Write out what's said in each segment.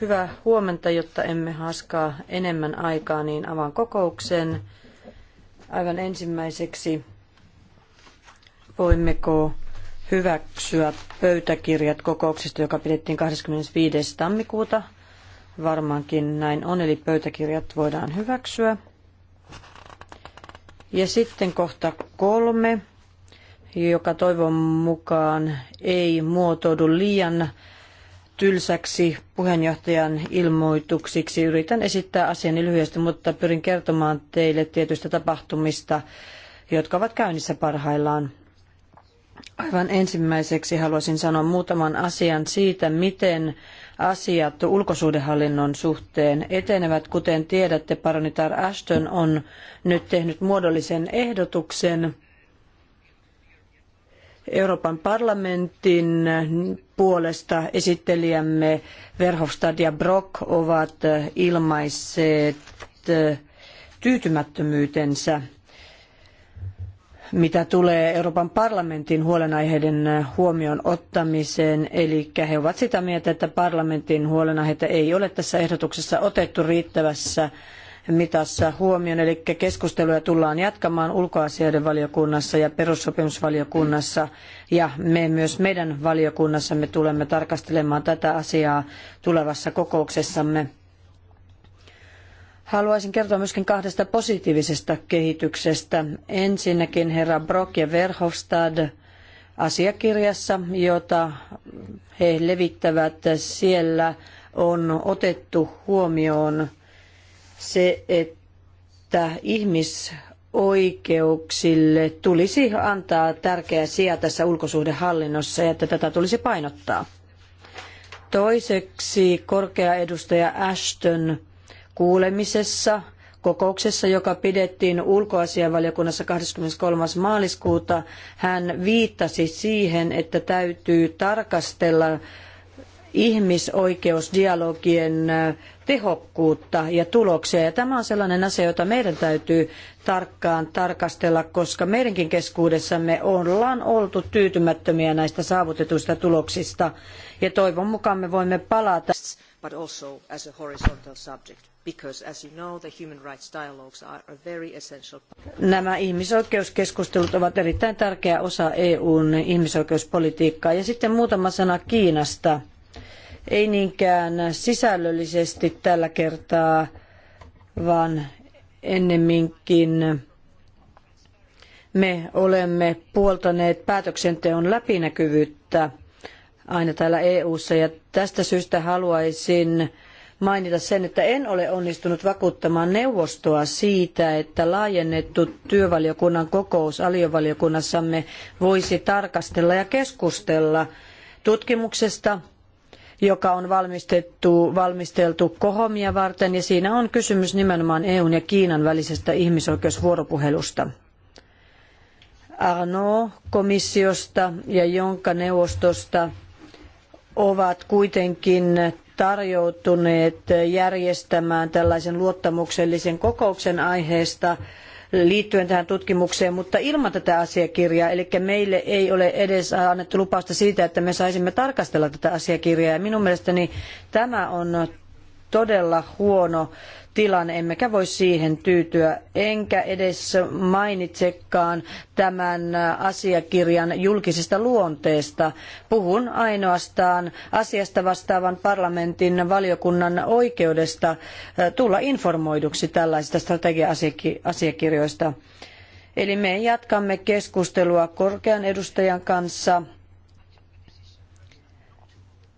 Hyvää huomenta, jotta emme haskaa enemmän aikaa, niin avaan kokouksen. Aivan ensimmäiseksi voimmeko hyväksyä pöytäkirjat kokouksesta, joka pidettiin 25. tammikuuta. Varmaankin näin on, eli pöytäkirjat voidaan hyväksyä. Ja sitten kohta kolme joka toivon mukaan ei muotoudu liian tylsäksi puheenjohtajan ilmoituksiksi. Yritän esittää asiani lyhyesti, mutta pyrin kertomaan teille tietyistä tapahtumista, jotka ovat käynnissä parhaillaan. Aivan ensimmäiseksi haluaisin sanoa muutaman asian siitä, miten asiat ulkosuhdehallinnon suhteen etenevät. Kuten tiedätte, paronitar Ashton on nyt tehnyt muodollisen ehdotuksen Euroopan parlamentin puolesta esittelijämme Verhofstadt ja Brok ovat ilmaisseet tyytymättömyytensä mitä tulee Euroopan parlamentin huolenaiheiden huomioon ottamiseen. Eli he ovat sitä mieltä, että parlamentin huolenaiheita ei ole tässä ehdotuksessa otettu riittävässä mitassa huomioon. Eli keskusteluja tullaan jatkamaan ulkoasioiden valiokunnassa ja perussopimusvaliokunnassa. Ja me myös meidän valiokunnassamme tulemme tarkastelemaan tätä asiaa tulevassa kokouksessamme. Haluaisin kertoa myöskin kahdesta positiivisesta kehityksestä. Ensinnäkin herra Brok ja Verhofstad asiakirjassa, jota he levittävät siellä, on otettu huomioon se, että ihmisoikeuksille tulisi antaa tärkeä sija tässä ulkosuhdehallinnossa ja että tätä tulisi painottaa. Toiseksi korkea edustaja Ashton kuulemisessa kokouksessa, joka pidettiin ulkoasianvaliokunnassa 23. maaliskuuta, hän viittasi siihen, että täytyy tarkastella ihmisoikeusdialogien tehokkuutta ja tuloksia. Ja tämä on sellainen asia, jota meidän täytyy tarkkaan tarkastella, koska meidänkin keskuudessamme ollaan oltu tyytymättömiä näistä saavutetuista tuloksista. Ja toivon mukaan me voimme palata. But also as a horizontal subject. Nämä ihmisoikeuskeskustelut ovat erittäin tärkeä osa EUn ihmisoikeuspolitiikkaa. Ja sitten muutama sana Kiinasta ei niinkään sisällöllisesti tällä kertaa, vaan ennemminkin me olemme puoltaneet päätöksenteon läpinäkyvyyttä aina täällä EU:ssa ja tästä syystä haluaisin mainita sen, että en ole onnistunut vakuuttamaan neuvostoa siitä, että laajennettu työvaliokunnan kokous aliovaliokunnassamme voisi tarkastella ja keskustella tutkimuksesta, joka on valmistettu, valmisteltu kohomia varten, ja siinä on kysymys nimenomaan EUn ja Kiinan välisestä ihmisoikeusvuoropuhelusta. Arno-komissiosta ja jonka neuvostosta ovat kuitenkin tarjoutuneet järjestämään tällaisen luottamuksellisen kokouksen aiheesta, liittyen tähän tutkimukseen, mutta ilman tätä asiakirjaa, eli meille ei ole edes annettu lupausta siitä, että me saisimme tarkastella tätä asiakirjaa. Ja minun mielestäni tämä on todella huono tilanne, emmekä voi siihen tyytyä. Enkä edes mainitsekaan tämän asiakirjan julkisesta luonteesta. Puhun ainoastaan asiasta vastaavan parlamentin valiokunnan oikeudesta tulla informoiduksi tällaisista strategia-asiakirjoista. Eli me jatkamme keskustelua korkean edustajan kanssa –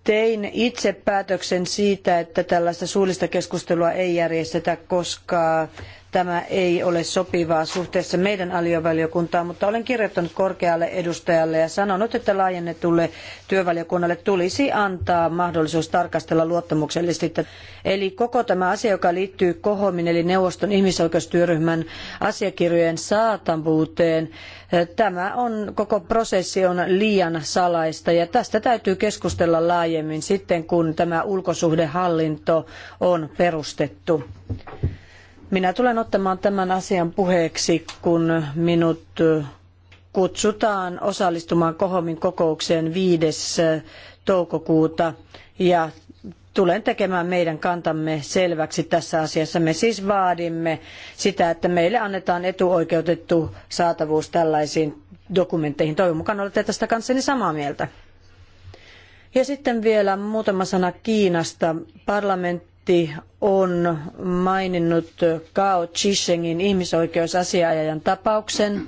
Tein itse päätöksen siitä, että tällaista suullista keskustelua ei järjestetä, koska tämä ei ole sopivaa suhteessa meidän aliovaliokuntaan, mutta olen kirjoittanut korkealle edustajalle ja sanonut, että laajennetulle työvaliokunnalle tulisi antaa mahdollisuus tarkastella luottamuksellisesti. Eli koko tämä asia, joka liittyy kohomin eli neuvoston ihmisoikeustyöryhmän asiakirjojen saatavuuteen, tämä on, koko prosessi on liian salaista ja tästä täytyy keskustella laajemmin sitten, kun tämä ulkosuhdehallinto on perustettu. Minä tulen ottamaan tämän asian puheeksi, kun minut kutsutaan osallistumaan Kohomin kokoukseen 5. toukokuuta ja tulen tekemään meidän kantamme selväksi tässä asiassa. Me siis vaadimme sitä, että meille annetaan etuoikeutettu saatavuus tällaisiin dokumentteihin. Toivon mukaan olette tästä kanssani samaa mieltä. Ja sitten vielä muutama sana Kiinasta. Parlamentti parlamentti on maininnut Gao Chishengin ihmisoikeusasiaajan tapauksen.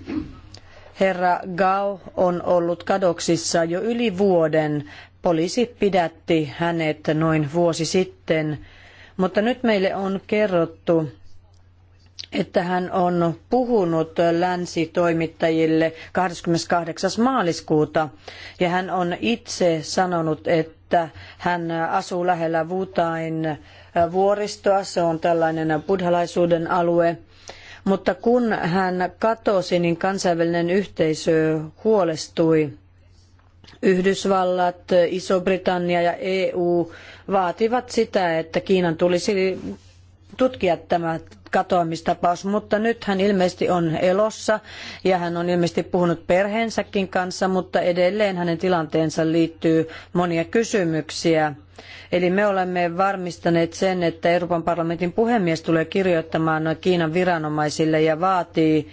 Herra Gao on ollut kadoksissa jo yli vuoden. Poliisi pidätti hänet noin vuosi sitten, mutta nyt meille on kerrottu, että hän on puhunut länsitoimittajille 28. maaliskuuta ja hän on itse sanonut, että hän asuu lähellä Vutain vuoristoa, se on tällainen buddhalaisuuden alue. Mutta kun hän katosi, niin kansainvälinen yhteisö huolestui. Yhdysvallat, Iso-Britannia ja EU vaativat sitä, että Kiinan tulisi tutkia tämä katoamistapaus, mutta nyt hän ilmeisesti on elossa ja hän on ilmeisesti puhunut perheensäkin kanssa, mutta edelleen hänen tilanteensa liittyy monia kysymyksiä. Eli me olemme varmistaneet sen, että Euroopan parlamentin puhemies tulee kirjoittamaan Kiinan viranomaisille ja vaatii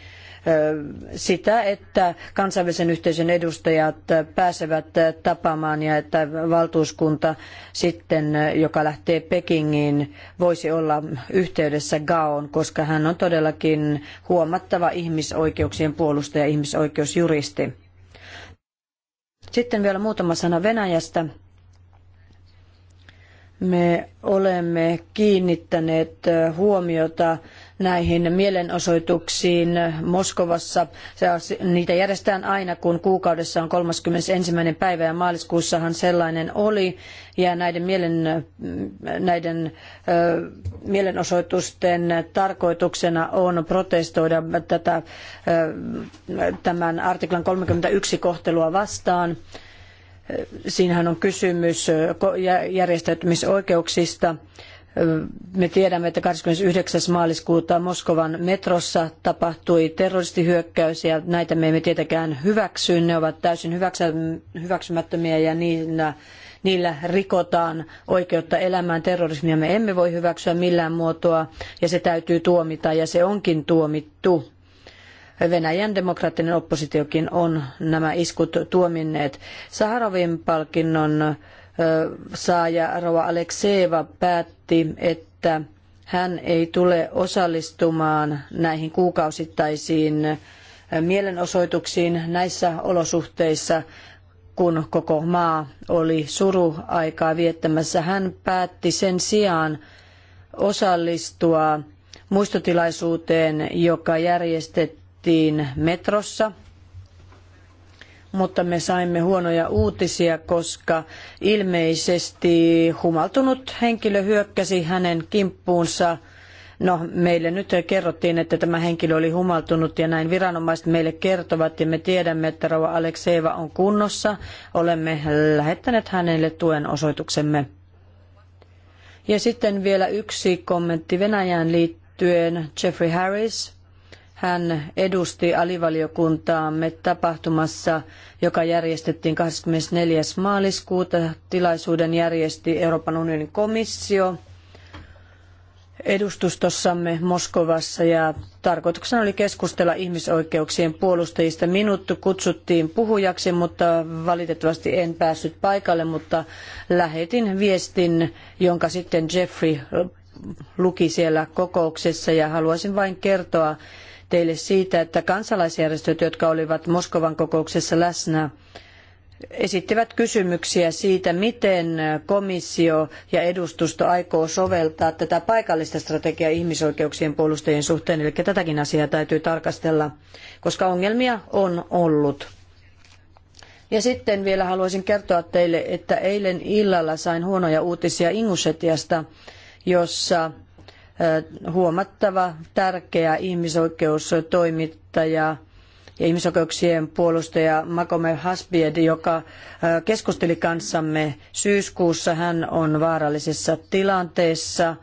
sitä, että kansainvälisen yhteisön edustajat pääsevät tapaamaan ja että valtuuskunta sitten, joka lähtee Pekingiin, voisi olla yhteydessä Gaon, koska hän on todellakin huomattava ihmisoikeuksien puolustaja, ihmisoikeusjuristi. Sitten vielä muutama sana Venäjästä. Me olemme kiinnittäneet huomiota näihin mielenosoituksiin Moskovassa. Niitä järjestetään aina, kun kuukaudessa on 31. päivä ja maaliskuussahan sellainen oli. Ja näiden, mielen, näiden mielenosoitusten tarkoituksena on protestoida tätä, tämän artiklan 31 kohtelua vastaan. Siinähän on kysymys järjestäytymisoikeuksista. Me tiedämme, että 29. maaliskuuta Moskovan metrossa tapahtui terroristihyökkäys ja näitä me emme tietenkään hyväksy. Ne ovat täysin hyväksymättömiä ja niillä niillä rikotaan oikeutta elämään. Terrorismia me emme voi hyväksyä millään muotoa ja se täytyy tuomita ja se onkin tuomittu. Venäjän demokraattinen oppositiokin on nämä iskut tuominneet. Saharovin palkinnon saaja Rova Alekseeva päätti, että hän ei tule osallistumaan näihin kuukausittaisiin mielenosoituksiin näissä olosuhteissa, kun koko maa oli suruaikaa viettämässä. Hän päätti sen sijaan osallistua muistotilaisuuteen, joka järjestettiin metrossa – mutta me saimme huonoja uutisia, koska ilmeisesti humaltunut henkilö hyökkäsi hänen kimppuunsa. No, meille nyt kerrottiin, että tämä henkilö oli humaltunut ja näin viranomaiset meille kertovat ja me tiedämme, että rouva Alekseeva on kunnossa. Olemme lähettäneet hänelle tuen osoituksemme. Ja sitten vielä yksi kommentti Venäjään liittyen. Jeffrey Harris, hän edusti alivaliokuntaamme tapahtumassa, joka järjestettiin 24. maaliskuuta. Tilaisuuden järjesti Euroopan unionin komissio edustustossamme Moskovassa ja tarkoituksena oli keskustella ihmisoikeuksien puolustajista. Minut kutsuttiin puhujaksi, mutta valitettavasti en päässyt paikalle, mutta lähetin viestin, jonka sitten Jeffrey luki siellä kokouksessa ja haluaisin vain kertoa, teille siitä, että kansalaisjärjestöt, jotka olivat Moskovan kokouksessa läsnä, esittivät kysymyksiä siitä, miten komissio ja edustusto aikoo soveltaa tätä paikallista strategiaa ihmisoikeuksien puolustajien suhteen. Eli tätäkin asiaa täytyy tarkastella, koska ongelmia on ollut. Ja sitten vielä haluaisin kertoa teille, että eilen illalla sain huonoja uutisia Ingushetiasta, jossa huomattava tärkeä ihmisoikeustoimittaja ja ihmisoikeuksien puolustaja Makome Hasbied, joka keskusteli kanssamme syyskuussa. Hän on vaarallisessa tilanteessa.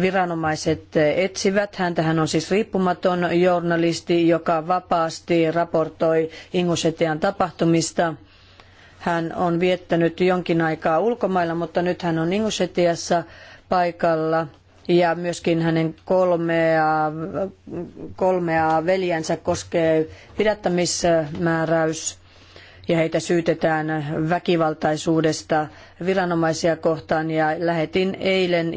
Viranomaiset etsivät häntä. Hän on siis riippumaton journalisti, joka vapaasti raportoi Ingusetian tapahtumista. Hän on viettänyt jonkin aikaa ulkomailla, mutta nyt hän on Ingushetiassa paikalla – ja myöskin hänen kolmea, kolmea veljensä koskee pidättämismääräys ja heitä syytetään väkivaltaisuudesta viranomaisia kohtaan. Ja lähetin eilen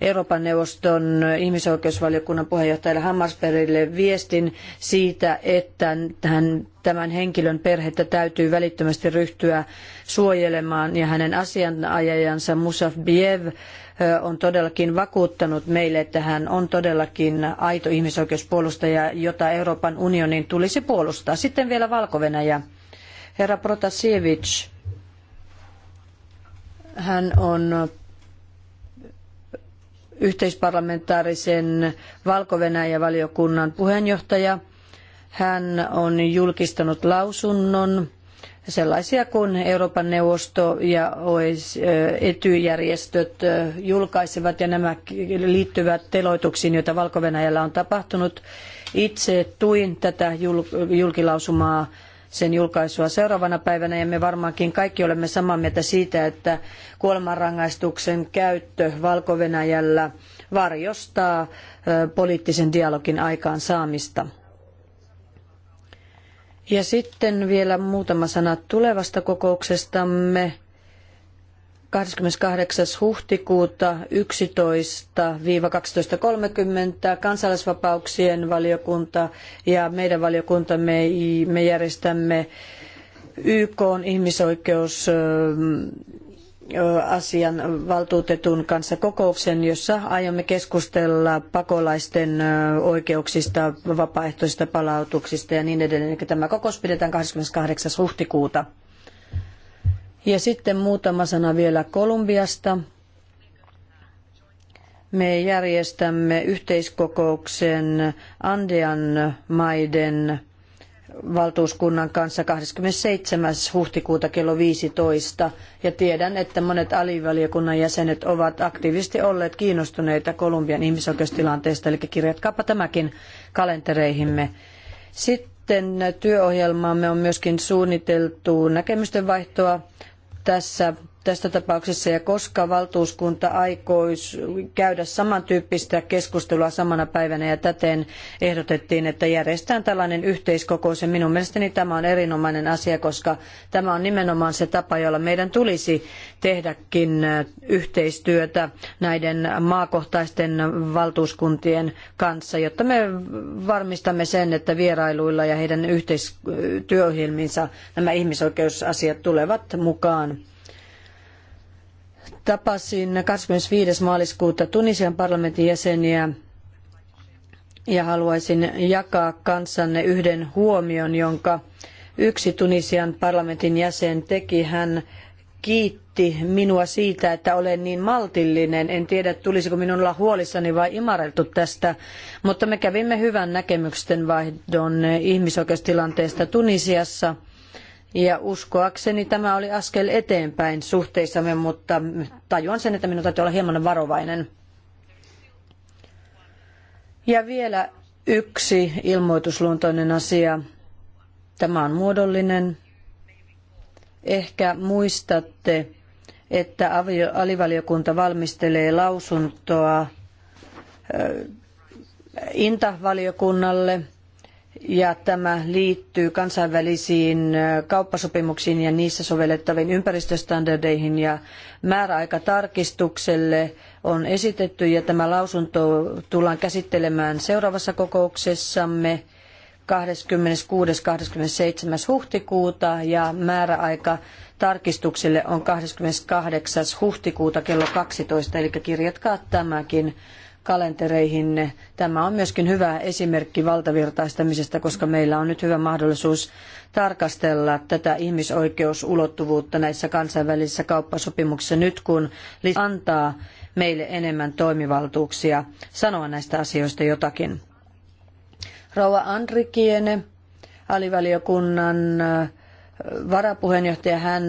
Euroopan neuvoston ihmisoikeusvaliokunnan puheenjohtajalle Hammarsbergille viestin siitä, että tämän henkilön perhettä täytyy välittömästi ryhtyä suojelemaan ja hänen asianajajansa Musaf Biev on todellakin vakuuttanut meille, että hän on todellakin aito ihmisoikeuspuolustaja, jota Euroopan unionin tulisi puolustaa. Sitten vielä valko -Venäjä. Herra Protasiewicz, hän on yhteisparlamentaarisen valko valiokunnan puheenjohtaja. Hän on julkistanut lausunnon sellaisia kuin Euroopan neuvosto ja e etyjärjestöt julkaisevat ja nämä liittyvät teloituksiin, joita valko on tapahtunut. Itse tuin tätä julkilausumaa sen julkaisua seuraavana päivänä ja me varmaankin kaikki olemme samaa mieltä siitä, että kuolemanrangaistuksen käyttö valko varjostaa poliittisen dialogin aikaansaamista. saamista. Ja sitten vielä muutama sana tulevasta kokouksestamme. 28. huhtikuuta 11-12.30 kansalaisvapauksien valiokunta ja meidän valiokuntamme me järjestämme YK ihmisoikeus asian valtuutetun kanssa kokouksen, jossa aiomme keskustella pakolaisten oikeuksista, vapaaehtoisista palautuksista ja niin edelleen. Eli tämä kokous pidetään 28. huhtikuuta. Ja sitten muutama sana vielä Kolumbiasta. Me järjestämme yhteiskokouksen Andean maiden valtuuskunnan kanssa 27. huhtikuuta kello 15. Ja tiedän, että monet alivaliokunnan jäsenet ovat aktiivisesti olleet kiinnostuneita Kolumbian ihmisoikeustilanteesta, eli kirjatkaapa tämäkin kalentereihimme. Sitten työohjelmaamme on myöskin suunniteltu näkemysten vaihtoa tässä tässä tapauksessa ja koska valtuuskunta aikoo käydä samantyyppistä keskustelua samana päivänä ja täten ehdotettiin, että järjestetään tällainen yhteiskokous ja minun mielestäni tämä on erinomainen asia, koska tämä on nimenomaan se tapa, jolla meidän tulisi tehdäkin yhteistyötä näiden maakohtaisten valtuuskuntien kanssa, jotta me varmistamme sen, että vierailuilla ja heidän yhteistyöohjelmiinsa nämä ihmisoikeusasiat tulevat mukaan. Tapasin 25. maaliskuuta Tunisian parlamentin jäseniä ja haluaisin jakaa kanssanne yhden huomion, jonka yksi Tunisian parlamentin jäsen teki. Hän kiitti minua siitä, että olen niin maltillinen. En tiedä, tulisiko minun olla huolissani vai imareltu tästä, mutta me kävimme hyvän näkemysten vaihdon ihmisoikeustilanteesta Tunisiassa – ja uskoakseni tämä oli askel eteenpäin suhteissamme, mutta tajuan sen, että minun täytyy olla hieman varovainen. Ja vielä yksi ilmoitusluontoinen asia. Tämä on muodollinen. Ehkä muistatte, että alivaliokunta valmistelee lausuntoa Inta-valiokunnalle – ja tämä liittyy kansainvälisiin kauppasopimuksiin ja niissä sovellettaviin ympäristöstandardeihin ja määräaikatarkistukselle on esitetty ja tämä lausunto tullaan käsittelemään seuraavassa kokouksessamme 26-27. huhtikuuta ja määräaika tarkistukselle on 28. huhtikuuta kello 12, eli kirjatkaa tämäkin kalentereihinne. Tämä on myöskin hyvä esimerkki valtavirtaistamisesta, koska meillä on nyt hyvä mahdollisuus tarkastella tätä ihmisoikeusulottuvuutta näissä kansainvälisissä kauppasopimuksissa nyt, kun antaa meille enemmän toimivaltuuksia sanoa näistä asioista jotakin. Rouva Andrikiene, alivaliokunnan varapuheenjohtaja, hän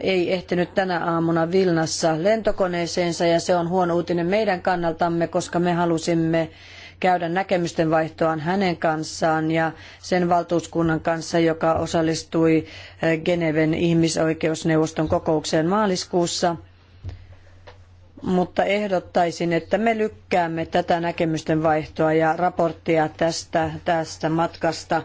ei ehtinyt tänä aamuna Vilnassa lentokoneeseensa ja se on huono uutinen meidän kannaltamme, koska me halusimme käydä näkemysten vaihtoaan hänen kanssaan ja sen valtuuskunnan kanssa, joka osallistui eh, Geneven ihmisoikeusneuvoston kokoukseen maaliskuussa. Mutta ehdottaisin, että me lykkäämme tätä näkemysten vaihtoa ja raporttia tästä, tästä matkasta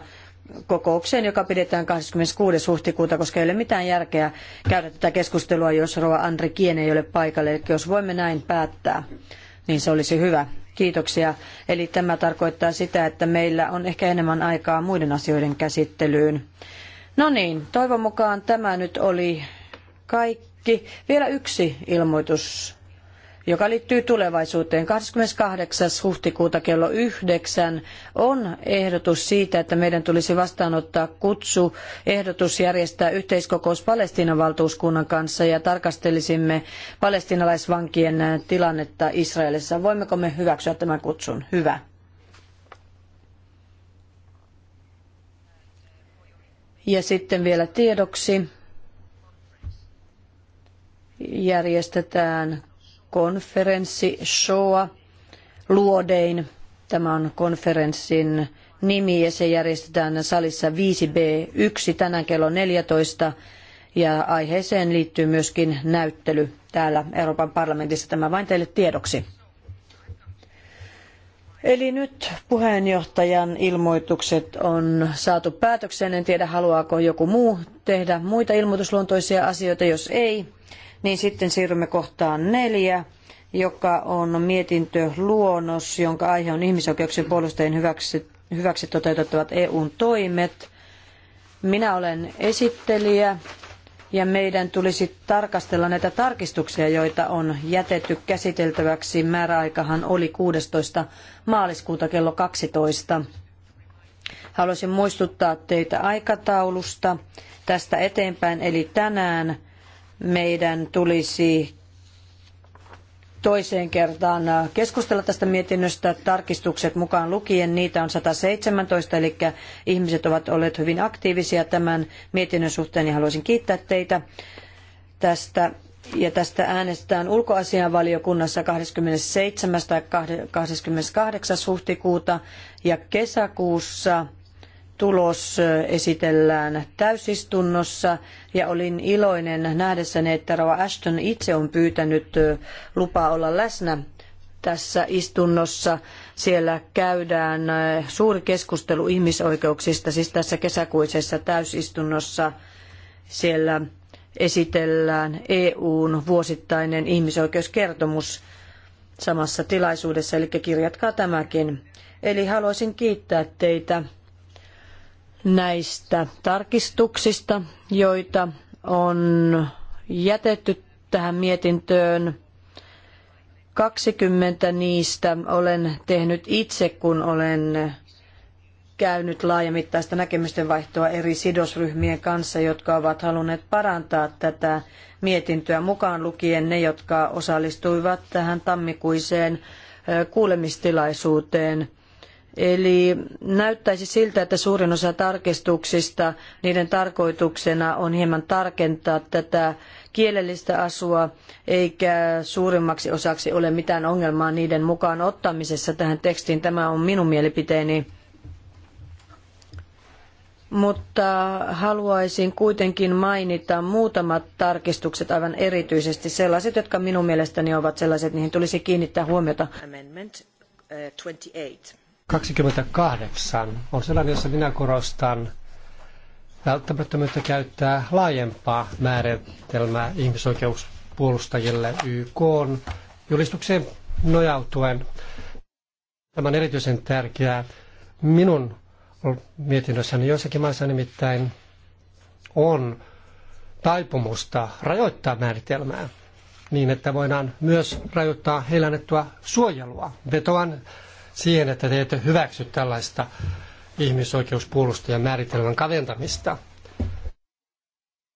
kokoukseen, joka pidetään 26. huhtikuuta, koska ei ole mitään järkeä käydä tätä keskustelua, jos Rova Andri Kien ei ole paikalle. Eli jos voimme näin päättää, niin se olisi hyvä. Kiitoksia. Eli tämä tarkoittaa sitä, että meillä on ehkä enemmän aikaa muiden asioiden käsittelyyn. No niin, toivon mukaan tämä nyt oli kaikki. Vielä yksi ilmoitus joka liittyy tulevaisuuteen. 28. huhtikuuta kello 9 on ehdotus siitä, että meidän tulisi vastaanottaa kutsu ehdotus järjestää yhteiskokous Palestiinan valtuuskunnan kanssa ja tarkastelisimme palestiinalaisvankien tilannetta Israelissa. Voimmeko me hyväksyä tämän kutsun? Hyvä. Ja sitten vielä tiedoksi järjestetään konferenssi Shoa luodein. Tämä on konferenssin nimi ja se järjestetään salissa 5B1 tänään kello 14 ja aiheeseen liittyy myöskin näyttely täällä Euroopan parlamentissa. Tämä vain teille tiedoksi. Eli nyt puheenjohtajan ilmoitukset on saatu päätökseen. En tiedä, haluaako joku muu tehdä muita ilmoitusluontoisia asioita. Jos ei, niin sitten siirrymme kohtaan neljä, joka on mietintö luonnos, jonka aihe on ihmisoikeuksien puolustajien hyväksi, hyväksi toteutettavat EUn toimet. Minä olen esittelijä ja meidän tulisi tarkastella näitä tarkistuksia, joita on jätetty käsiteltäväksi. Määräaikahan oli 16. maaliskuuta kello 12. Haluaisin muistuttaa teitä aikataulusta tästä eteenpäin, eli tänään meidän tulisi toiseen kertaan keskustella tästä mietinnöstä. Tarkistukset mukaan lukien niitä on 117, eli ihmiset ovat olleet hyvin aktiivisia tämän mietinnön suhteen ja haluaisin kiittää teitä tästä. Ja tästä äänestetään ulkoasianvaliokunnassa 27. tai 28. huhtikuuta ja kesäkuussa tulos esitellään täysistunnossa ja olin iloinen nähdessäni, että Rova Ashton itse on pyytänyt lupaa olla läsnä tässä istunnossa. Siellä käydään suuri keskustelu ihmisoikeuksista, siis tässä kesäkuisessa täysistunnossa siellä esitellään EUn vuosittainen ihmisoikeuskertomus samassa tilaisuudessa, eli kirjatkaa tämäkin. Eli haluaisin kiittää teitä näistä tarkistuksista, joita on jätetty tähän mietintöön. 20 niistä olen tehnyt itse, kun olen käynyt laajamittaista näkemysten vaihtoa eri sidosryhmien kanssa, jotka ovat halunneet parantaa tätä mietintöä mukaan lukien ne, jotka osallistuivat tähän tammikuiseen kuulemistilaisuuteen – Eli näyttäisi siltä, että suurin osa tarkistuksista, niiden tarkoituksena on hieman tarkentaa tätä kielellistä asua, eikä suurimmaksi osaksi ole mitään ongelmaa niiden mukaan ottamisessa tähän tekstiin. Tämä on minun mielipiteeni. Mutta haluaisin kuitenkin mainita muutamat tarkistukset aivan erityisesti, sellaiset, jotka minun mielestäni ovat sellaiset, niihin tulisi kiinnittää huomiota. Amendment, 28. Uh, 28 on sellainen, jossa minä korostan välttämättömyyttä käyttää laajempaa määritelmää ihmisoikeuspuolustajille YK julistukseen nojautuen. Tämä on erityisen tärkeää minun mietinnössäni. Joissakin maissa nimittäin on taipumusta rajoittaa määritelmää niin, että voidaan myös rajoittaa heille annettua suojelua. Vetoan siihen, että te ette hyväksy tällaista ihmisoikeuspuolustajan määritelmän kaventamista.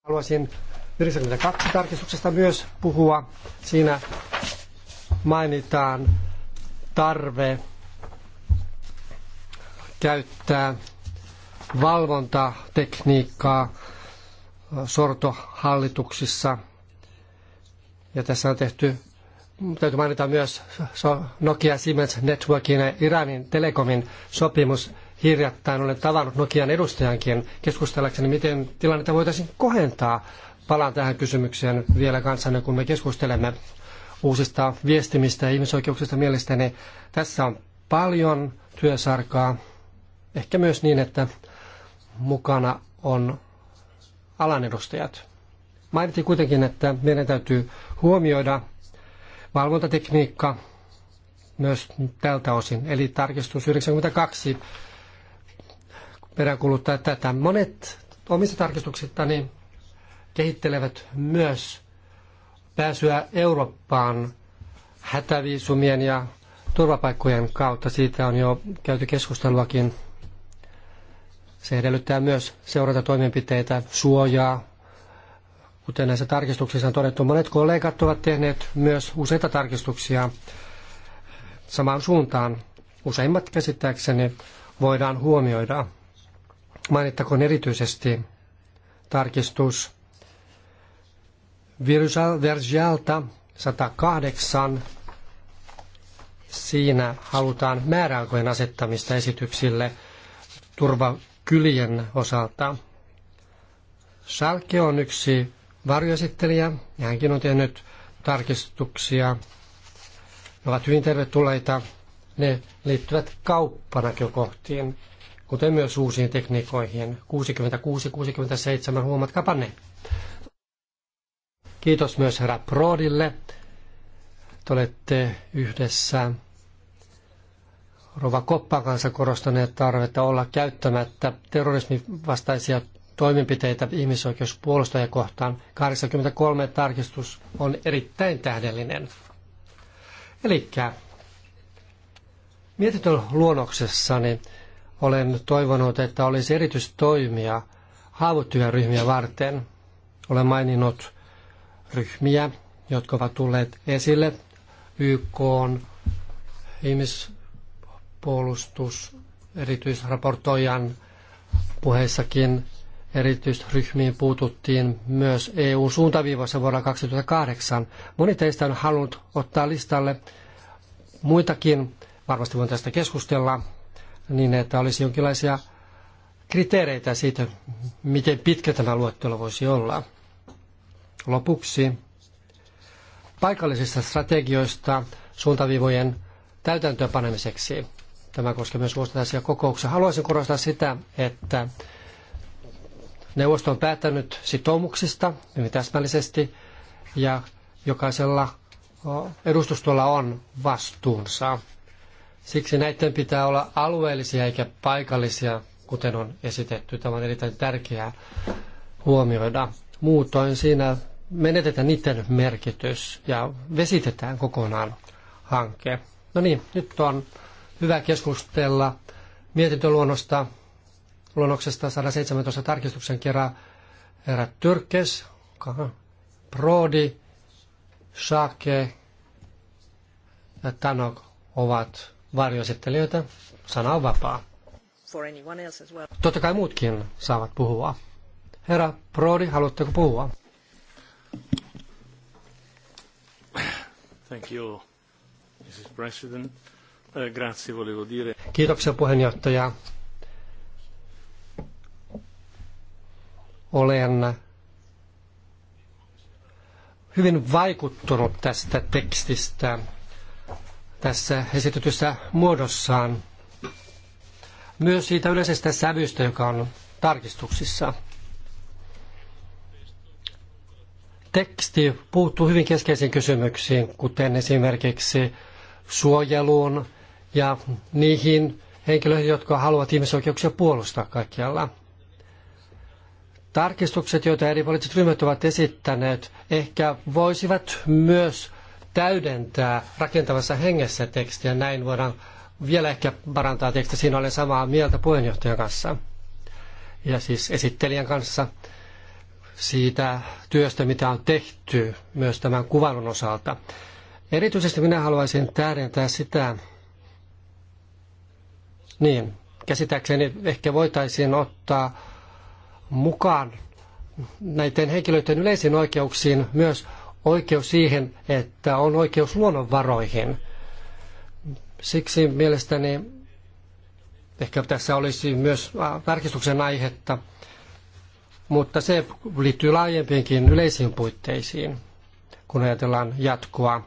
Haluaisin 92 tarkistuksesta myös puhua. Siinä mainitaan tarve käyttää valvontatekniikkaa sortohallituksissa. Ja tässä on tehty täytyy mainita myös Nokia Siemens Networkin ja Iranin Telekomin sopimus hiljattain. Olen tavannut Nokian edustajankin keskustellakseni, miten tilannetta voitaisiin kohentaa. Palaan tähän kysymykseen vielä kanssanne, kun me keskustelemme uusista viestimistä ja ihmisoikeuksista mielestäni. Tässä on paljon työsarkaa. Ehkä myös niin, että mukana on alan edustajat. Mainittiin kuitenkin, että meidän täytyy huomioida valvontatekniikka myös tältä osin. Eli tarkistus 92 peräänkuluttaa tätä. Monet omista tarkistuksistani kehittelevät myös pääsyä Eurooppaan hätäviisumien ja turvapaikkojen kautta. Siitä on jo käyty keskusteluakin. Se edellyttää myös seurata toimenpiteitä, suojaa, Kuten näissä tarkistuksissa on todettu, monet kollegat ovat tehneet myös useita tarkistuksia samaan suuntaan. Useimmat käsittääkseni voidaan huomioida. Mainittakoon erityisesti tarkistus Virgialta 108. Siinä halutaan määräaikojen asettamista esityksille turvakylien osalta. Salke on yksi varjoesittelijä, ja hänkin on tehnyt tarkistuksia. Ne ovat hyvin tervetulleita. Ne liittyvät kauppanäkökohtiin, kuten myös uusiin tekniikoihin. 66-67, huomatkaapa ne. Kiitos myös herra Prodille. Te olette yhdessä Rova Koppan kanssa korostaneet tarvetta olla käyttämättä terrorismin vastaisia toimenpiteitä ihmisoikeuspuolustajia kohtaan. 83 tarkistus on erittäin tähdellinen. Eli mietitön luonnoksessani olen toivonut, että olisi erityistoimia haavoittujaryhmiä varten. Olen maininnut ryhmiä, jotka ovat tulleet esille YK on ihmispuolustus erityisraportoijan puheissakin erityisryhmiin puututtiin myös EU-suuntaviivassa vuonna 2008. Moni teistä on halunnut ottaa listalle muitakin, varmasti voin tästä keskustella, niin että olisi jonkinlaisia kriteereitä siitä, miten pitkä tämä luettelo voisi olla. Lopuksi paikallisista strategioista suuntaviivojen täytäntöönpanemiseksi. Tämä koskee myös vuosittaisia kokouksia. Haluaisin korostaa sitä, että Neuvosto on päättänyt sitoumuksista hyvin täsmällisesti ja jokaisella edustustolla on vastuunsa. Siksi näiden pitää olla alueellisia eikä paikallisia, kuten on esitetty. Tämä on erittäin tärkeää huomioida. Muutoin siinä menetetään niiden merkitys ja vesitetään kokonaan hanke. No niin, nyt on hyvä keskustella mietintöluonnosta luonnoksesta 117 tarkistuksen kerran herra Tyrkes, Prodi, Shake ja Tanok ovat varjoesittelijöitä. Sana on vapaa. Well. Totta kai muutkin saavat puhua. Herra Prodi, haluatteko puhua? Thank you, Mrs. President. Eh, grazie, volevo dire. Kiitoksia puheenjohtaja. olen hyvin vaikuttunut tästä tekstistä tässä esitetyssä muodossaan. Myös siitä yleisestä sävystä, joka on tarkistuksissa. Teksti puuttuu hyvin keskeisiin kysymyksiin, kuten esimerkiksi suojeluun ja niihin henkilöihin, jotka haluavat ihmisoikeuksia puolustaa kaikkialla – Tarkistukset, joita eri poliittiset ryhmät ovat esittäneet, ehkä voisivat myös täydentää rakentavassa hengessä tekstiä. Näin voidaan vielä ehkä parantaa tekstiä. Siinä olen samaa mieltä puheenjohtajan kanssa ja siis esittelijän kanssa siitä työstä, mitä on tehty myös tämän kuvailun osalta. Erityisesti minä haluaisin tähdentää sitä, niin käsittääkseni ehkä voitaisiin ottaa mukaan näiden henkilöiden yleisiin oikeuksiin myös oikeus siihen, että on oikeus luonnonvaroihin. Siksi mielestäni ehkä tässä olisi myös tarkistuksen aihetta, mutta se liittyy laajempiinkin yleisiin puitteisiin, kun ajatellaan jatkoa.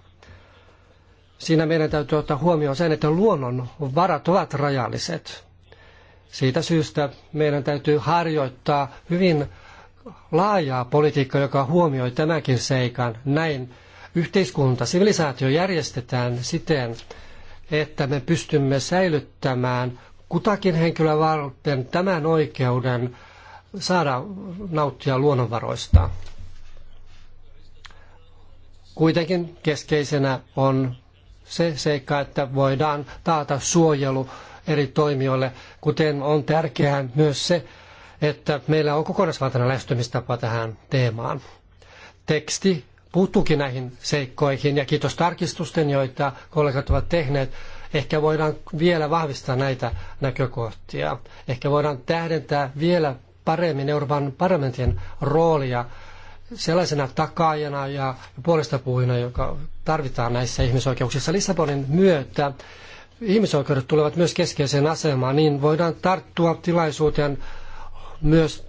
Siinä meidän täytyy ottaa huomioon sen, että luonnonvarat ovat rajalliset. Siitä syystä meidän täytyy harjoittaa hyvin laajaa politiikkaa, joka huomioi tämänkin seikan. Näin yhteiskunta, sivilisaatio järjestetään siten, että me pystymme säilyttämään kutakin henkilöä varten tämän oikeuden saada nauttia luonnonvaroista. Kuitenkin keskeisenä on se seikka, että voidaan taata suojelu eri toimijoille, kuten on tärkeää myös se, että meillä on kokonaisvaltainen lähestymistapa tähän teemaan. Teksti puuttuukin näihin seikkoihin ja kiitos tarkistusten, joita kollegat ovat tehneet. Ehkä voidaan vielä vahvistaa näitä näkökohtia. Ehkä voidaan tähdentää vielä paremmin Euroopan parlamentin roolia sellaisena takaajana ja puolestapuhujana, joka tarvitaan näissä ihmisoikeuksissa Lissabonin myötä ihmisoikeudet tulevat myös keskeiseen asemaan, niin voidaan tarttua tilaisuuteen myös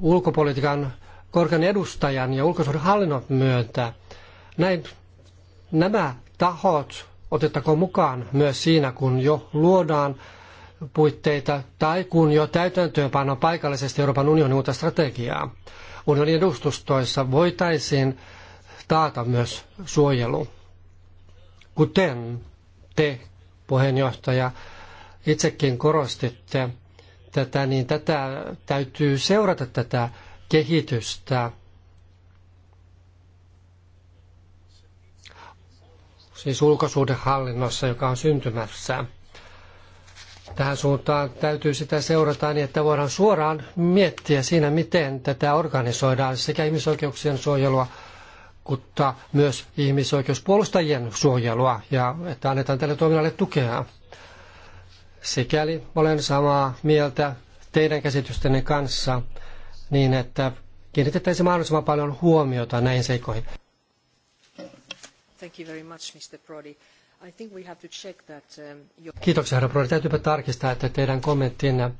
ulkopolitiikan korkean edustajan ja hallinnon myöntä. Näin nämä tahot otettakoon mukaan myös siinä, kun jo luodaan puitteita tai kun jo täytäntöönpano paikallisesti Euroopan unionin uutta strategiaa. Unionin edustustoissa voitaisiin taata myös suojelu, kuten te puheenjohtaja, itsekin korostitte tätä, niin tätä täytyy seurata tätä kehitystä. Siis ulkosuhdehallinnossa, joka on syntymässä. Tähän suuntaan täytyy sitä seurata niin, että voidaan suoraan miettiä siinä, miten tätä organisoidaan sekä ihmisoikeuksien suojelua mutta myös ihmisoikeuspuolustajien suojelua ja että annetaan tälle toiminnalle tukea. Sikäli olen samaa mieltä teidän käsitystenne kanssa niin, että kiinnitettäisiin mahdollisimman paljon huomiota näihin seikoihin. Thank you very much, Mr. Prodi. I think we have to check that, um, your... Kiitoksia, herra Prodi. Täytyypä tarkistaa, että teidän kommenttinne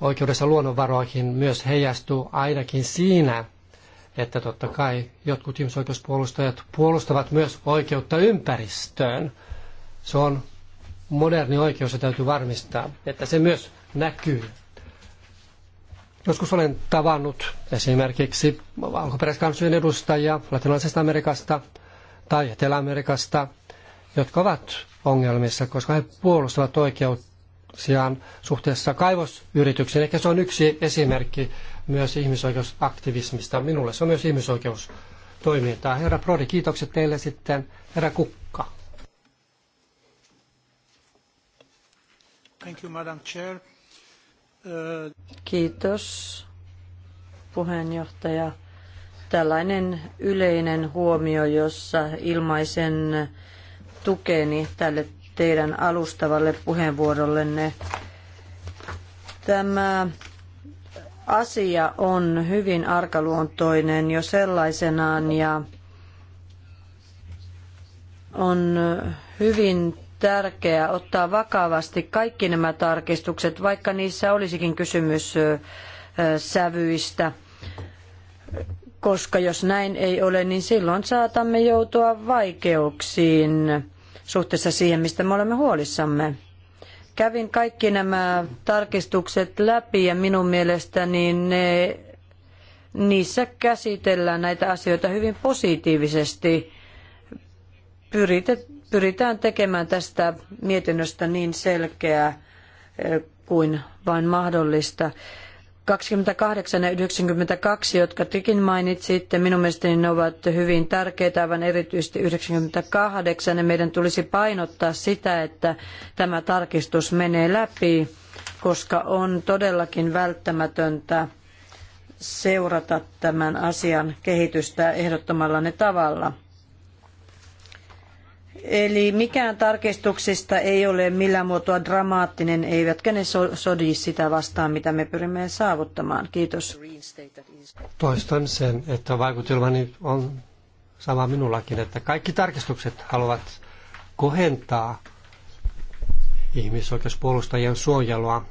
oikeudessa luonnonvaroihin myös heijastuu ainakin siinä, että totta kai jotkut ihmisoikeuspuolustajat puolustavat myös oikeutta ympäristöön. Se on moderni oikeus ja täytyy varmistaa, että se myös näkyy. Joskus olen tavannut esimerkiksi alkuperäiskansojen edustajia latinalaisesta Amerikasta tai Etelä-Amerikasta, jotka ovat ongelmissa, koska he puolustavat oikeuksiaan suhteessa kaivosyrityksiin. Ehkä se on yksi esimerkki myös ihmisoikeusaktivismista. Minulle se on myös ihmisoikeustoimintaa. Herra Prodi, kiitokset teille sitten. Herra Kukka. Thank you, Madam Chair. Uh... Kiitos, puheenjohtaja. Tällainen yleinen huomio, jossa ilmaisen tukeni tälle teidän alustavalle puheenvuorollenne. Tämä asia on hyvin arkaluontoinen jo sellaisenaan ja on hyvin tärkeää ottaa vakavasti kaikki nämä tarkistukset, vaikka niissä olisikin kysymys sävyistä, koska jos näin ei ole, niin silloin saatamme joutua vaikeuksiin suhteessa siihen, mistä me olemme huolissamme. Kävin kaikki nämä tarkistukset läpi ja minun mielestäni ne, niissä käsitellään näitä asioita hyvin positiivisesti. Pyritään tekemään tästä mietinnöstä niin selkeää eh, kuin vain mahdollista. 28 ja 92, jotka tekin mainitsitte, minun mielestäni ne ovat hyvin tärkeitä, aivan erityisesti 98, ja meidän tulisi painottaa sitä, että tämä tarkistus menee läpi, koska on todellakin välttämätöntä seurata tämän asian kehitystä ehdottomalla ne tavalla. Eli mikään tarkistuksista ei ole millään muotoa dramaattinen, eivätkä ne sodi sitä vastaan, mitä me pyrimme saavuttamaan. Kiitos. Toistan sen, että vaikutelmani on sama minullakin, että kaikki tarkistukset haluavat kohentaa ihmisoikeuspuolustajien suojelua.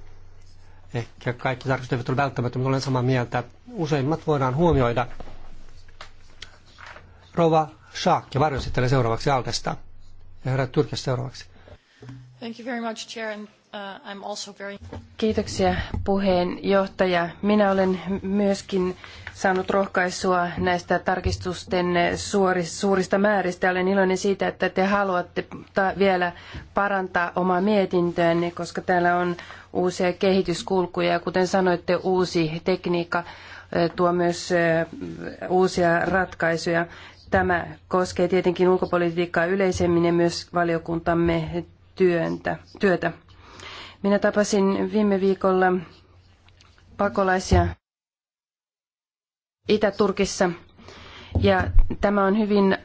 Ehkä kaikki tarkistukset eivät ole välttämättä, mutta olen samaa mieltä. Useimmat voidaan huomioida. Rova Schaak ja sitten seuraavaksi Aldesta herra seuraavaksi. Thank you very much, Chair, and uh, I'm also very... Kiitoksia puheenjohtaja. Minä olen myöskin saanut rohkaisua näistä tarkistusten suurista määristä. Olen iloinen siitä, että te haluatte vielä parantaa omaa mietintöänne, koska täällä on uusia kehityskulkuja. Kuten sanoitte, uusi tekniikka e, tuo myös e, uusia ratkaisuja. Tämä koskee tietenkin ulkopolitiikkaa yleisemmin ja myös valiokuntamme työntä, työtä. Minä tapasin viime viikolla pakolaisia Itä-Turkissa ja tämä on hyvin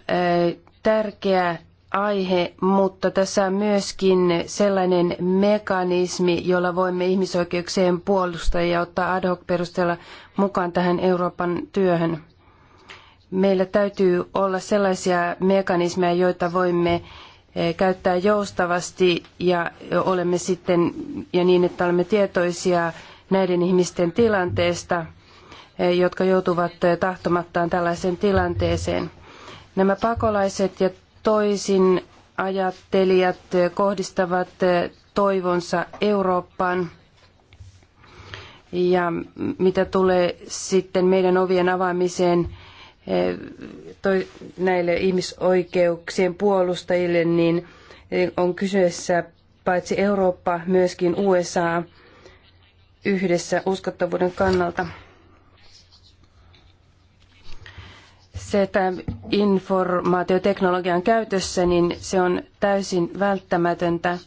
tärkeä aihe, mutta tässä on myöskin sellainen mekanismi, jolla voimme ihmisoikeuksien puolustajia ottaa ad hoc perusteella mukaan tähän Euroopan työhön meillä täytyy olla sellaisia mekanismeja, joita voimme eh, käyttää joustavasti ja olemme sitten ja niin, että olemme tietoisia näiden ihmisten tilanteesta, eh, jotka joutuvat eh, tahtomattaan tällaiseen tilanteeseen. Nämä pakolaiset ja toisin ajattelijat kohdistavat toivonsa Eurooppaan. Ja mitä tulee sitten meidän ovien avaamiseen, toi, näille ihmisoikeuksien puolustajille, niin on kyseessä paitsi Eurooppa, myöskin USA yhdessä uskottavuuden kannalta. Se, että informaatioteknologia on käytössä, niin se on täysin välttämätöntä.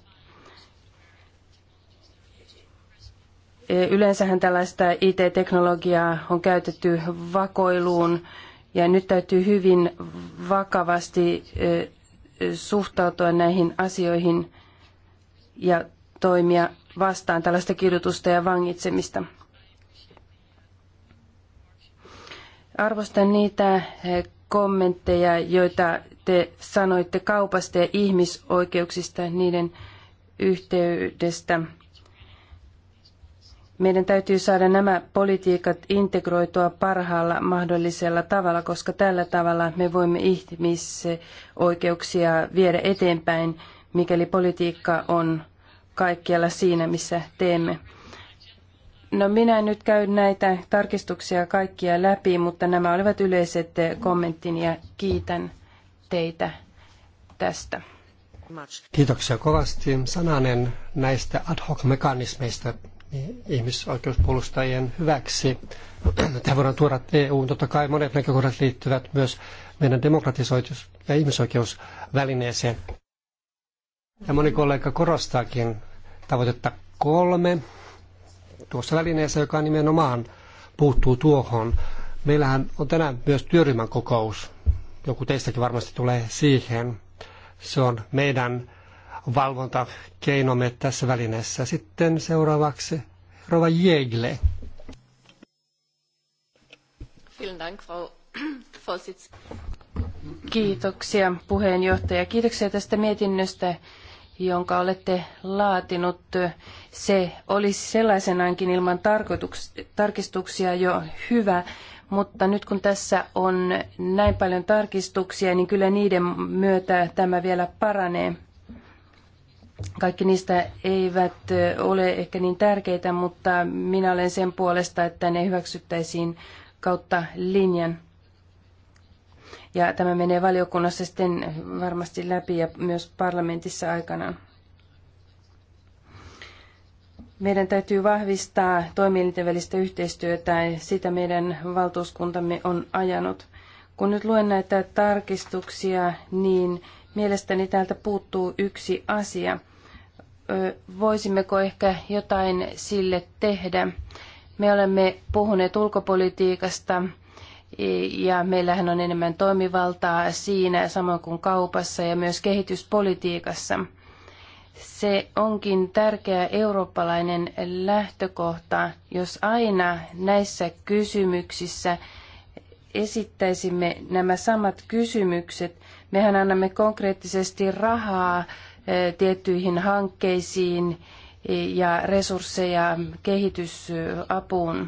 Yleensähän tällaista IT-teknologiaa on käytetty vakoiluun, ja nyt täytyy hyvin vakavasti suhtautua näihin asioihin ja toimia vastaan tällaista kidutusta ja vangitsemista. Arvostan niitä kommentteja, joita te sanoitte kaupasta ja ihmisoikeuksista niiden yhteydestä meidän täytyy saada nämä politiikat integroitua parhaalla mahdollisella tavalla, koska tällä tavalla me voimme ihmisoikeuksia viedä eteenpäin, mikäli politiikka on kaikkialla siinä, missä teemme. No minä en nyt käy näitä tarkistuksia kaikkia läpi, mutta nämä olivat yleiset kommenttini ja kiitän teitä tästä. Kiitoksia kovasti. Sananen näistä ad hoc mekanismeista, ihmisoikeuspuolustajien hyväksi. Tähän voidaan tuoda EU. Totta kai monet näkökohdat liittyvät myös meidän demokratisoitus- ja ihmisoikeusvälineeseen. Ja moni kollega korostaakin tavoitetta kolme tuossa välineessä, joka nimenomaan puuttuu tuohon. Meillähän on tänään myös työryhmän kokous. Joku teistäkin varmasti tulee siihen. Se on meidän valvontakeinomme tässä välineessä. Sitten seuraavaksi Rova Jegle. Kiitoksia puheenjohtaja. Kiitoksia tästä mietinnöstä, jonka olette laatinut. Se olisi sellaisenaankin ilman tarkistuksia jo hyvä, mutta nyt kun tässä on näin paljon tarkistuksia, niin kyllä niiden myötä tämä vielä paranee. Kaikki niistä eivät ole ehkä niin tärkeitä, mutta minä olen sen puolesta, että ne hyväksyttäisiin kautta linjan. Ja tämä menee valiokunnassa sitten varmasti läpi ja myös parlamentissa aikanaan. Meidän täytyy vahvistaa toimielinten välistä yhteistyötä ja sitä meidän valtuuskuntamme on ajanut. Kun nyt luen näitä tarkistuksia, niin mielestäni täältä puuttuu yksi asia voisimmeko ehkä jotain sille tehdä. Me olemme puhuneet ulkopolitiikasta e, ja meillähän on enemmän toimivaltaa siinä samoin kuin kaupassa ja myös kehityspolitiikassa. Se onkin tärkeä eurooppalainen lähtökohta, jos aina näissä kysymyksissä esittäisimme nämä samat kysymykset. Mehän annamme konkreettisesti rahaa tiettyihin hankkeisiin e, ja resursseja kehitysapuun.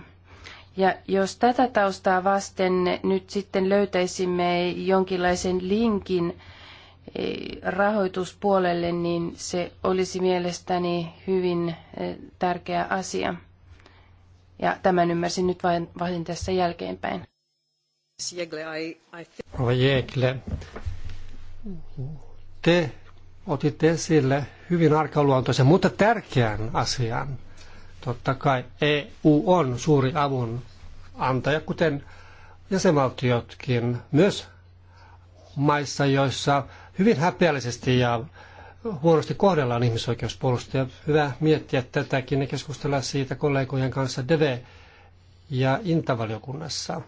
Ja jos tätä taustaa vasten nyt sitten löytäisimme jonkinlaisen linkin e, rahoituspuolelle, niin se olisi mielestäni hyvin e, tärkeä asia. Ja tämän ymmärsin nyt vain, vain tässä jälkeenpäin. Jegle, I, I te otitte esille hyvin arkaluontoisen, mutta tärkeän asian. Totta kai EU on suuri avun antaja, kuten jäsenvaltiotkin, myös maissa, joissa hyvin häpeällisesti ja huonosti kohdellaan ihmisoikeuspuolustajia. Hyvä miettiä tätäkin ja keskustella siitä kollegojen kanssa DV ja Intavaliokunnassa.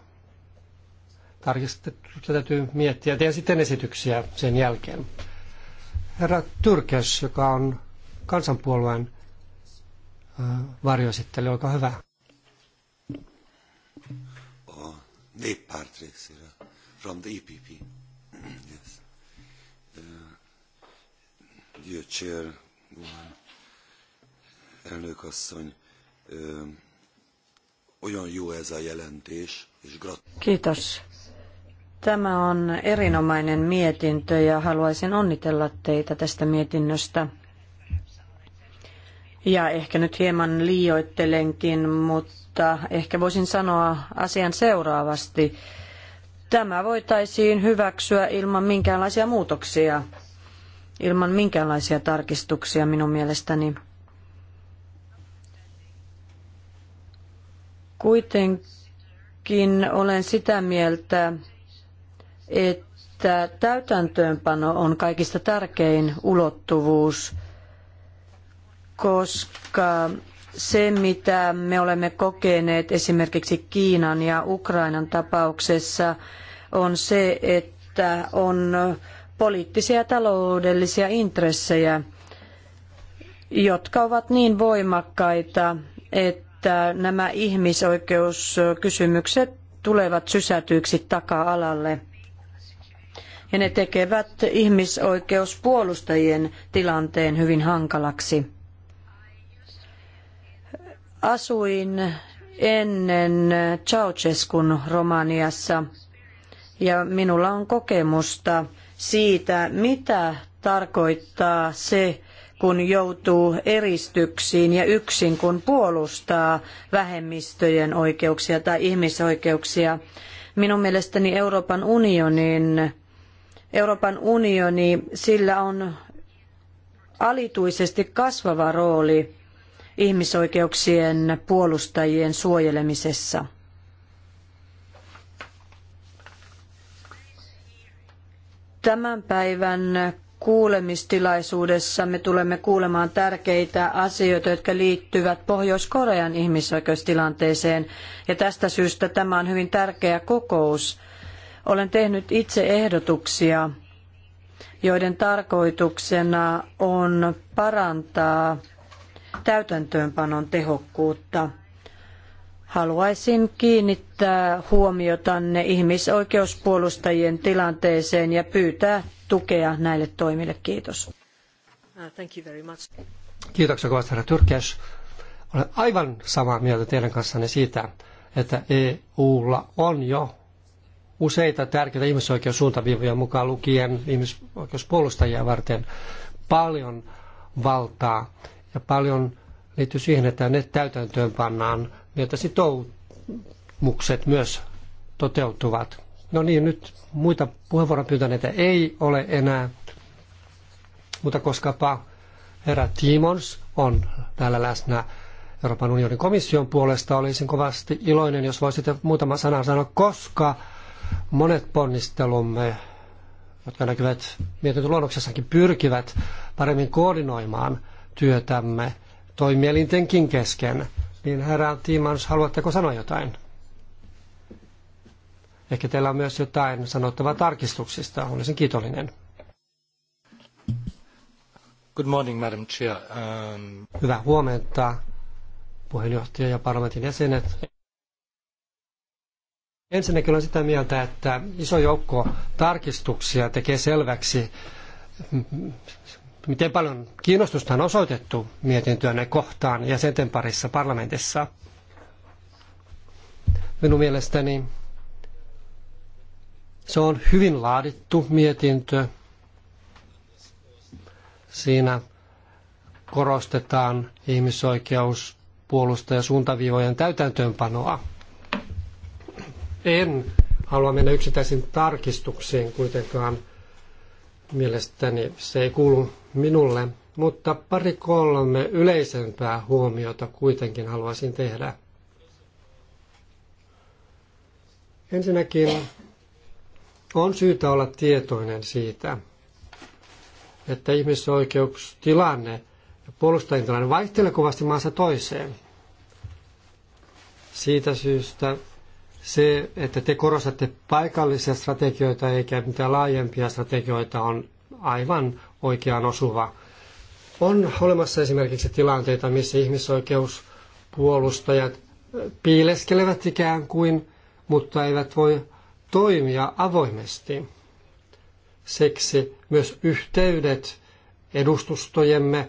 Tarkistettu täytyy miettiä. ja sitten esityksiä sen jälkeen herra Turkes, joka on kansanpuolueen äh, varjoesittely. Olkaa hyvä. Oh, from the EPP. Yes. Eh, dear chair, elnök asszony, eh, olyan jó ez a jelentés, és gratulálok. Kiitos Tämä on erinomainen mietintö ja haluaisin onnitella teitä tästä mietinnöstä. Ja ehkä nyt hieman liioittelenkin, mutta ehkä voisin sanoa asian seuraavasti. Tämä voitaisiin hyväksyä ilman minkäänlaisia muutoksia, ilman minkäänlaisia tarkistuksia minun mielestäni. Kuitenkin olen sitä mieltä, että täytäntöönpano on kaikista tärkein ulottuvuus, koska se, mitä me olemme kokeneet esimerkiksi Kiinan ja Ukrainan tapauksessa, on se, että on poliittisia ja taloudellisia intressejä, jotka ovat niin voimakkaita, että nämä ihmisoikeuskysymykset tulevat sysätyiksi taka-alalle – ja ne tekevät ihmisoikeuspuolustajien tilanteen hyvin hankalaksi. Asuin ennen Ceausescun Romaniassa ja minulla on kokemusta siitä, mitä tarkoittaa se, kun joutuu eristyksiin ja yksin, kun puolustaa vähemmistöjen oikeuksia tai ihmisoikeuksia. Minun mielestäni Euroopan unionin Euroopan unioni, sillä on alituisesti kasvava rooli ihmisoikeuksien puolustajien suojelemisessa. Tämän päivän kuulemistilaisuudessa me tulemme kuulemaan tärkeitä asioita, jotka liittyvät Pohjois-Korean ihmisoikeustilanteeseen. Ja tästä syystä tämä on hyvin tärkeä kokous – olen tehnyt itse ehdotuksia, joiden tarkoituksena on parantaa täytäntöönpanon tehokkuutta. Haluaisin kiinnittää huomiotanne ihmisoikeuspuolustajien tilanteeseen ja pyytää tukea näille toimille. Kiitos. Uh, thank you very much. Kiitoksia kovasti, herra Olen aivan samaa mieltä teidän kanssanne siitä, että EUlla on jo useita tärkeitä ihmisoikeussuuntaviivoja mukaan lukien ihmisoikeuspuolustajia varten paljon valtaa ja paljon liittyy siihen, että ne täytäntöön pannaan, jotta niin sitoumukset myös toteutuvat. No niin, nyt muita puheenvuoron pyytäneitä ei ole enää, mutta koskapa herra Timons on täällä läsnä Euroopan unionin komission puolesta, olisin kovasti iloinen, jos voisitte muutama sana sanoa, koska Monet ponnistelumme, jotka näkyvät mietintöluonnoksessakin, pyrkivät paremmin koordinoimaan työtämme toimielintenkin kesken. Niin herra Tiimans, haluatteko sanoa jotain? Ehkä teillä on myös jotain sanottavaa tarkistuksista. Olisin kiitollinen. Good morning, Madam Chair. Um... Hyvää huomenta, puheenjohtaja ja parlamentin jäsenet. Ensinnäkin olen sitä mieltä, että iso joukko tarkistuksia tekee selväksi, miten paljon kiinnostusta on osoitettu mietintyönne kohtaan ja jäsenten parissa parlamentissa. Minun mielestäni se on hyvin laadittu mietintö. Siinä korostetaan ihmisoikeuspuolusta ja suuntaviivojen täytäntöönpanoa. En halua mennä yksittäisiin tarkistuksiin kuitenkaan. Mielestäni se ei kuulu minulle, mutta pari kolme yleisempää huomiota kuitenkin haluaisin tehdä. Ensinnäkin on syytä olla tietoinen siitä, että ihmisoikeustilanne ja puolustajien tilanne vaihtelee kovasti maassa toiseen. Siitä syystä se, että te korostatte paikallisia strategioita eikä mitään laajempia strategioita, on aivan oikeaan osuva. On olemassa esimerkiksi tilanteita, missä ihmisoikeuspuolustajat piileskelevät ikään kuin, mutta eivät voi toimia avoimesti. Seksi myös yhteydet edustustojemme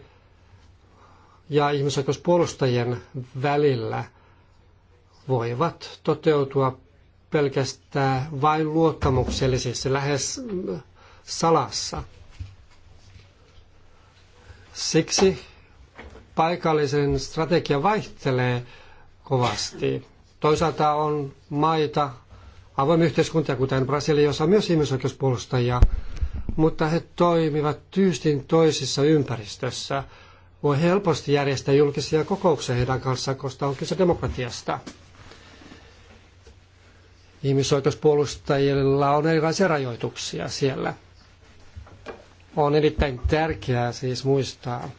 ja ihmisoikeuspuolustajien välillä – voivat toteutua pelkästään vain luottamuksellisissa lähes salassa. Siksi paikallisen strategia vaihtelee kovasti. Toisaalta on maita, avoin yhteiskuntia, kuten Brasilia, jossa on myös ihmisoikeuspuolustajia, mutta he toimivat tyystin toisissa ympäristössä. Voi helposti järjestää julkisia kokouksia heidän kanssaan, koska on kyse demokratiasta. Ihmisoikeuspuolustajilla on erilaisia rajoituksia siellä. On erittäin tärkeää siis muistaa,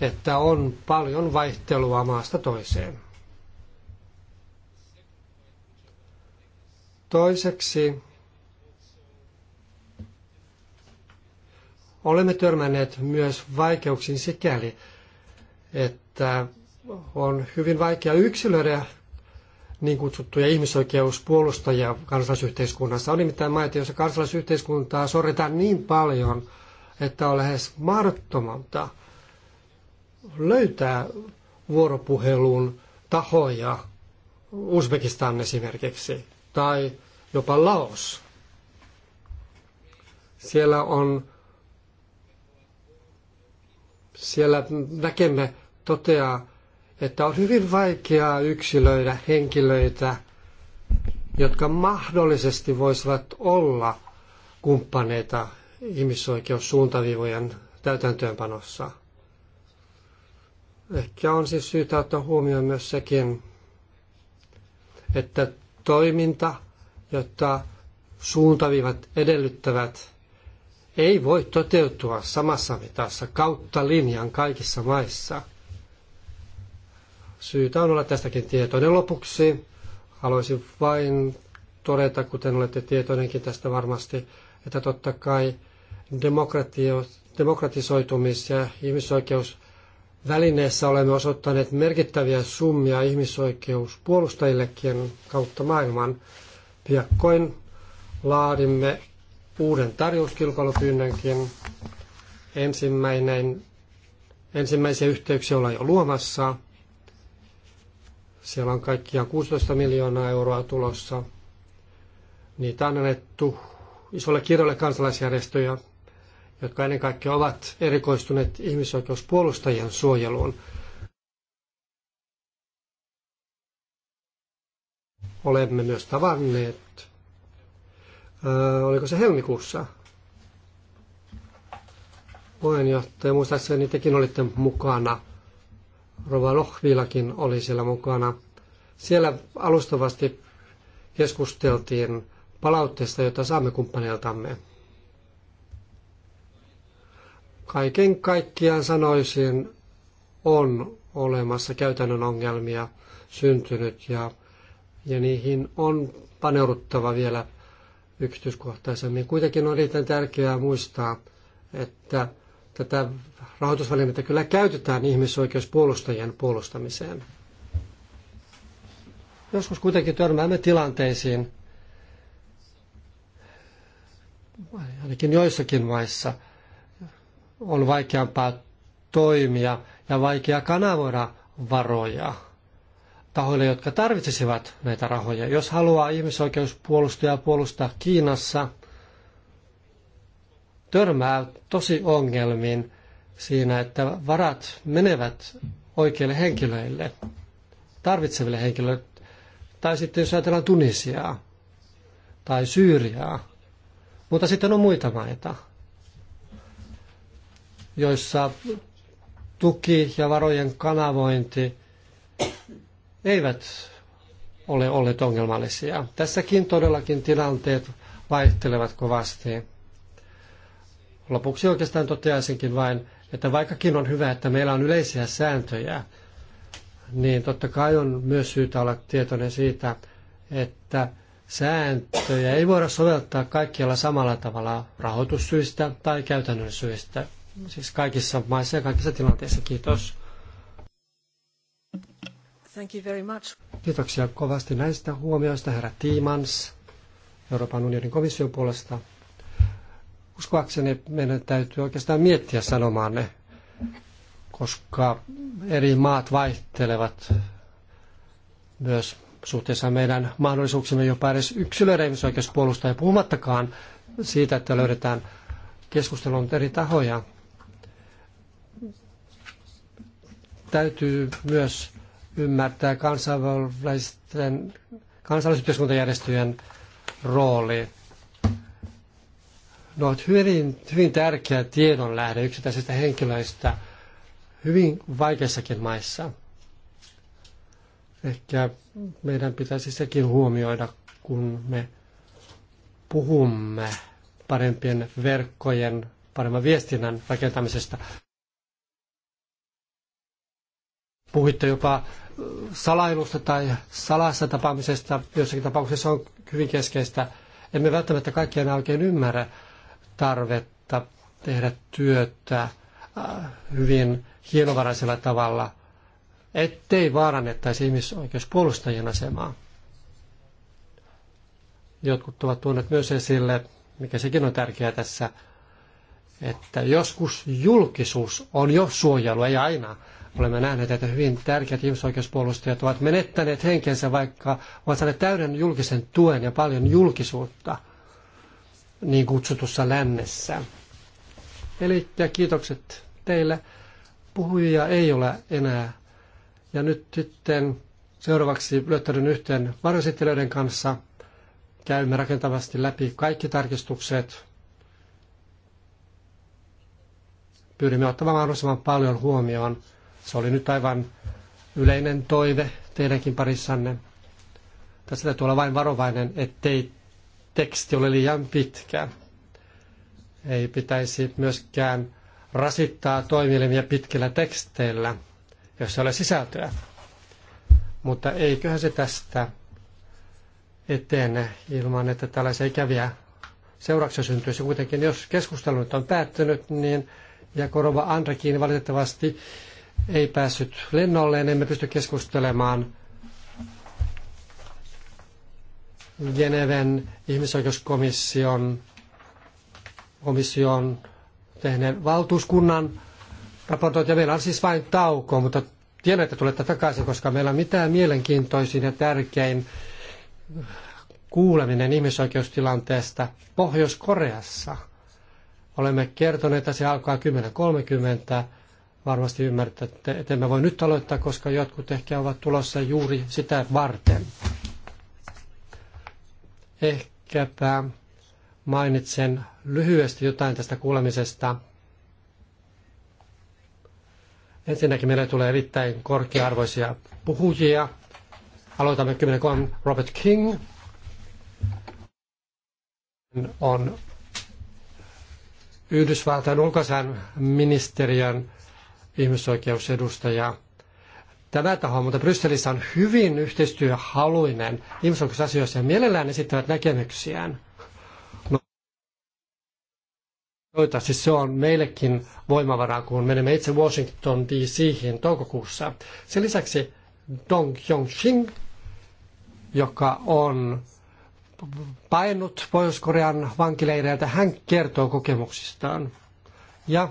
että on paljon vaihtelua maasta toiseen. Toiseksi olemme törmänneet myös vaikeuksiin sikäli, että on hyvin vaikea yksilöidä niin kutsuttuja ihmisoikeuspuolustajia kansalaisyhteiskunnassa. On nimittäin maita, joissa kansalaisyhteiskuntaa sorretaan niin paljon, että on lähes mahdottomalta löytää vuoropuhelun tahoja, Uzbekistan esimerkiksi, tai jopa Laos. Siellä on, siellä näkemme toteaa, että on hyvin vaikeaa yksilöidä henkilöitä, jotka mahdollisesti voisivat olla kumppaneita ihmisoikeussuuntaviivojen täytäntöönpanossa. Ehkä on siis syytä ottaa huomioon myös sekin, että toiminta, jota suuntaviivat edellyttävät, ei voi toteutua samassa mitassa kautta linjan kaikissa maissa syytä on olla tästäkin tietoinen. Lopuksi haluaisin vain todeta, kuten olette tietoinenkin tästä varmasti, että totta kai demokratisoitumis- ja ihmisoikeusvälineessä olemme osoittaneet merkittäviä summia ihmisoikeuspuolustajillekin kautta maailman. Piakkoin laadimme uuden tarjouskilpailupyynnönkin. Ensimmäinen, ensimmäisiä yhteyksiä ollaan jo luomassa siellä on kaikkiaan 16 miljoonaa euroa tulossa. Niitä on annettu isolle kirjolle kansalaisjärjestöjä, jotka ennen kaikkea ovat erikoistuneet ihmisoikeuspuolustajien suojeluun. Olemme myös tavanneet, öö, oliko se helmikuussa, puheenjohtaja, muistaakseni tekin olitte mukana – Rova Lohvilakin oli siellä mukana. Siellä alustavasti keskusteltiin palautteesta, jota saamme kumppaneiltamme. Kaiken kaikkiaan sanoisin, on olemassa käytännön ongelmia syntynyt ja, ja niihin on paneuduttava vielä yksityiskohtaisemmin. Kuitenkin on erittäin tärkeää muistaa, että tätä rahoitusvälinettä kyllä käytetään ihmisoikeuspuolustajien puolustamiseen. Joskus kuitenkin törmäämme tilanteisiin, ainakin joissakin maissa, on vaikeampaa toimia ja vaikea kanavoida varoja tahoille, jotka tarvitsisivat näitä rahoja. Jos haluaa ihmisoikeuspuolustajaa puolustaa Kiinassa – törmää tosi ongelmiin siinä, että varat menevät oikeille henkilöille, tarvitseville henkilöille. Tai sitten jos ajatellaan Tunisiaa tai Syyriaa, mutta sitten on muita maita, joissa tuki ja varojen kanavointi eivät ole olleet ongelmallisia. Tässäkin todellakin tilanteet vaihtelevat kovasti. Lopuksi oikeastaan toteaisinkin vain, että vaikkakin on hyvä, että meillä on yleisiä sääntöjä, niin totta kai on myös syytä olla tietoinen siitä, että sääntöjä ei voida soveltaa kaikkialla samalla tavalla rahoitussyistä tai käytännön syistä. Siis kaikissa maissa ja kaikissa tilanteissa. Kiitos. Thank you very much. Kiitoksia kovasti näistä huomioista, herra Tiimans, Euroopan unionin komission puolesta. Uskoakseni meidän täytyy oikeastaan miettiä ne, koska eri maat vaihtelevat myös suhteessa meidän mahdollisuuksimme jopa edes yksilöiden ihmisoikeuspuolustajia, puhumattakaan siitä, että löydetään keskustelun eri tahoja. Täytyy myös ymmärtää kansainvälisten kansallisyhteiskuntajärjestöjen rooli. Ne ovat hyvin, hyvin tärkeä tiedonlähde yksittäisistä henkilöistä hyvin vaikeissakin maissa. Ehkä meidän pitäisi sekin huomioida, kun me puhumme parempien verkkojen, paremman viestinnän rakentamisesta. Puhuitte jopa salailusta tai salassa tapaamisesta, jossakin tapauksessa on hyvin keskeistä. Emme välttämättä kaikkia enää oikein ymmärrä, tarvetta tehdä työtä äh, hyvin hienovaraisella tavalla, ettei vaarannettaisi ihmisoikeuspuolustajien asemaa. Jotkut ovat tuoneet myös esille, mikä sekin on tärkeää tässä, että joskus julkisuus on jo suojelu, ei aina. Olemme nähneet, että hyvin tärkeät ihmisoikeuspuolustajat ovat menettäneet henkensä, vaikka ovat saaneet täyden julkisen tuen ja paljon julkisuutta – niin kutsutussa lännessä. Eli kiitokset teille. Puhujia ei ole enää. Ja nyt sitten seuraavaksi löytäydyn yhteen varjosittelijöiden kanssa. Käymme rakentavasti läpi kaikki tarkistukset. Pyrimme ottamaan mahdollisimman paljon huomioon. Se oli nyt aivan yleinen toive teidänkin parissanne. Tässä täytyy olla vain varovainen, ettei teksti oli liian pitkä. Ei pitäisi myöskään rasittaa toimielimiä pitkillä teksteillä, jos ei ole sisältöä. Mutta eiköhän se tästä etene ilman, että tällaisia ikäviä seurauksia syntyisi. Kuitenkin jos keskustelu nyt on päättynyt, niin ja korova Andrekin valitettavasti ei päässyt lennolleen, emme pysty keskustelemaan Geneven ihmisoikeuskomission komission tehneen valtuuskunnan ja Meillä on siis vain tauko, mutta tiedän, että tulette takaisin, koska meillä on mitään mielenkiintoisin ja tärkein kuuleminen ihmisoikeustilanteesta Pohjois-Koreassa. Olemme kertoneet, että se alkaa 10.30. Varmasti ymmärrätte, että emme voi nyt aloittaa, koska jotkut ehkä ovat tulossa juuri sitä varten. Ehkäpä mainitsen lyhyesti jotain tästä kuulemisesta. Ensinnäkin meille tulee erittäin korkea-arvoisia puhujia. Aloitamme 10.3. Robert King on Yhdysvaltain ulkoisen ministeriön ihmisoikeusedustaja tämä taho, mutta Brysselissä on hyvin yhteistyöhaluinen ihmisoikeusasioissa ja mielellään esittävät näkemyksiään. No, siis se on meillekin voimavaraa, kun menemme itse Washington DC:hin toukokuussa. Sen lisäksi Dong yong shing joka on painut Pohjois-Korean vankileireiltä, hän kertoo kokemuksistaan. Ja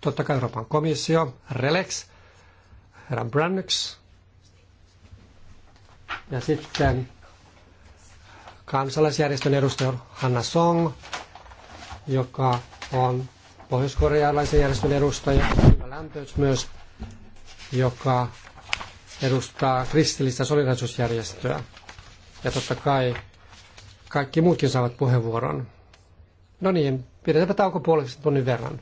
totta kai Euroopan komissio, RELEX, herran Brannex. Ja sitten kansalaisjärjestön edustaja Hanna Song, joka on pohjois-korealaisen järjestön edustaja, ja Lämpöys myös, joka edustaa kristillistä solidaisuusjärjestöä. Ja totta kai kaikki muutkin saavat puheenvuoron. No niin, pidetäänpä tauko puoliksi tunnin verran.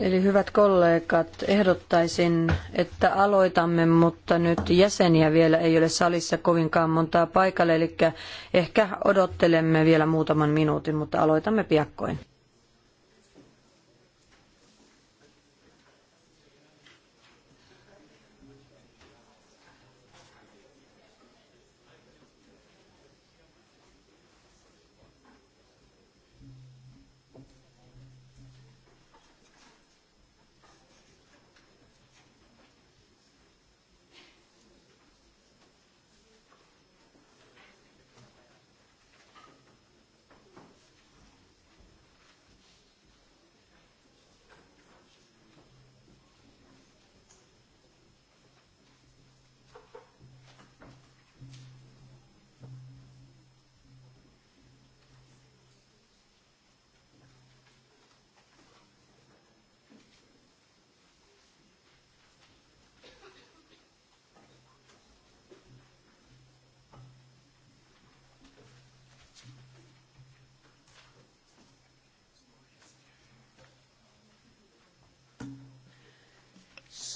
Eli hyvät kollegat, ehdottaisin, että aloitamme, mutta nyt jäseniä vielä ei ole salissa kovinkaan montaa paikalle, eli ehkä odottelemme vielä muutaman minuutin, mutta aloitamme piakkoin.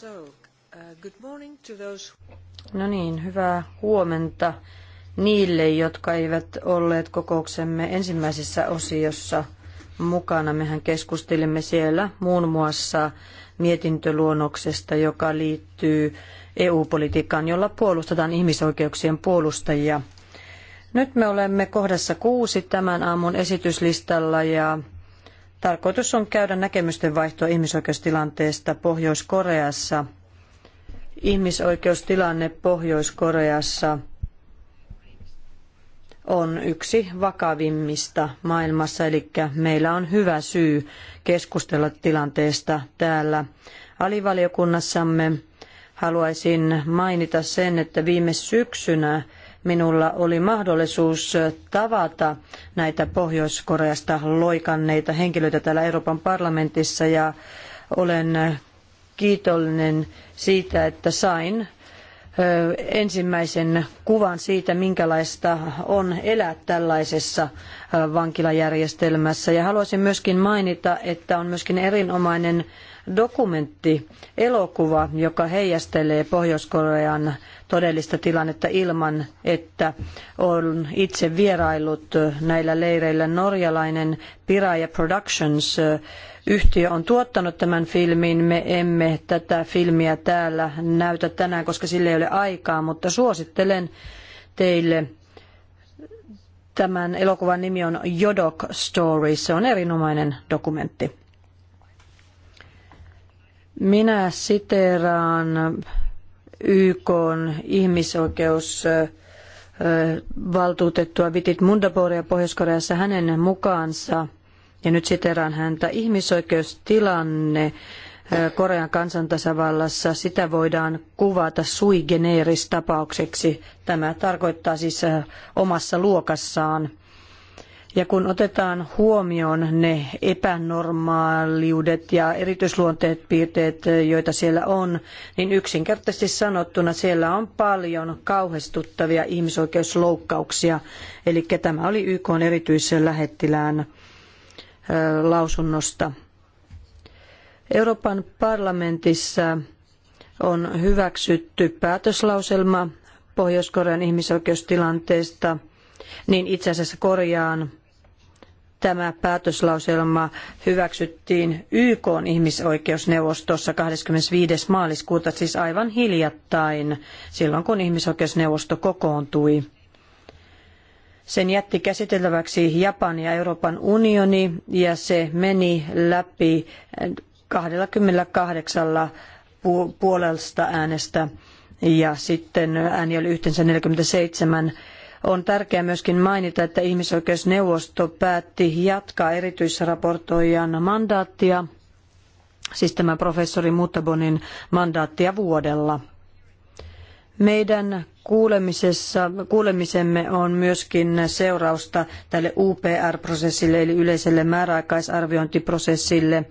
So, uh, good morning to those... No niin, hyvää huomenta niille, jotka eivät olleet kokouksemme ensimmäisessä osiossa mukana. Mehän keskustelimme siellä muun muassa mietintöluonnoksesta, joka liittyy EU-politiikkaan, jolla puolustetaan ihmisoikeuksien puolustajia. Nyt me olemme kohdassa kuusi tämän aamun esityslistalla ja Tarkoitus on käydä näkemysten vaihtoa ihmisoikeustilanteesta Pohjois-Koreassa. Ihmisoikeustilanne Pohjois-Koreassa on yksi vakavimmista maailmassa, eli meillä on hyvä syy keskustella tilanteesta täällä alivaliokunnassamme. Haluaisin mainita sen, että viime syksynä minulla oli mahdollisuus tavata näitä Pohjois-Koreasta loikanneita henkilöitä täällä Euroopan parlamentissa ja olen kiitollinen siitä, että sain ensimmäisen kuvan siitä, minkälaista on elää tällaisessa vankilajärjestelmässä. Ja haluaisin myöskin mainita, että on myöskin erinomainen dokumentti, elokuva, joka heijastelee Pohjois-Korean todellista tilannetta ilman, että on itse vierailut näillä leireillä. Norjalainen Piraja Productions yhtiö on tuottanut tämän filmin. Me emme tätä filmiä täällä näytä tänään, koska sille ei ole aikaa, mutta suosittelen teille Tämän elokuvan nimi on Jodok Story. Se on erinomainen dokumentti. Minä siteeraan YK ihmisoikeus valtuutettua Vitit Mundaboria Pohjois-Koreassa hänen mukaansa, ja nyt siteraan häntä, ihmisoikeustilanne Korean kansantasavallassa, sitä voidaan kuvata sui generis tapaukseksi. Tämä tarkoittaa siis omassa luokassaan. Ja kun otetaan huomioon ne epänormaaliudet ja erityisluonteet piirteet, joita siellä on, niin yksinkertaisesti sanottuna siellä on paljon kauhistuttavia ihmisoikeusloukkauksia. Eli tämä oli YK erityisen lähettilään lausunnosta. Euroopan parlamentissa on hyväksytty päätöslauselma Pohjois-Korean ihmisoikeustilanteesta, niin itse asiassa korjaan tämä päätöslauselma hyväksyttiin YK ihmisoikeusneuvostossa 25. maaliskuuta, siis aivan hiljattain, silloin kun ihmisoikeusneuvosto kokoontui. Sen jätti käsiteltäväksi Japani ja Euroopan unioni ja se meni läpi 28 puolesta äänestä ja sitten ääni oli yhteensä 47 on tärkeää myöskin mainita, että ihmisoikeusneuvosto päätti jatkaa erityisraportoijan mandaattia, siis tämä professori Mutabonin mandaattia vuodella. Meidän kuulemisessa, kuulemisemme on myöskin seurausta tälle UPR-prosessille eli yleiselle määräaikaisarviointiprosessille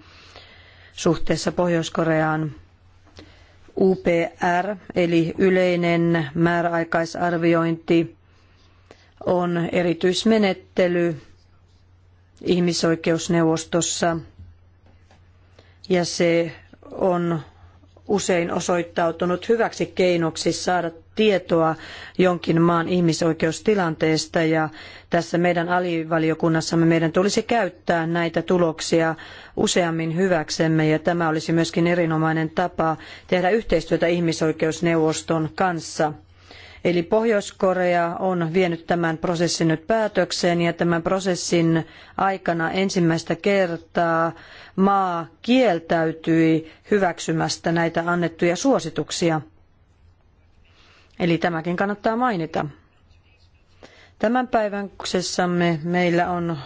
suhteessa Pohjois-Koreaan. UPR eli yleinen määräaikaisarviointi on erityismenettely ihmisoikeusneuvostossa ja se on usein osoittautunut hyväksi keinoksi saada tietoa jonkin maan ihmisoikeustilanteesta ja tässä meidän alivaliokunnassamme meidän tulisi käyttää näitä tuloksia useammin hyväksemme ja tämä olisi myöskin erinomainen tapa tehdä yhteistyötä ihmisoikeusneuvoston kanssa. Eli Pohjois-Korea on vienyt tämän prosessin nyt päätökseen ja tämän prosessin aikana ensimmäistä kertaa maa kieltäytyi hyväksymästä näitä annettuja suosituksia. Eli tämäkin kannattaa mainita. Tämän päivän meillä on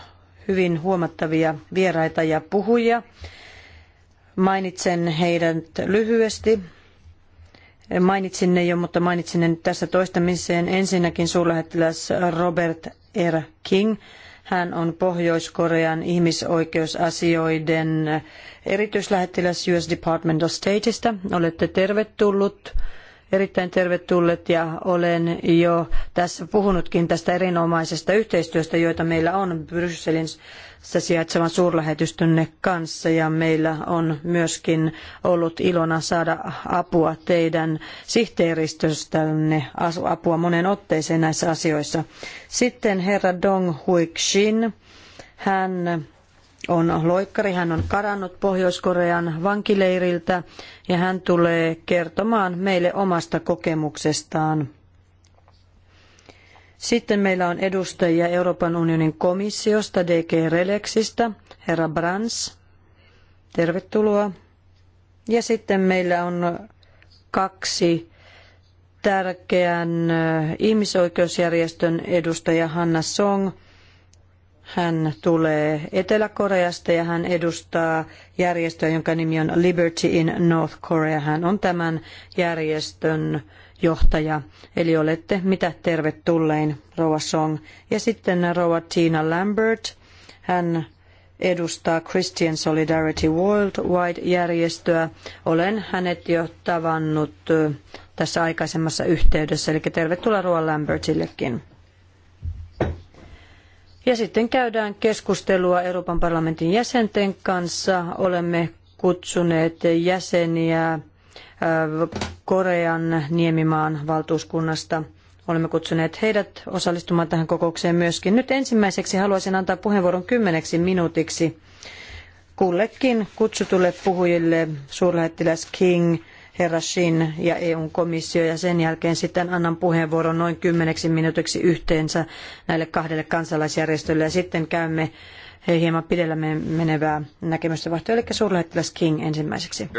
hyvin huomattavia vieraita ja puhujia. Mainitsen heidät lyhyesti. Mainitsin ne jo, mutta mainitsin ne nyt tässä toistamiseen. Ensinnäkin suurlähettiläs Robert R. King. Hän on Pohjois-Korean ihmisoikeusasioiden erityislähettiläs US Department of Stateista. Olette tervetullut erittäin tervetulleet ja olen jo tässä puhunutkin tästä erinomaisesta yhteistyöstä, jota meillä on Brysselin sijaitsevan suurlähetystönne kanssa ja meillä on myöskin ollut ilona saada apua teidän sihteeristöstänne, apua monen otteeseen näissä asioissa. Sitten herra Dong Huixin, hän on loikkari. Hän on karannut Pohjois-Korean vankileiriltä ja hän tulee kertomaan meille omasta kokemuksestaan. Sitten meillä on edustajia Euroopan unionin komissiosta, DG Relexistä, herra Brans. Tervetuloa. Ja sitten meillä on kaksi tärkeän äh, ihmisoikeusjärjestön edustaja Hanna Song – hän tulee Etelä-Koreasta ja hän edustaa järjestöä, jonka nimi on Liberty in North Korea. Hän on tämän järjestön johtaja. Eli olette mitä tervetullein, Rouva Song. Ja sitten Rouva Tina Lambert. Hän edustaa Christian Solidarity Worldwide-järjestöä. Olen hänet jo tavannut tässä aikaisemmassa yhteydessä, eli tervetuloa Ruoan Lambertillekin. Ja sitten käydään keskustelua Euroopan parlamentin jäsenten kanssa. Olemme kutsuneet jäseniä äh, Korean Niemimaan valtuuskunnasta. Olemme kutsuneet heidät osallistumaan tähän kokoukseen myöskin. Nyt ensimmäiseksi haluaisin antaa puheenvuoron kymmeneksi minuutiksi kullekin kutsutulle puhujille suurlähettiläs King – herra Shin ja EUn komissio ja sen jälkeen sitten annan puheenvuoron noin kymmeneksi minuutiksi yhteensä näille kahdelle kansalaisjärjestölle ja sitten käymme he hieman pidellä menevää näkemystä vaihtoa, eli suurlähettiläs King ensimmäiseksi.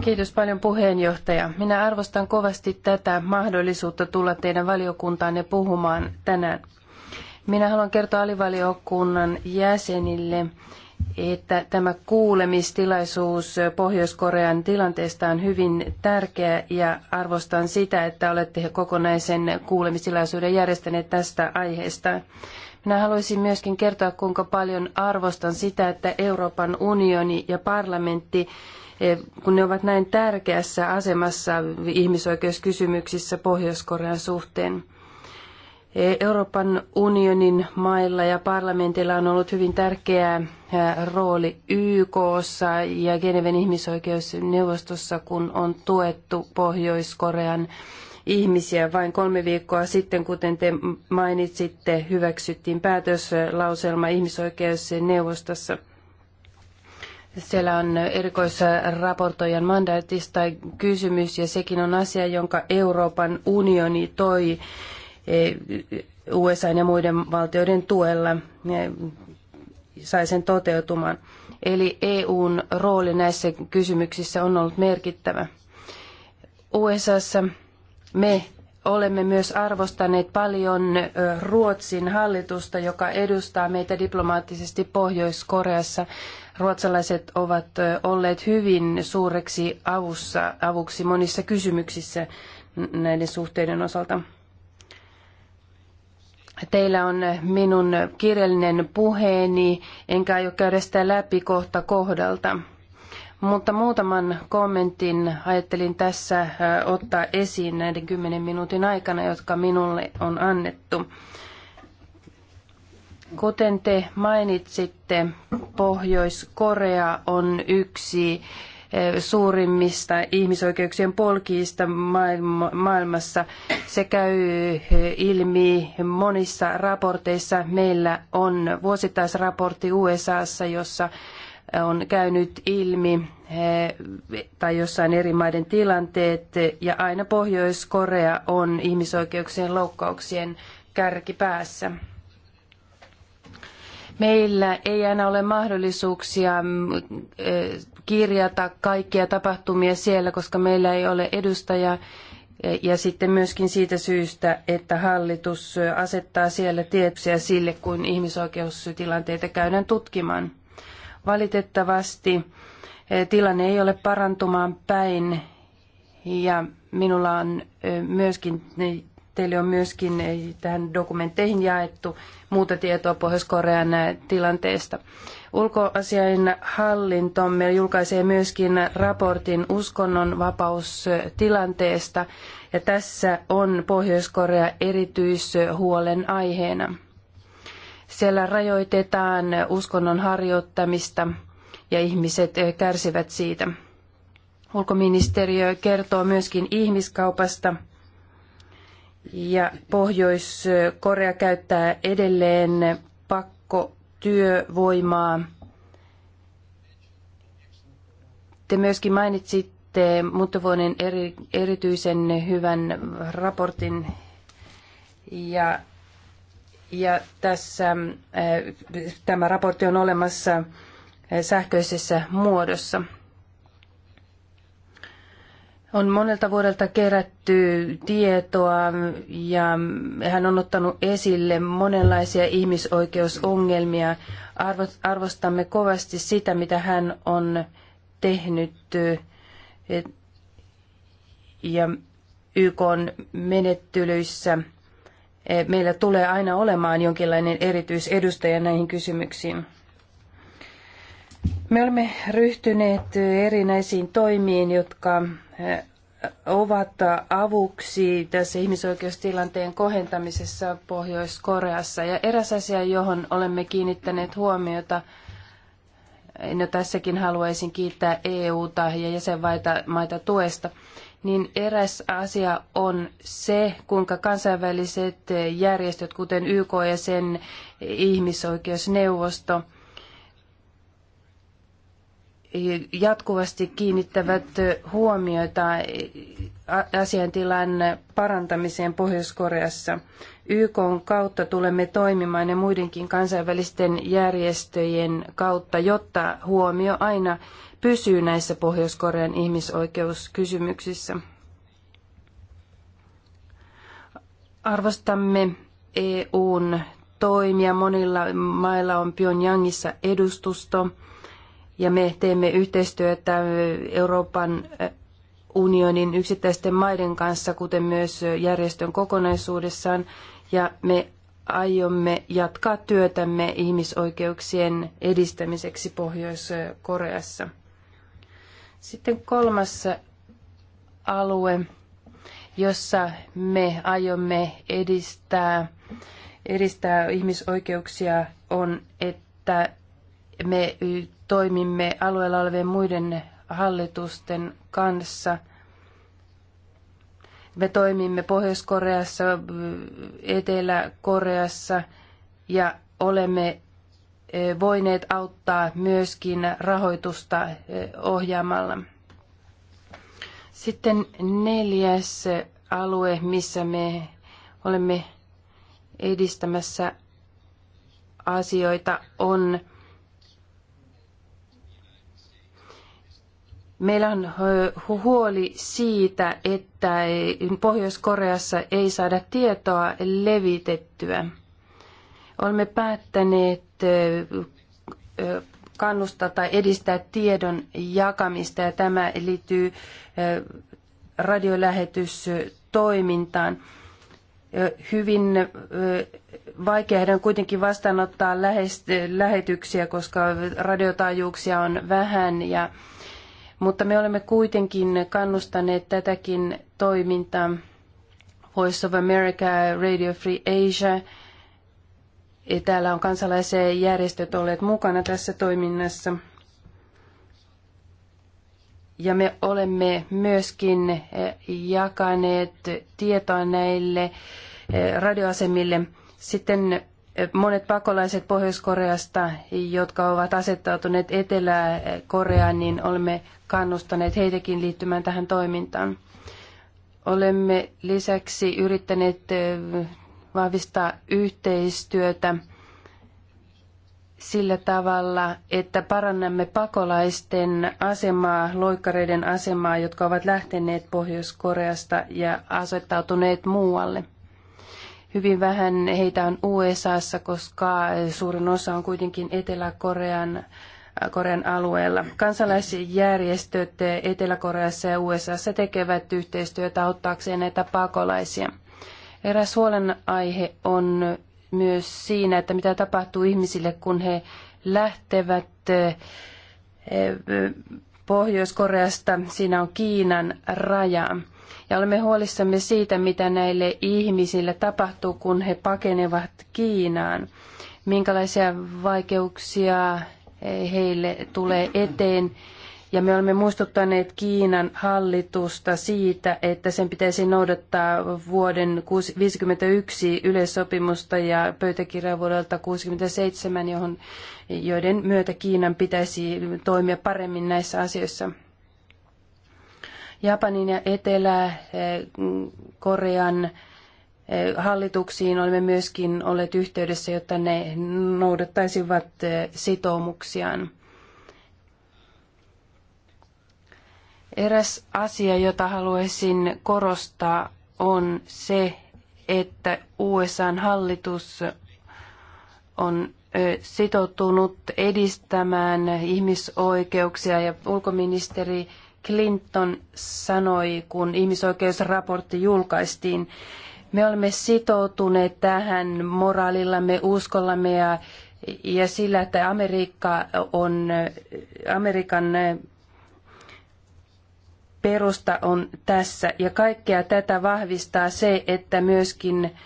Kiitos paljon puheenjohtaja. Minä arvostan kovasti tätä mahdollisuutta tulla teidän valiokuntaanne puhumaan tänään. Minä haluan kertoa alivaliokunnan jäsenille että tämä kuulemistilaisuus Pohjois-Korean tilanteesta on hyvin tärkeä ja arvostan sitä, että olette kokonaisen kuulemistilaisuuden järjestäneet tästä aiheesta. Minä haluaisin myöskin kertoa, kuinka paljon arvostan sitä, että Euroopan unioni ja parlamentti, e, kun ne ovat näin tärkeässä asemassa ihmisoikeuskysymyksissä Pohjois-Korean suhteen. Euroopan unionin mailla ja parlamentilla on ollut hyvin tärkeä rooli YKssa ja Geneven ihmisoikeusneuvostossa, kun on tuettu Pohjois-Korean ihmisiä. Vain kolme viikkoa sitten, kuten te mainitsitte, hyväksyttiin päätöslauselma ihmisoikeusneuvostossa. Siellä on erikoisraportoijan mandaatista kysymys ja sekin on asia, jonka Euroopan unioni toi E, USA ja muiden valtioiden tuella e, sai sen toteutumaan. Eli EUn rooli näissä kysymyksissä on ollut merkittävä. USAssa me olemme myös arvostaneet paljon e, Ruotsin hallitusta, joka edustaa meitä diplomaattisesti Pohjois-Koreassa. Ruotsalaiset ovat olleet hyvin suureksi avussa, avuksi monissa kysymyksissä näiden suhteiden osalta. Teillä on minun kirjallinen puheeni, enkä aio käydä sitä läpi kohta kohdalta. Mutta muutaman kommentin ajattelin tässä ottaa esiin näiden kymmenen minuutin aikana, jotka minulle on annettu. Kuten te mainitsitte, Pohjois-Korea on yksi suurimmista ihmisoikeuksien polkiista maailmassa. Se käy eh, ilmi monissa raporteissa. Meillä on vuosittaisraportti USAssa, jossa on käynyt ilmi eh, tai jossain eri maiden tilanteet ja aina Pohjois-Korea on ihmisoikeuksien loukkauksien kärkipäässä. Meillä ei aina ole mahdollisuuksia mm, kirjata kaikkia tapahtumia siellä, koska meillä ei ole edustajaa. Ja sitten myöskin siitä syystä, että hallitus asettaa siellä tietoja sille, kun ihmisoikeustilanteita käydään tutkimaan. Valitettavasti tilanne ei ole parantumaan päin ja minulla on myöskin Teille on myöskin tähän dokumentteihin jaettu muuta tietoa Pohjois-Korean tilanteesta. Ulkoasiain hallintomme julkaisee myöskin raportin uskonnonvapaustilanteesta ja tässä on Pohjois-Korea erityishuolen aiheena. Siellä rajoitetaan uskonnon harjoittamista ja ihmiset kärsivät siitä. Ulkoministeriö kertoo myöskin ihmiskaupasta – ja Pohjois-Korea käyttää edelleen pakkotyövoimaa. Te myöskin mainitsitte Muttovuonen eri, erityisen hyvän raportin ja, ja tässä äh, tämä raportti on olemassa äh, sähköisessä muodossa on monelta vuodelta kerätty tietoa ja hän on ottanut esille monenlaisia ihmisoikeusongelmia. Arvostamme kovasti sitä, mitä hän on tehnyt ja YK menettelyissä. E, meillä tulee aina olemaan jonkinlainen erityisedustaja näihin kysymyksiin. Me olemme ryhtyneet erinäisiin toimiin, jotka ovat avuksi tässä ihmisoikeustilanteen kohentamisessa Pohjois-Koreassa. Ja eräs asia, johon olemme kiinnittäneet huomiota, no tässäkin haluaisin kiittää EUta ja jäsenmaita tuesta, niin eräs asia on se, kuinka kansainväliset järjestöt, kuten YK ja sen ihmisoikeusneuvosto, jatkuvasti kiinnittävät huomioita asiantilan parantamiseen Pohjois-Koreassa. YK kautta tulemme toimimaan ja muidenkin kansainvälisten järjestöjen kautta, jotta huomio aina pysyy näissä Pohjois-Korean ihmisoikeuskysymyksissä. Arvostamme EUn toimia. Monilla mailla on Pyongyangissa edustusto ja me teemme yhteistyötä Euroopan unionin yksittäisten maiden kanssa, kuten myös järjestön kokonaisuudessaan, ja me aiomme jatkaa työtämme ihmisoikeuksien edistämiseksi Pohjois-Koreassa. Sitten kolmas alue, jossa me aiomme edistää, edistää ihmisoikeuksia, on, että me toimimme alueella olevien muiden hallitusten kanssa. Me toimimme Pohjois-Koreassa, Etelä-Koreassa ja olemme e, voineet auttaa myöskin rahoitusta e, ohjaamalla. Sitten neljäs alue, missä me olemme edistämässä asioita, on Meillä on huoli siitä, että Pohjois-Koreassa ei saada tietoa levitettyä. Olemme päättäneet kannustaa tai edistää tiedon jakamista ja tämä liittyy radiolähetystoimintaan. Hyvin vaikeaa on kuitenkin vastaanottaa lähetyksiä, koska radiotaajuuksia on vähän ja mutta me olemme kuitenkin kannustaneet tätäkin toimintaa. Voice of America, Radio Free Asia. Täällä on kansalaisia järjestöt olleet mukana tässä toiminnassa. Ja me olemme myöskin eh, jakaneet tietoa näille eh, radioasemille. Sitten monet pakolaiset Pohjois-Koreasta, jotka ovat asettautuneet Etelä-Koreaan, niin olemme kannustaneet heitäkin liittymään tähän toimintaan. Olemme lisäksi yrittäneet vahvistaa yhteistyötä sillä tavalla, että parannamme pakolaisten asemaa, loikkareiden asemaa, jotka ovat lähteneet Pohjois-Koreasta ja asettautuneet muualle. Hyvin vähän heitä on USAssa, koska suurin osa on kuitenkin Etelä-Korean Korean alueella. Kansalaisjärjestöt Etelä-Koreassa ja USAssa tekevät yhteistyötä auttaakseen näitä pakolaisia. Eräs huolenaihe on myös siinä, että mitä tapahtuu ihmisille, kun he lähtevät eh, Pohjois-Koreasta. Siinä on Kiinan raja. Ja olemme huolissamme siitä, mitä näille ihmisille tapahtuu, kun he pakenevat Kiinaan. Minkälaisia vaikeuksia heille tulee eteen. Ja me olemme muistuttaneet Kiinan hallitusta siitä, että sen pitäisi noudattaa vuoden 1951 yleissopimusta ja pöytäkirjaa vuodelta 1967, johon, joiden myötä Kiinan pitäisi toimia paremmin näissä asioissa. Japanin ja Etelä-Korean eh, eh, hallituksiin olemme myöskin olleet yhteydessä, jotta ne noudattaisivat eh, sitoumuksiaan. Eräs asia, jota haluaisin korostaa, on se, että USAn hallitus on sitoutunut edistämään ihmisoikeuksia ja ulkoministeri Clinton sanoi, kun ihmisoikeusraportti julkaistiin. Me olemme sitoutuneet tähän moraalillamme, uskollamme ja, ja sillä, että Amerikka on, Amerikan perusta on tässä. Ja kaikkea tätä vahvistaa se, että myöskin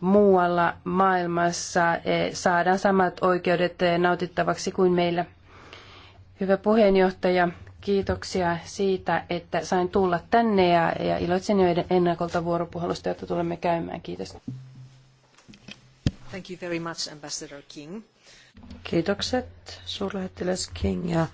muualla maailmassa e, saadaan samat oikeudet e, nautittavaksi kuin meillä. Hyvä puheenjohtaja, kiitoksia siitä, että sain tulla tänne ja, ja iloitsen jo ennakolta vuoropuhelusta, jota tulemme käymään. Kiitos. Thank you very much, Ambassador King. Kiitokset, suurlähettiläs King, ja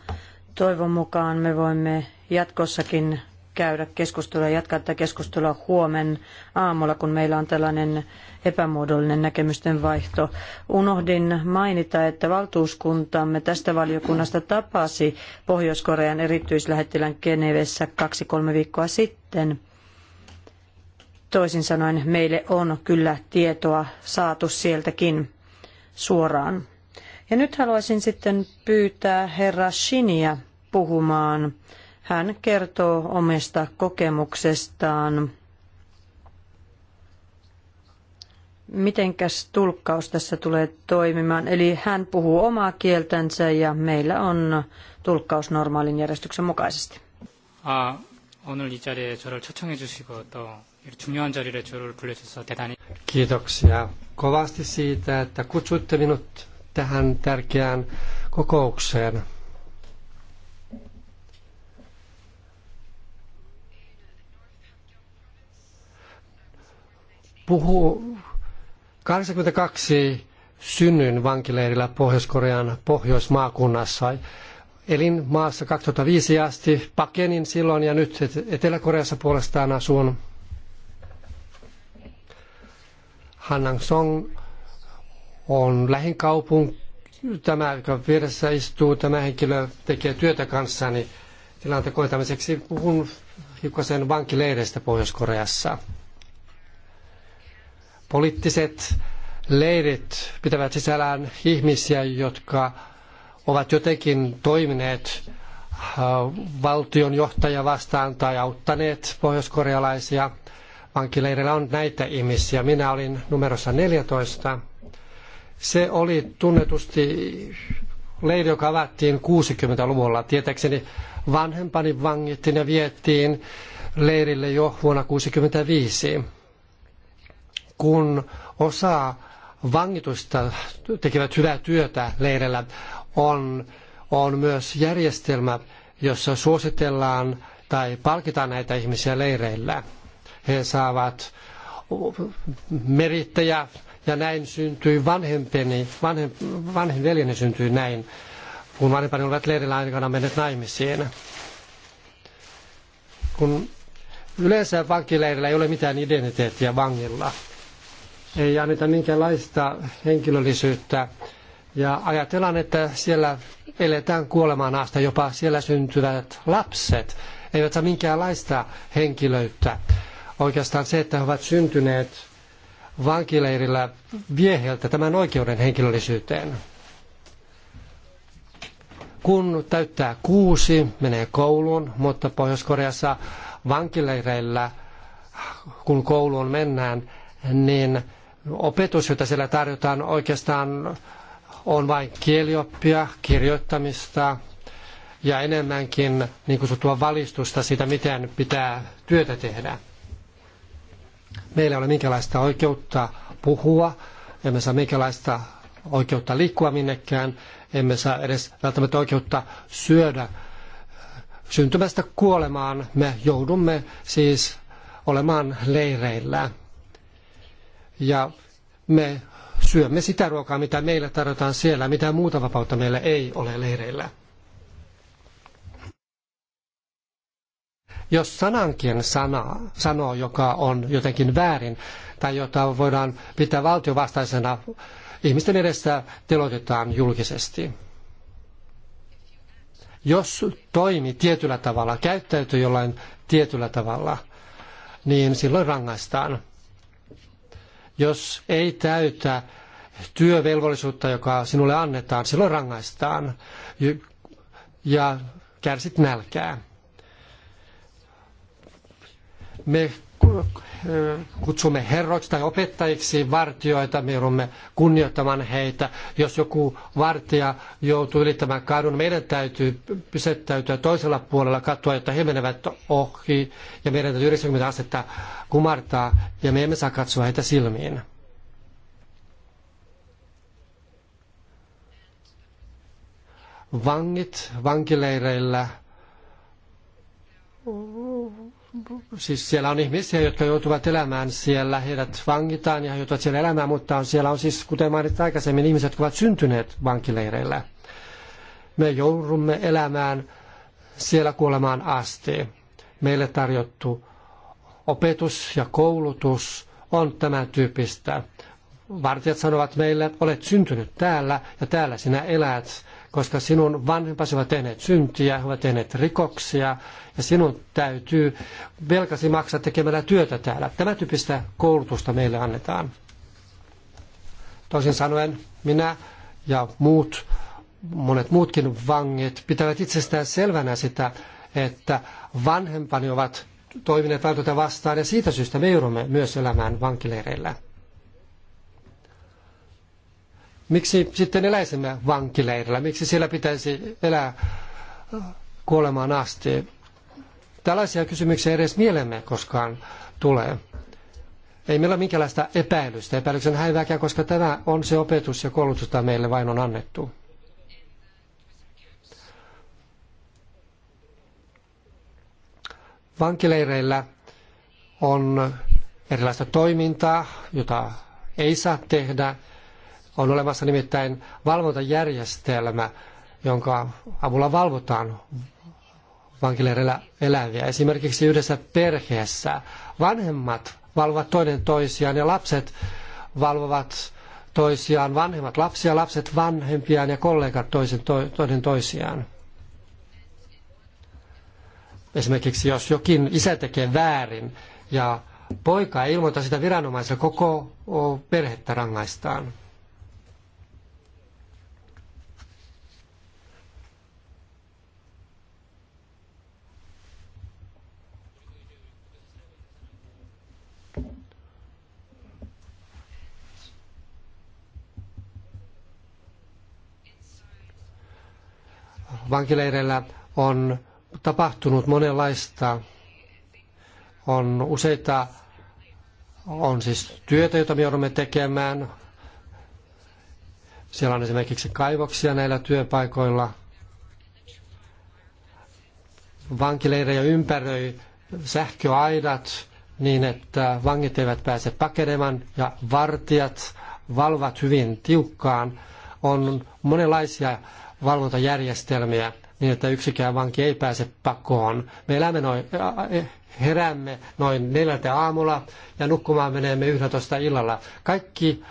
toivon mukaan me voimme jatkossakin käydä keskustelua, jatkaa tätä keskustelua huomen aamulla, kun meillä on tällainen epämuodollinen näkemysten vaihto. Unohdin mainita, että valtuuskuntamme tästä valiokunnasta tapasi Pohjois-Korean erityislähettilän Genevessä kaksi-kolme viikkoa sitten. Toisin sanoen meille on kyllä tietoa saatu sieltäkin suoraan. Ja nyt haluaisin sitten pyytää herra Shinia puhumaan hän kertoo omista kokemuksestaan. Mitenkäs tulkkaus tässä tulee toimimaan? Eli hän puhuu omaa kieltänsä ja meillä on tulkkaus normaalin järjestyksen mukaisesti. Kiitoksia kovasti siitä, että kutsuitte minut tähän tärkeään kokoukseen. puhuu 82 synnyin vankileirillä Pohjois-Korean pohjoismaakunnassa. Elin maassa 2005 asti, pakenin silloin ja nyt Etelä-Koreassa puolestaan asun. Hannang Song on lähin kaupunki, tämä, joka vieressä istuu, tämä henkilö tekee työtä kanssani tilanteen koetamiseksi. Puhun hiukkasen vankileireistä Pohjois-Koreassa. Poliittiset leirit pitävät sisällään ihmisiä, jotka ovat jotenkin toimineet äh, valtion johtaja vastaan tai auttaneet pohjoiskorealaisia. Vankileireillä on näitä ihmisiä. Minä olin numerossa 14. Se oli tunnetusti leiri, joka avattiin 60-luvulla. Tietääkseni vanhempani vangittiin ja vietiin leirille jo vuonna 65 kun osa vangituista tekevät hyvää työtä leirillä, on, on myös järjestelmä, jossa suositellaan tai palkitaan näitä ihmisiä leireillä. He saavat merittäjä ja näin syntyi vanhempeni, vanhem, vanhin veljeni syntyi näin, kun vanhempani olivat leirillä aikana menneet naimisiin. Kun yleensä vankileirillä ei ole mitään identiteettiä vangilla ei anneta minkäänlaista henkilöllisyyttä. Ja ajatellaan, että siellä eletään kuolemaan asti, jopa siellä syntyvät lapset eivät saa minkäänlaista henkilöyttä. Oikeastaan se, että he ovat syntyneet vankileirillä vie heiltä tämän oikeuden henkilöllisyyteen. Kun täyttää kuusi, menee kouluun, mutta Pohjois-Koreassa vankileireillä, kun kouluun mennään, niin opetus, jota siellä tarjotaan, oikeastaan on vain kielioppia, kirjoittamista ja enemmänkin niin kutsuttua valistusta siitä, miten pitää työtä tehdä. Meillä ei ole minkälaista oikeutta puhua, emme saa minkälaista oikeutta liikkua minnekään, emme saa edes välttämättä oikeutta syödä. Syntymästä kuolemaan me joudumme siis olemaan leireillä ja me syömme sitä ruokaa, mitä meillä tarjotaan siellä, mitä muuta vapautta meillä ei ole leireillä. Jos sanankin sana, sanoo, joka on jotenkin väärin tai jota voidaan pitää valtiovastaisena, ihmisten edessä telotetaan julkisesti. Jos toimi tietyllä tavalla, käyttäytyy jollain tietyllä tavalla, niin silloin rangaistaan. Jos ei täytä työvelvollisuutta, joka sinulle annetaan, silloin rangaistaan ja kärsit nälkää. Me kutsumme herroiksi tai opettajiksi vartioita, me joudumme kunnioittamaan heitä. Jos joku vartija joutuu ylittämään kadun, meidän täytyy pysettäytyä toisella puolella katua, jotta he menevät ohi ja meidän täytyy 90 astetta kumartaa ja me emme saa katsoa heitä silmiin. Vangit vankileireillä siis siellä on ihmisiä, jotka joutuvat elämään siellä, heidät vangitaan ja he joutuvat siellä elämään, mutta on, siellä on siis, kuten mainitsin aikaisemmin, ihmiset, jotka ovat syntyneet vankileireillä. Me joudumme elämään siellä kuolemaan asti. Meille tarjottu opetus ja koulutus on tämän tyyppistä. Vartijat sanovat meille, olet syntynyt täällä ja täällä sinä elät koska sinun vanhempasi ovat tehneet syntiä, ovat tehneet rikoksia ja sinun täytyy velkasi maksaa tekemällä työtä täällä. Tämä tyyppistä koulutusta meille annetaan. Toisin sanoen minä ja muut, monet muutkin vanget pitävät itsestään selvänä sitä, että vanhempani ovat toimineet valtuutta vastaan ja siitä syystä me joudumme myös elämään vankileireillä. Miksi sitten eläisimme vankileirillä? Miksi siellä pitäisi elää äh, kuolemaan asti? Tällaisia kysymyksiä edes mielemme koskaan tulee. Ei meillä ole minkäänlaista epäilystä, epäilyksen häivääkään, koska tämä on se opetus ja koulutus, jota meille vain on annettu. Vankileireillä on erilaista toimintaa, jota ei saa tehdä – on olemassa nimittäin valvontajärjestelmä, jonka avulla valvotaan vankileireillä eläviä. Esimerkiksi yhdessä perheessä vanhemmat valvovat toinen toisiaan ja lapset valvovat toisiaan, vanhemmat lapsia, lapset vanhempiaan ja kollegat toisen, to, toinen toisiaan. Esimerkiksi jos jokin isä tekee väärin ja poika ei ilmoita sitä viranomaisille, koko perhettä rangaistaan. vankileireillä on tapahtunut monenlaista. On useita, on siis työtä, jota me joudumme tekemään. Siellä on esimerkiksi kaivoksia näillä työpaikoilla. Vankileirejä ympäröi sähköaidat niin, että vangit eivät pääse pakenemaan ja vartijat valvat hyvin tiukkaan. On monenlaisia valvontajärjestelmiä niin, että yksikään vanki ei pääse pakoon. Me elämme noin, heräämme noin neljältä aamulla ja nukkumaan menemme 11 illalla. Kaikki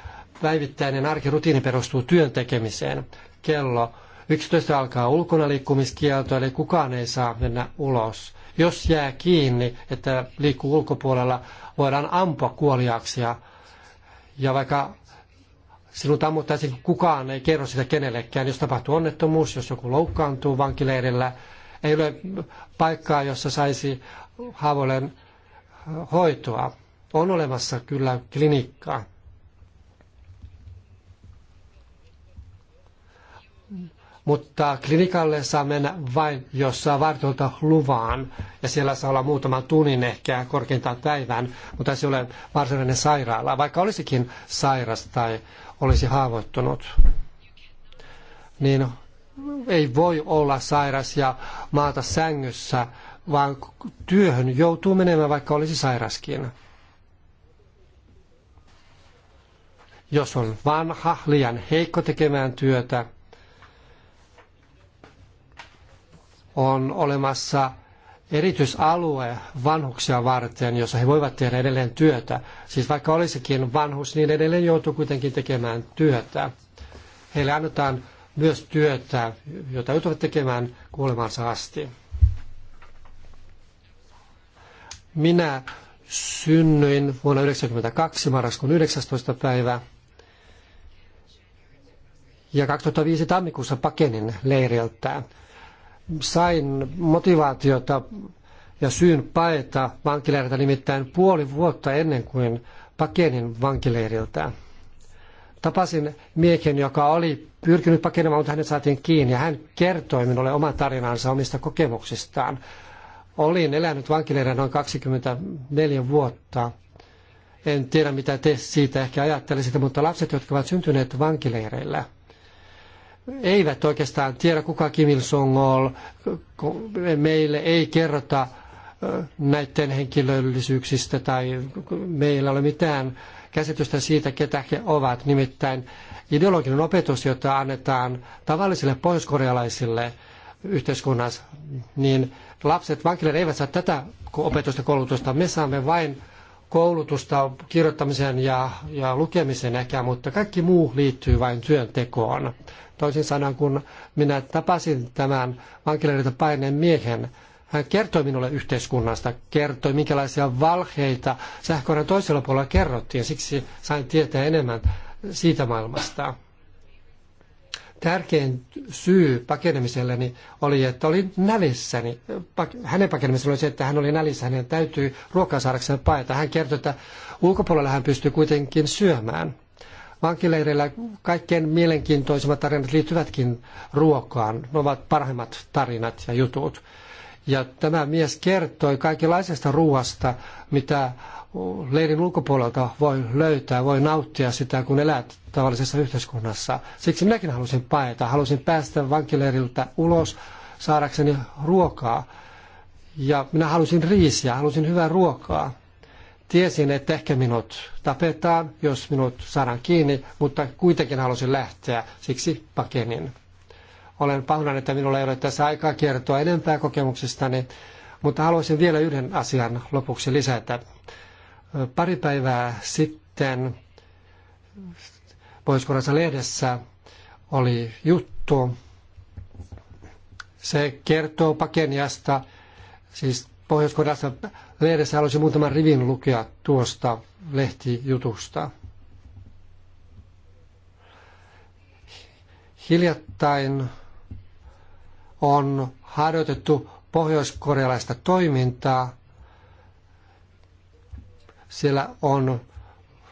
päivittäinen arkirutiini perustuu työn tekemiseen. Kello 11 alkaa ulkona liikkumiskielto, eli kukaan ei saa mennä ulos. Jos jää kiinni, että liikkuu ulkopuolella, voidaan ampua kuoliaksi ja, ja vaikka sinut ammuttaisiin, kukaan ei kerro sitä kenellekään. Jos tapahtuu onnettomuus, jos joku loukkaantuu vankileirillä, ei ole paikkaa, jossa saisi haavoilleen hoitoa. On olemassa kyllä klinikkaa. Mutta klinikalle saa mennä vain, jos saa vartolta luvan. Ja siellä saa olla muutaman tunnin ehkä korkeintaan päivän, mutta se ei ole varsinainen sairaala. Vaikka olisikin sairas tai olisi haavoittunut, niin ei voi olla sairas ja maata sängyssä, vaan työhön joutuu menemään, vaikka olisi sairaskin. Jos on vanha, liian heikko tekemään työtä, on olemassa erityisalue vanhuksia varten, jossa he voivat tehdä edelleen työtä. Siis vaikka olisikin vanhus, niin edelleen joutuu kuitenkin tekemään työtä. Heille annetaan myös työtä, jota joutuvat tekemään kuolemansa asti. Minä synnyin vuonna 1992 marraskuun 19. päivä. Ja 2005 tammikuussa pakenin leiriltä sain motivaatiota ja syyn paeta vankileiriltä nimittäin puoli vuotta ennen kuin pakenin vankileiriltä. Tapasin miehen, joka oli pyrkinyt pakenemaan, mutta hänet saatiin kiinni ja hän kertoi minulle oman tarinansa omista kokemuksistaan. Olin elänyt vankileirillä noin 24 vuotta. En tiedä, mitä te siitä ehkä ajattelisitte, mutta lapset, jotka ovat syntyneet vankileireillä – eivät oikeastaan tiedä, kuka Kim Il-sung on. Meille ei kerrota näiden henkilöllisyyksistä tai meillä ei ole mitään käsitystä siitä, ketä he ovat. Nimittäin ideologinen opetus, jota annetaan tavallisille pohjoiskorealaisille yhteiskunnassa, niin lapset vankilat eivät saa tätä opetusta koulutusta. Me saamme vain koulutusta kirjoittamisen ja, ja lukemisen ehkä, mutta kaikki muu liittyy vain työntekoon. Toisin sanoen, kun minä tapasin tämän vankileiriltä paineen miehen, hän kertoi minulle yhteiskunnasta, kertoi minkälaisia valheita sähköinen toisella puolella kerrottiin, ja siksi sain tietää enemmän siitä maailmasta tärkein syy pakenemiselleni oli, että olin nälissäni. Hänen pakenemisellaan oli se, että hän oli nälissä, hänen täytyy ruokaa saadakseen paeta. Hän kertoi, että ulkopuolella hän pystyy kuitenkin syömään. Vankileireillä kaikkein mielenkiintoisimmat tarinat liittyvätkin ruokaan. Ne ovat parhaimmat tarinat ja jutut. Ja tämä mies kertoi kaikenlaisesta ruoasta, mitä leirin ulkopuolelta voi löytää, voi nauttia sitä, kun elät tavallisessa yhteiskunnassa. Siksi minäkin halusin paeta, halusin päästä vankileiriltä ulos saadakseni ruokaa. Ja minä halusin riisiä, halusin hyvää ruokaa. Tiesin, että ehkä minut tapetaan, jos minut saadaan kiinni, mutta kuitenkin halusin lähteä, siksi pakenin. Olen pahoillani, että minulla ei ole tässä aikaa kertoa enempää kokemuksistani, mutta haluaisin vielä yhden asian lopuksi lisätä. Pari päivää sitten pohjois lehdessä oli juttu. Se kertoo Pakeniasta, siis pohjois lehdessä haluaisin muutaman rivin lukea tuosta lehtijutusta. Hiljattain on harjoitettu pohjoiskorealaista toimintaa siellä on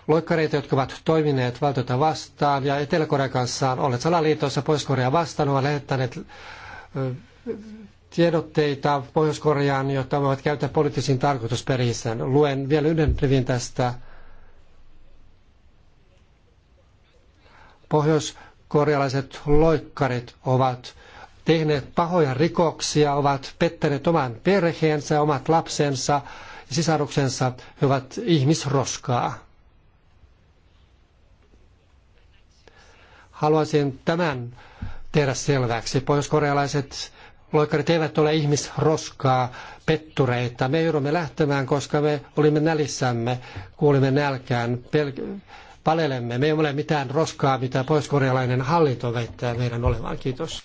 loikkareita, jotka ovat toimineet valtiota vastaan ja Etelä-Korean kanssa on olleet salaliitossa Pohjois-Korea vastaan, ovat lähettäneet tiedotteita Pohjois-Koreaan, jotta voivat käyttää poliittisiin tarkoitusperissään. Luen vielä yhden rivin tästä. Pohjois-korealaiset loikkarit ovat tehneet pahoja rikoksia, ovat pettäneet oman perheensä, omat lapsensa, sisaruksensa, he ovat ihmisroskaa. Haluaisin tämän tehdä selväksi. Pohjois-korealaiset loikkarit eivät ole ihmisroskaa, pettureita. Me joudumme lähtemään, koska me olimme nälissämme, kuulimme nälkään, pel- palelemme. Me ei ole mitään roskaa, mitä pohjois-korealainen hallinto väittää meidän olevan. Kiitos.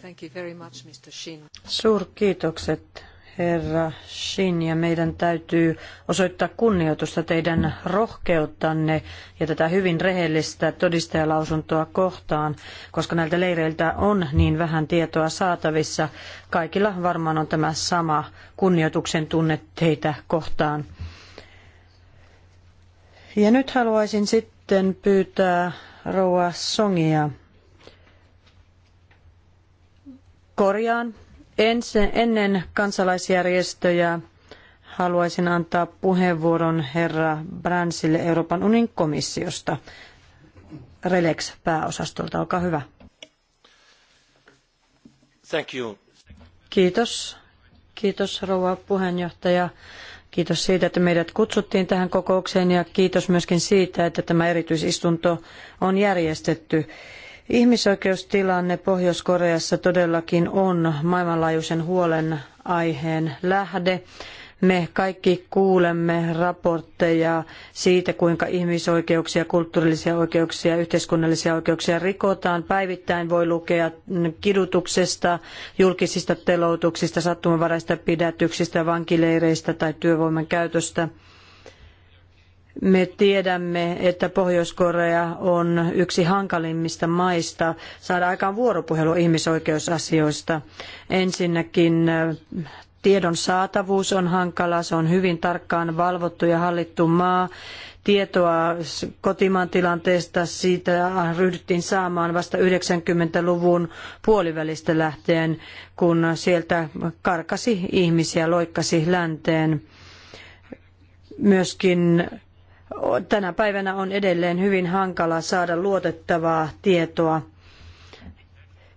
Thank you very much, Mr. Shin. kiitokset, herra Shin, ja meidän täytyy osoittaa kunnioitusta teidän rohkeuttanne ja tätä hyvin rehellistä todistajalausuntoa kohtaan, koska näiltä leireiltä on niin vähän tietoa saatavissa. Kaikilla varmaan on tämä sama kunnioituksen tunne teitä kohtaan. Ja nyt haluaisin sitten pyytää rouva Songia korjaan ennen kansalaisjärjestöjä haluaisin antaa puheenvuoron herra Bransille Euroopan unionin komissiosta. Relex pääosastolta, olkaa hyvä. Thank you. Kiitos. Kiitos rouva puheenjohtaja. Kiitos siitä, että meidät kutsuttiin tähän kokoukseen ja kiitos myöskin siitä, että tämä erityisistunto on järjestetty. Ihmisoikeustilanne Pohjois-Koreassa todellakin on maailmanlaajuisen huolen aiheen lähde. Me kaikki kuulemme raportteja siitä, kuinka ihmisoikeuksia, kulttuurillisia oikeuksia, yhteiskunnallisia oikeuksia rikotaan. Päivittäin voi lukea kidutuksesta, julkisista teloutuksista, sattumanvaraista pidätyksistä, vankileireistä tai työvoiman käytöstä – me tiedämme, että Pohjois-Korea on yksi hankalimmista maista saada aikaan vuoropuhelu ihmisoikeusasioista. Ensinnäkin äh, tiedon saatavuus on hankalaa, se on hyvin tarkkaan valvottu ja hallittu maa. Tietoa kotimaan tilanteesta siitä ryhdyttiin saamaan vasta 90-luvun puolivälistä lähtien, kun sieltä karkasi ihmisiä, loikkasi länteen myöskin tänä päivänä on edelleen hyvin hankala saada luotettavaa tietoa.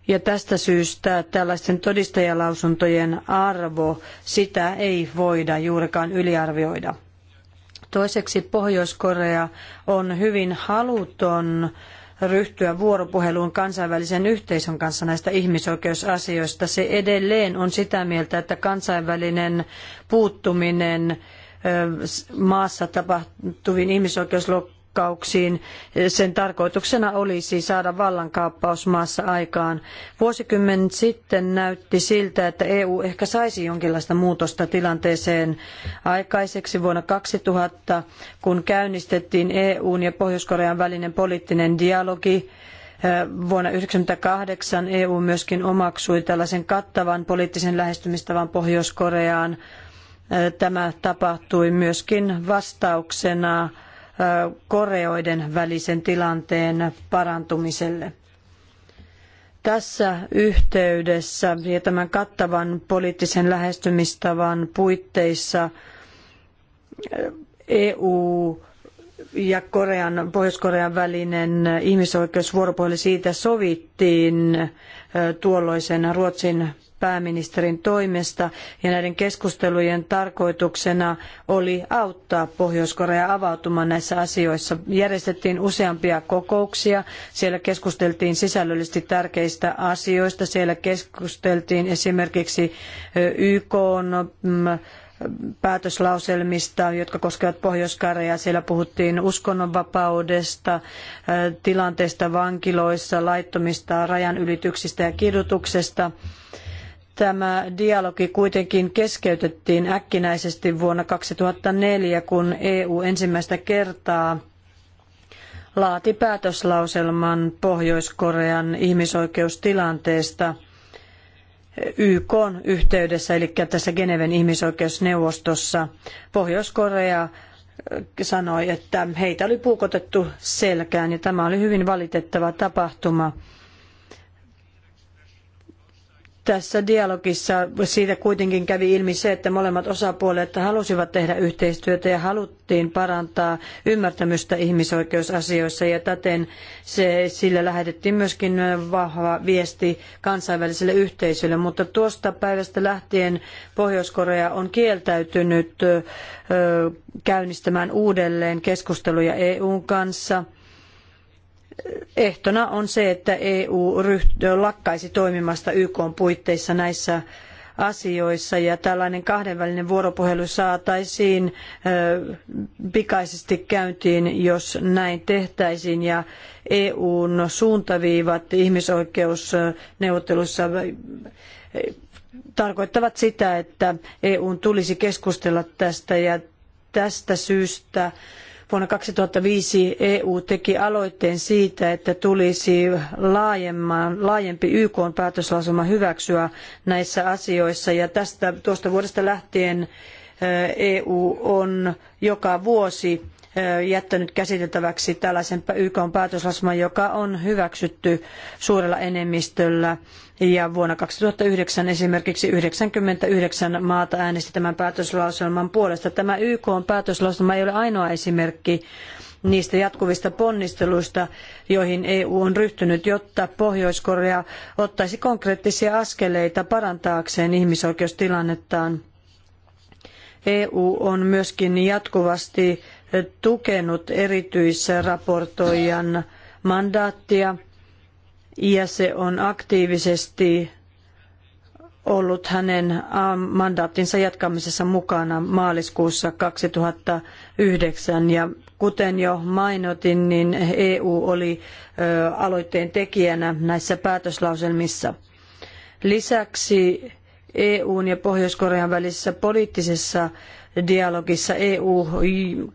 Ja tästä syystä tällaisten todistajalausuntojen arvo, sitä ei voida juurikaan yliarvioida. Toiseksi Pohjois-Korea on hyvin haluton ryhtyä vuoropuheluun kansainvälisen yhteisön kanssa näistä ihmisoikeusasioista. Se edelleen on sitä mieltä, että kansainvälinen puuttuminen maassa tapahtuviin ihmisoikeusloukkauksiin. Sen tarkoituksena olisi saada vallankaappaus maassa aikaan. Vuosikymmen sitten näytti siltä, että EU ehkä saisi jonkinlaista muutosta tilanteeseen aikaiseksi vuonna 2000, kun käynnistettiin EUn ja Pohjois-Korean välinen poliittinen dialogi. Vuonna 1998 EU myöskin omaksui tällaisen kattavan poliittisen lähestymistavan Pohjois-Koreaan Tämä tapahtui myöskin vastauksena Koreoiden välisen tilanteen parantumiselle. Tässä yhteydessä ja tämän kattavan poliittisen lähestymistavan puitteissa EU ja Korean, Pohjois-Korean välinen ihmisoikeusvuoropuhelu siitä sovittiin tuolloisen Ruotsin pääministerin toimesta ja näiden keskustelujen tarkoituksena oli auttaa Pohjois-Korea avautumaan näissä asioissa. Järjestettiin useampia kokouksia, siellä keskusteltiin sisällöllisesti tärkeistä asioista, siellä keskusteltiin esimerkiksi YK mm, päätöslauselmista, jotka koskevat Pohjois-Koreaa. Siellä puhuttiin uskonnonvapaudesta, tilanteesta vankiloissa, laittomista rajanylityksistä ja kidutuksesta. Tämä dialogi kuitenkin keskeytettiin äkkinäisesti vuonna 2004, kun EU ensimmäistä kertaa laati päätöslauselman Pohjois-Korean ihmisoikeustilanteesta YK yhteydessä, eli tässä Geneven ihmisoikeusneuvostossa. Pohjois-Korea sanoi, että heitä oli puukotettu selkään ja tämä oli hyvin valitettava tapahtuma tässä dialogissa siitä kuitenkin kävi ilmi se, että molemmat osapuolet halusivat tehdä yhteistyötä ja haluttiin parantaa ymmärtämystä ihmisoikeusasioissa ja täten se, sillä lähetettiin myöskin vahva viesti kansainväliselle yhteisölle. Mutta tuosta päivästä lähtien Pohjois-Korea on kieltäytynyt käynnistämään uudelleen keskusteluja EUn kanssa – ehtona on se, että EU lakkaisi toimimasta YK puitteissa näissä asioissa ja tällainen kahdenvälinen vuoropuhelu saataisiin pikaisesti käyntiin, jos näin tehtäisiin ja EUn suuntaviivat ihmisoikeusneuvotteluissa tarkoittavat sitä, että EUn tulisi keskustella tästä ja tästä syystä Vuonna 2005 EU teki aloitteen siitä, että tulisi laajempi YK-päätöslausuma hyväksyä näissä asioissa. Ja tästä tuosta vuodesta lähtien EU on joka vuosi jättänyt käsiteltäväksi tällaisen YK päätöslausuman, joka on hyväksytty suurella enemmistöllä ja vuonna 2009 esimerkiksi 99 maata äänesti tämän päätöslauselman puolesta. Tämä YK on päätöslauselma ei ole ainoa esimerkki niistä jatkuvista ponnisteluista, joihin EU on ryhtynyt, jotta Pohjois-Korea ottaisi konkreettisia askeleita parantaakseen ihmisoikeustilannettaan. EU on myöskin jatkuvasti tukenut erityisraportoijan mandaattia – ja se on aktiivisesti ollut hänen mandaattinsa jatkamisessa mukana maaliskuussa 2009. Ja kuten jo mainotin, niin EU oli aloitteen tekijänä näissä päätöslauselmissa. Lisäksi EUn ja Pohjois-Korean välisessä poliittisessa dialogissa EU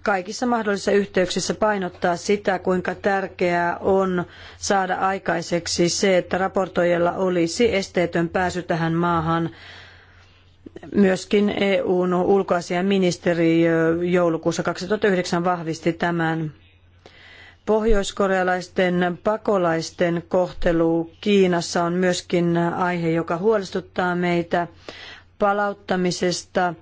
kaikissa mahdollisissa yhteyksissä painottaa sitä, kuinka tärkeää on saada aikaiseksi se, että raportoijalla olisi esteetön pääsy tähän maahan myöskin EUn ulkoasiaministeri joulukuussa 2009 vahvisti tämän. Pohjoiskorealaisten pakolaisten kohtelu Kiinassa on myöskin aihe, joka huolestuttaa meitä palauttamisesta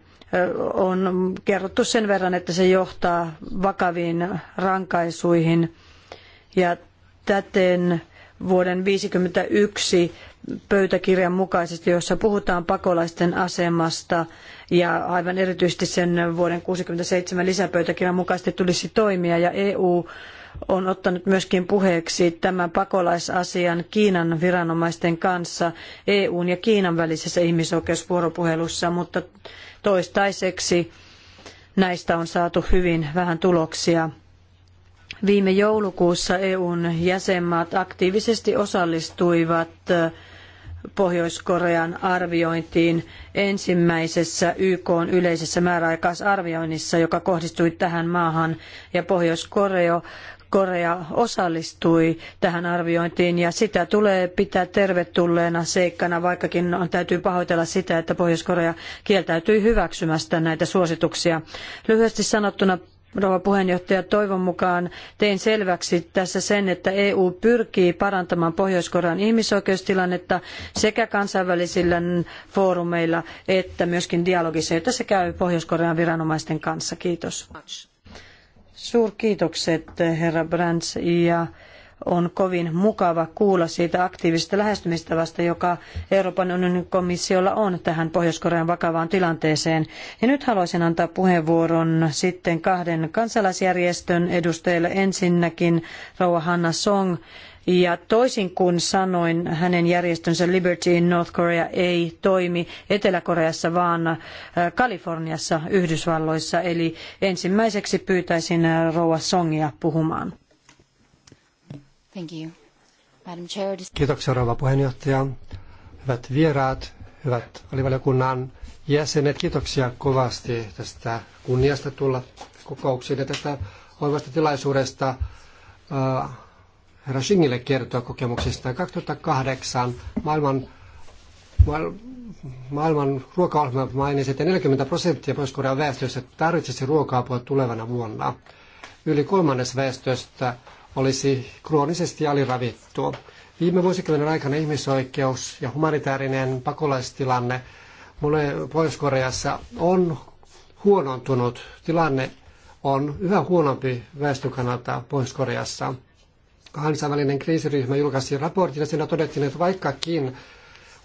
on kerrottu sen verran, että se johtaa vakaviin rankaisuihin ja täten vuoden 1951 pöytäkirjan mukaisesti, jossa puhutaan pakolaisten asemasta ja aivan erityisesti sen vuoden 1967 lisäpöytäkirjan mukaisesti tulisi toimia ja EU on ottanut myöskin puheeksi tämän pakolaisasian Kiinan viranomaisten kanssa EUn ja Kiinan välisessä ihmisoikeusvuoropuhelussa, mutta toistaiseksi näistä on saatu hyvin vähän tuloksia. Viime joulukuussa EUn jäsenmaat aktiivisesti osallistuivat Pohjois-Korean arviointiin ensimmäisessä YK yleisessä määräaikaisarvioinnissa, joka kohdistui tähän maahan. Ja Pohjois-Korea Korea osallistui tähän arviointiin ja sitä tulee pitää tervetulleena seikkana, vaikkakin on, täytyy pahoitella sitä, että Pohjois-Korea kieltäytyi hyväksymästä näitä suosituksia. Lyhyesti sanottuna rouva puheenjohtaja, toivon mukaan tein selväksi tässä sen, että EU pyrkii parantamaan Pohjois-Korean ihmisoikeustilannetta sekä kansainvälisillä foorumeilla että myöskin dialogissa, jota se käy Pohjois-Korean viranomaisten kanssa. Kiitos. Suurkiitokset, herra Brands, ja on kovin mukava kuulla siitä aktiivisesta lähestymistavasta, joka Euroopan unionin komissiolla on tähän Pohjois-Korean vakavaan tilanteeseen. Ja nyt haluaisin antaa puheenvuoron sitten kahden kansalaisjärjestön edustajille. Ensinnäkin rouva Hanna Song, ja toisin kuin sanoin, hänen järjestönsä Liberty in North Korea ei toimi Etelä-Koreassa, vaan äh, Kaliforniassa, Yhdysvalloissa. Eli ensimmäiseksi pyytäisin äh, Rouva Songia puhumaan. Thank you. Madam Chair. Kiitoksia rouva puheenjohtaja. Hyvät vieraat, hyvät alivaliokunnan jäsenet, kiitoksia kovasti tästä kunniasta tulla kokouksiin ja tästä oivasta tilaisuudesta äh, herra Singille kertoa kokemuksestaan. 2008 maailman, maailman ruokaohjelma mainitsi, että 40 prosenttia Pohjois-Korean väestöstä tarvitsisi ruoka-apua tulevana vuonna. Yli kolmannes väestöstä olisi kroonisesti aliravittu. Viime vuosikymmenen aikana ihmisoikeus ja humanitaarinen pakolaistilanne Pohjois-Koreassa on huonontunut. Tilanne on yhä huonompi väestön kannalta Pohjois-Koreassa kansainvälinen kriisiryhmä julkaisi raportin ja siinä todettiin, että vaikkakin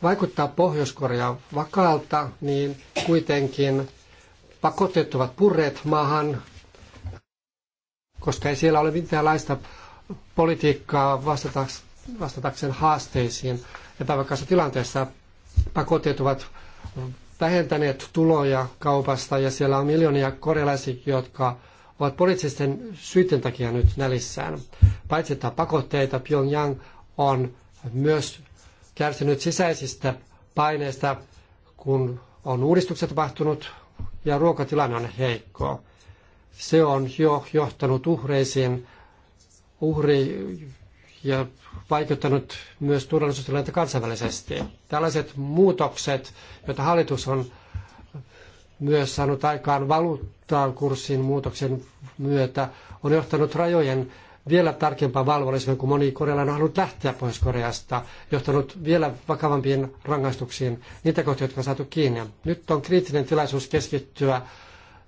vaikuttaa Pohjois-Korea vakaalta, niin kuitenkin pakotteet ovat purreet maahan, koska ei siellä ole minkäänlaista politiikkaa vastatakseen haasteisiin epävakaassa tilanteessa. Pakotteet ovat vähentäneet tuloja kaupasta ja siellä on miljoonia korealaisia, jotka ovat poliittisten syiden takia nyt nälissään. Paitsi että pakotteita Pyongyang on myös kärsinyt sisäisistä paineista, kun on uudistukset tapahtunut ja ruokatilanne on heikko. Se on jo johtanut uhreisiin uhri ja vaikuttanut myös turvallisuustilanteeseen kansainvälisesti. Tällaiset muutokset, joita hallitus on myös saanut aikaan valuuttaan kurssin muutoksen myötä, on johtanut rajojen vielä tarkempaan valvolliseen, kun moni korealainen on halunnut lähteä Pohjois-Koreasta, johtanut vielä vakavampiin rangaistuksiin niitä kohtia, jotka on saatu kiinni. Nyt on kriittinen tilaisuus keskittyä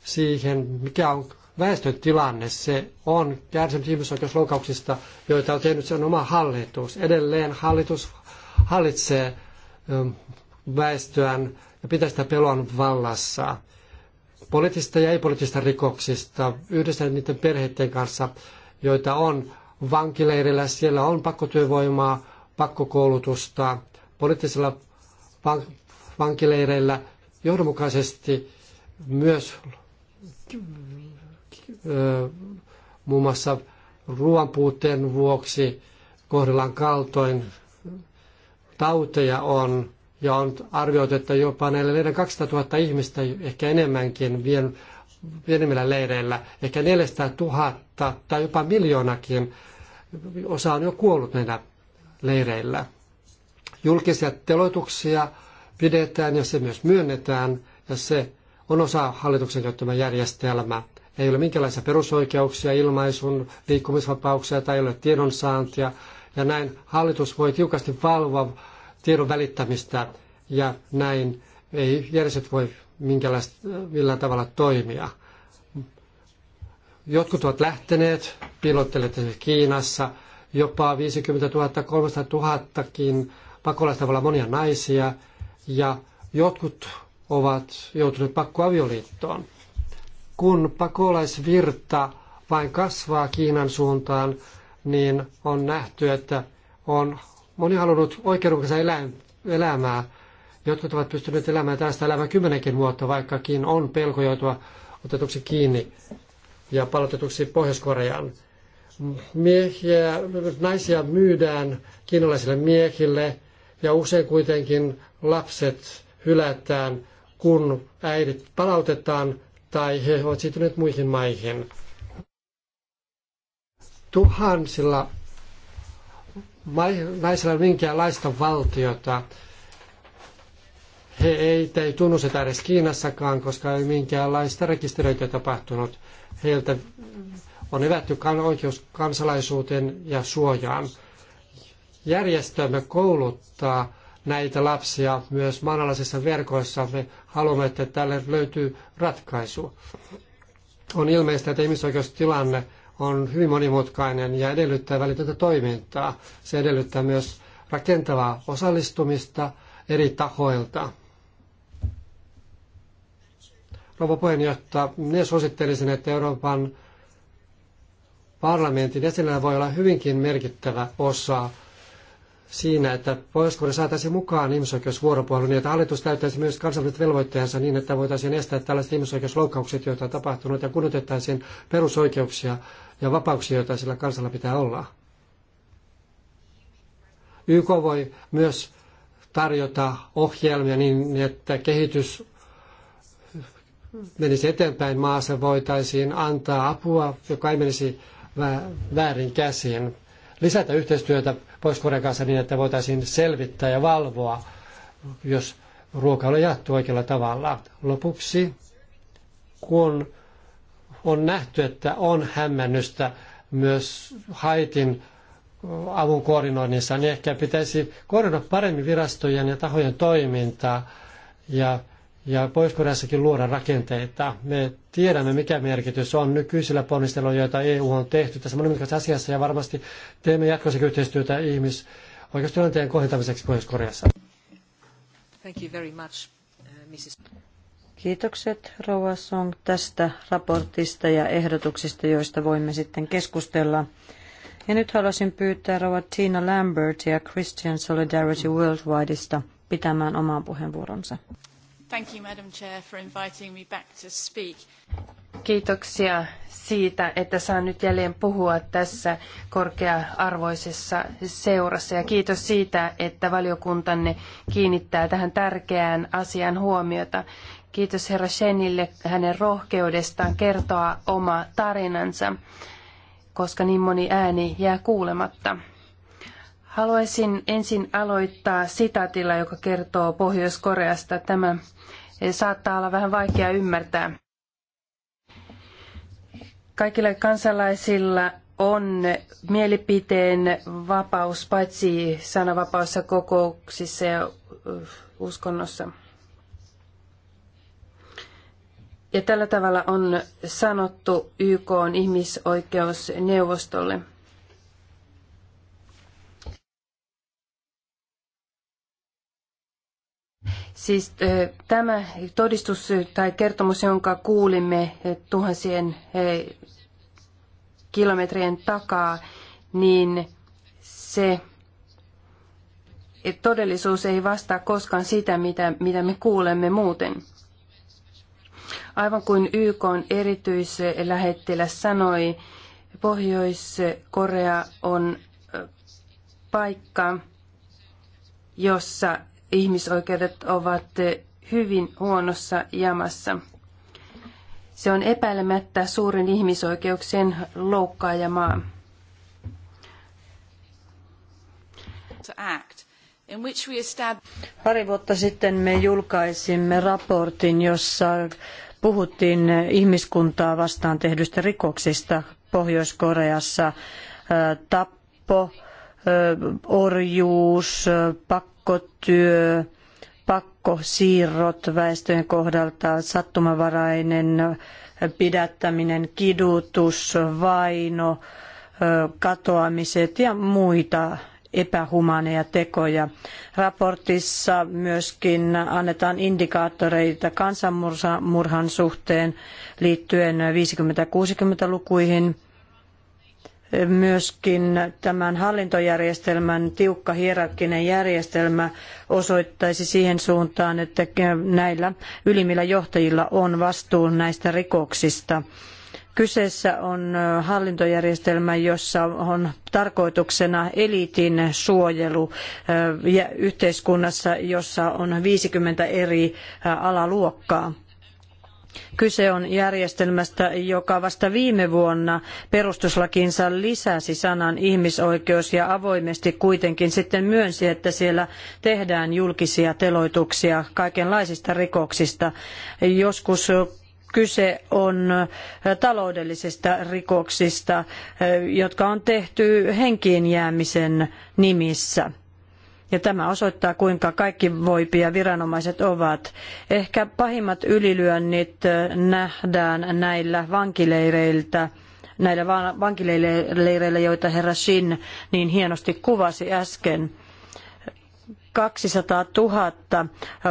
siihen, mikä on väestön tilanne. Se on kärsinyt ihmisoikeusloukauksista, joita on tehnyt sen oma hallitus. Edelleen hallitus hallitsee väestöään ja pitää sitä pelon vallassa poliittisista ja ei-poliittisista rikoksista yhdessä niiden perheiden kanssa, joita on vankileirillä. Siellä on pakkotyövoimaa, pakkokoulutusta poliittisilla vankileireillä johdonmukaisesti myös muun mm. muassa ruoan puutteen vuoksi kohdellaan kaltoin. Tauteja on ja on arvioitu, että jopa näillä leireillä 200 000 ihmistä, ehkä enemmänkin vien, pienemmillä leireillä, ehkä 400 000 tai jopa miljoonakin, osa on jo kuollut näillä leireillä. Julkisia teloituksia pidetään ja se myös myönnetään ja se on osa hallituksen käyttämä järjestelmä. Ei ole minkäänlaisia perusoikeuksia, ilmaisun, liikkumisvapauksia tai ei ole tiedonsaantia. Ja näin hallitus voi tiukasti valvoa tiedon välittämistä ja näin ei järjestöt voi millään tavalla toimia. Jotkut ovat lähteneet, piilottelet Kiinassa, jopa 50 000, 300 000kin pakolaista voi olla monia naisia ja jotkut ovat joutuneet pakkoavioliittoon. Kun pakolaisvirta vain kasvaa Kiinan suuntaan, niin on nähty, että on moni halunnut eläin, elämää. Jotkut ovat pystyneet elämään tästä elämää kymmenenkin vuotta, vaikkakin on pelko joutua otetuksi kiinni ja palautetuksi Pohjois-Koreaan. Miehiä, naisia myydään kiinalaisille miehille ja usein kuitenkin lapset hylätään, kun äidit palautetaan tai he ovat siirtyneet muihin maihin. Tuhansilla naisilla minkäänlaista valtiota. He ei, ei tunnusteta edes Kiinassakaan, koska ei minkäänlaista rekisteröintiä tapahtunut. Heiltä on evätty oikeus kansalaisuuteen ja suojaan. Järjestömme kouluttaa näitä lapsia myös maanalaisissa verkoissa. Me haluamme, että tälle löytyy ratkaisu. On ilmeistä, että ihmisoikeustilanne on hyvin monimutkainen ja edellyttää välitöntä toimintaa. Se edellyttää myös rakentavaa osallistumista eri tahoilta. Rouva puheenjohtaja, minä suosittelisin, että Euroopan parlamentin jäsenellä voi olla hyvinkin merkittävä osa siinä, että pohjois saataisiin mukaan ihmisoikeusvuoropuhelu, niin että hallitus täyttäisi myös kansainväliset velvoitteensa niin, että voitaisiin estää tällaiset ihmisoikeusloukkaukset, joita on tapahtunut, ja kunnioitettaisiin perusoikeuksia ja vapauksia, joita sillä kansalla pitää olla. YK voi myös tarjota ohjelmia niin, että kehitys menisi eteenpäin maassa, voitaisiin antaa apua, joka ei menisi väärin käsiin lisätä yhteistyötä pohjois kanssa niin, että voitaisiin selvittää ja valvoa, jos ruoka on jaettu oikealla tavalla. Lopuksi, kun on nähty, että on hämmennystä myös Haitin avun koordinoinnissa, niin ehkä pitäisi koordinoida paremmin virastojen ja tahojen toimintaa ja ja Pohjois-Koreassakin luoda rakenteita. Me tiedämme, mikä merkitys on nykyisillä ponnisteluilla, joita EU on tehty tässä monimutkaisessa asiassa, ja varmasti teemme jatkossa yhteistyötä ihmisoikeustilanteen kohentamiseksi Pohjois-Koreassa. Thank you very much, uh, Mrs. Kiitokset Rouva Song tästä raportista ja ehdotuksista, joista voimme sitten keskustella. Ja nyt haluaisin pyytää Rouva Tina Lambert ja Christian Solidarity Worldwideista pitämään oman puheenvuoronsa. Thank you, Madam Chair, for inviting me back to speak. Kiitoksia siitä, että saan nyt jälleen puhua tässä korkea-arvoisessa seurassa ja kiitos siitä, että valiokuntanne kiinnittää tähän tärkeään asiaan huomiota. Kiitos herra Shenille hänen rohkeudestaan kertoa oma tarinansa, koska niin moni ääni jää kuulematta. Haluaisin ensin aloittaa sitaatilla, joka kertoo Pohjois-Koreasta. Tämä saattaa olla vähän vaikea ymmärtää. Kaikilla kansalaisilla on mielipiteen vapaus, paitsi sananvapaus kokouksissa ja äh, uskonnossa. Ja tällä tavalla on sanottu YK on ihmisoikeusneuvostolle – Siis tämä todistus tai kertomus, jonka kuulimme tuhansien kilometrien takaa, niin se todellisuus ei vastaa koskaan sitä, mitä, mitä me kuulemme muuten. Aivan kuin YK on erityislähettiläs sanoi, Pohjois-Korea on paikka, jossa ihmisoikeudet ovat hyvin huonossa jamassa. Se on epäilemättä suurin ihmisoikeuksien loukkaajamaa. Pari vuotta sitten me julkaisimme raportin, jossa puhuttiin ihmiskuntaa vastaan tehdyistä rikoksista Pohjois-Koreassa. Äh, tappo, äh, orjuus, äh, pakko pakkotyö, pakkosiirrot väestön kohdalta, sattumavarainen pidättäminen, kidutus, vaino, katoamiset ja muita epähumaneja tekoja. Raportissa myöskin annetaan indikaattoreita kansanmurhan suhteen liittyen 50-60-lukuihin – myöskin tämän hallintojärjestelmän tiukka hierarkkinen järjestelmä osoittaisi siihen suuntaan, että näillä ylimmillä johtajilla on vastuu näistä rikoksista. Kyseessä on hallintojärjestelmä, jossa on tarkoituksena eliitin suojelu eh, yhteiskunnassa, jossa on 50 eri eh, alaluokkaa. Kyse on järjestelmästä, joka vasta viime vuonna perustuslakiinsa lisäsi sanan ihmisoikeus ja avoimesti kuitenkin sitten myönsi, että siellä tehdään julkisia teloituksia kaikenlaisista rikoksista. Joskus kyse on taloudellisista rikoksista, jotka on tehty henkiin jäämisen nimissä. Ja tämä osoittaa, kuinka kaikki voipia viranomaiset ovat. Ehkä pahimmat ylilyönnit nähdään näillä vankileireiltä, näillä vankileireillä, joita herra Shin niin hienosti kuvasi äsken. 200 000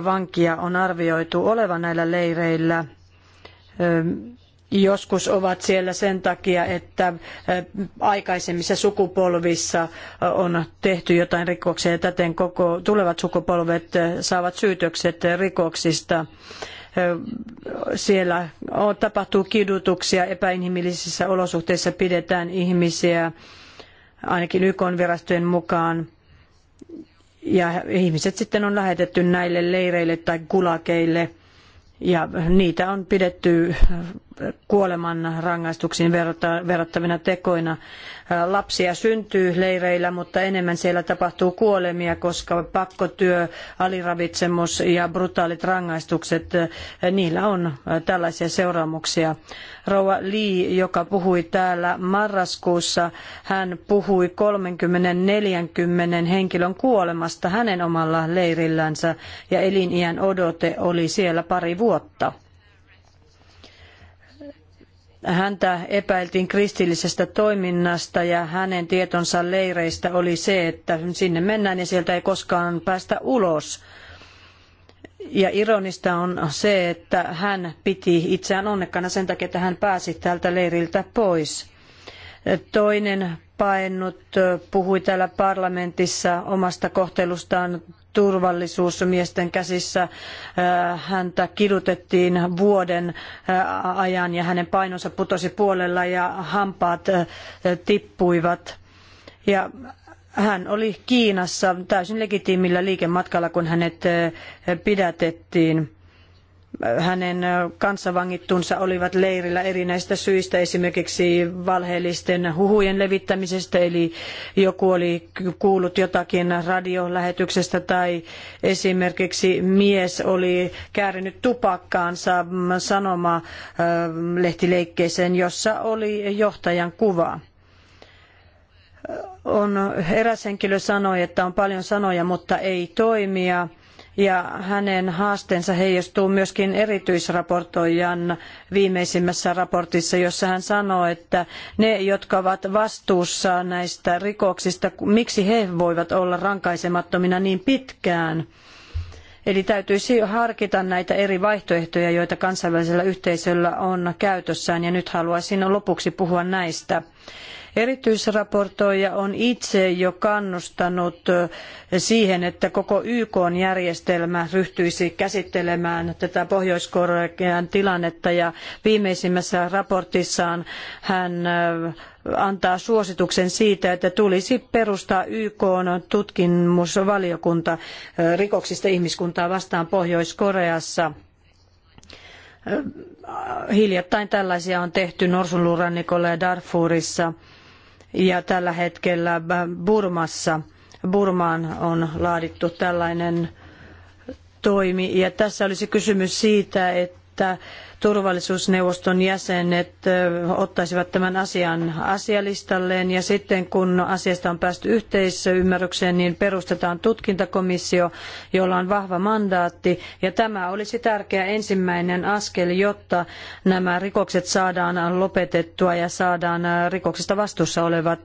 vankia on arvioitu olevan näillä leireillä joskus ovat siellä sen takia, että aikaisemmissa sukupolvissa on tehty jotain rikoksia ja täten koko tulevat sukupolvet saavat syytökset rikoksista. Siellä tapahtuu kidutuksia, epäinhimillisissä olosuhteissa pidetään ihmisiä, ainakin YK virastojen mukaan. Ja ihmiset sitten on lähetetty näille leireille tai kulakeille ja niitä on pidetty kuoleman rangaistuksiin verrattavina tekoina. Lapsia syntyy leireillä, mutta enemmän siellä tapahtuu kuolemia, koska pakkotyö, aliravitsemus ja brutaalit rangaistukset, niillä on tällaisia seuraamuksia. Rouva Lee, joka puhui täällä marraskuussa, hän puhui 30-40 henkilön kuolemasta hänen omalla leirillänsä ja eliniän odote oli siellä pari vuotta. Häntä epäiltiin kristillisestä toiminnasta ja hänen tietonsa leireistä oli se, että sinne mennään ja sieltä ei koskaan päästä ulos. Ja ironista on se, että hän piti itseään onnekkaana sen takia, että hän pääsi tältä leiriltä pois. Toinen paennut puhui täällä parlamentissa omasta kohtelustaan turvallisuusmiesten käsissä. Äh, häntä kidutettiin vuoden äh, ajan ja hänen painonsa putosi puolella ja hampaat äh, tippuivat. Ja hän oli Kiinassa täysin legitiimillä liikematkalla, kun hänet pidätettiin hänen kanssavangittunsa olivat leirillä erinäistä syistä, esimerkiksi valheellisten huhujen levittämisestä, eli joku oli kuullut jotakin radiolähetyksestä tai esimerkiksi mies oli käärinyt tupakkaansa sanoma lehtileikkeeseen, jossa oli johtajan kuva on, eräs henkilö sanoi, että on paljon sanoja, mutta ei toimia ja hänen haasteensa heijastuu myöskin erityisraportoijan viimeisimmässä raportissa, jossa hän sanoo, että ne, jotka ovat vastuussa näistä rikoksista, miksi he voivat olla rankaisemattomina niin pitkään? Eli täytyisi harkita näitä eri vaihtoehtoja, joita kansainvälisellä yhteisöllä on käytössään, ja nyt haluaisin lopuksi puhua näistä. Erityisraportoija on itse jo kannustanut siihen, että koko YK-järjestelmä ryhtyisi käsittelemään tätä pohjois tilannetta ja viimeisimmässä raportissaan hän antaa suosituksen siitä, että tulisi perustaa YK tutkimusvaliokunta rikoksista ihmiskuntaa vastaan Pohjois-Koreassa. Hiljattain tällaisia on tehty Norsunluurannikolla ja Darfurissa ja tällä hetkellä Burmassa, Burmaan on laadittu tällainen toimi. Ja tässä olisi kysymys siitä, että että turvallisuusneuvoston jäsenet ottaisivat tämän asian asialistalleen ja sitten kun asiasta on päästy yhteisymmärrykseen, niin perustetaan tutkintakomissio, jolla on vahva mandaatti ja tämä olisi tärkeä ensimmäinen askel, jotta nämä rikokset saadaan lopetettua ja saadaan rikoksista vastuussa olevat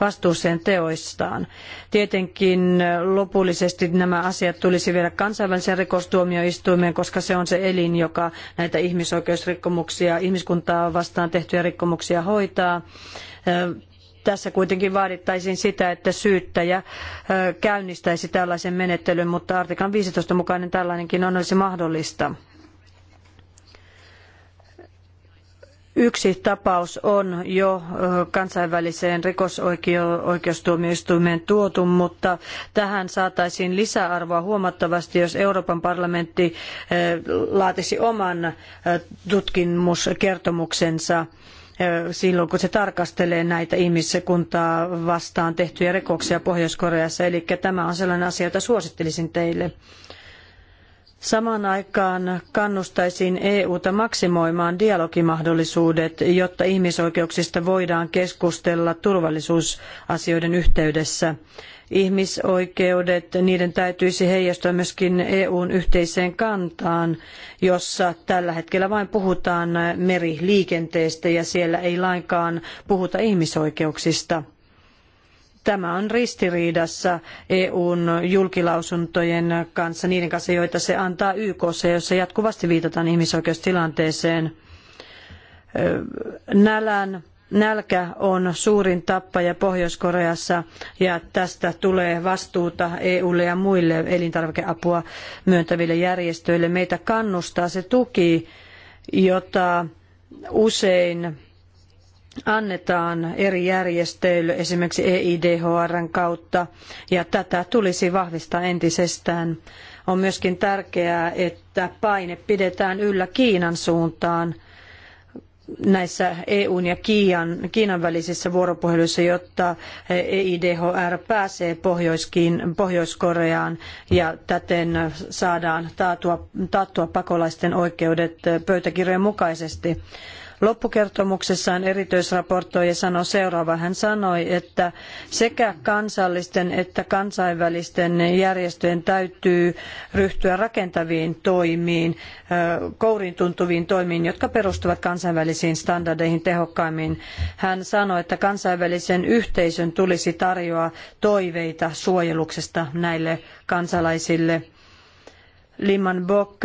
vastuuseen teoistaan. Tietenkin lopullisesti nämä asiat tulisi viedä kansainväliseen rikostuomioistuimeen, koska se on se elin, joka näitä ihmisoikeuksia ihmisoikeusrikkomuksia, ihmiskuntaa vastaan tehtyjä rikkomuksia hoitaa. Tässä kuitenkin vaadittaisiin sitä, että syyttäjä käynnistäisi tällaisen menettelyn, mutta artiklan 15 mukainen tällainenkin on olisi mahdollista. Yksi tapaus on jo kansainväliseen rikosoikeustuomioistuimeen tuotu, mutta tähän saataisiin lisäarvoa huomattavasti, jos Euroopan parlamentti laatisi oman tutkimuskertomuksensa silloin, kun se tarkastelee näitä ihmiskuntaa vastaan tehtyjä rikoksia Pohjois-Koreassa. Eli tämä on sellainen asia, jota suosittelisin teille. Samaan aikaan kannustaisiin EUta maksimoimaan dialogimahdollisuudet, jotta ihmisoikeuksista voidaan keskustella turvallisuusasioiden yhteydessä. Ihmisoikeudet, niiden täytyisi heijastua myöskin EUn yhteiseen kantaan, jossa tällä hetkellä vain puhutaan meriliikenteestä ja siellä ei lainkaan puhuta ihmisoikeuksista. Tämä on ristiriidassa EUn julkilausuntojen kanssa, niiden kanssa, joita se antaa YKC, jossa jatkuvasti viitataan ihmisoikeustilanteeseen. Nälän nälkä on suurin tappaja Pohjois-Koreassa ja tästä tulee vastuuta EUlle ja muille elintarvikeapua myöntäville järjestöille. Meitä kannustaa se tuki, jota usein annetaan eri järjestöille, esimerkiksi EIDHRn kautta, ja tätä tulisi vahvistaa entisestään. On myöskin tärkeää, että paine pidetään yllä Kiinan suuntaan näissä EUn ja Kiinan, Kiinan välisissä vuoropuheluissa, jotta EIDHR pääsee Pohjois-Koreaan ja täten saadaan taattua, taattua pakolaisten oikeudet pöytäkirjojen mukaisesti loppukertomuksessaan erityisraportoija sanoi seuraava. Hän sanoi, että sekä kansallisten että kansainvälisten järjestöjen täytyy ryhtyä rakentaviin toimiin, kouriintuntuviin tuntuviin toimiin, jotka perustuvat kansainvälisiin standardeihin tehokkaimmin. Hän sanoi, että kansainvälisen yhteisön tulisi tarjoa toiveita suojeluksesta näille kansalaisille Liman Bock,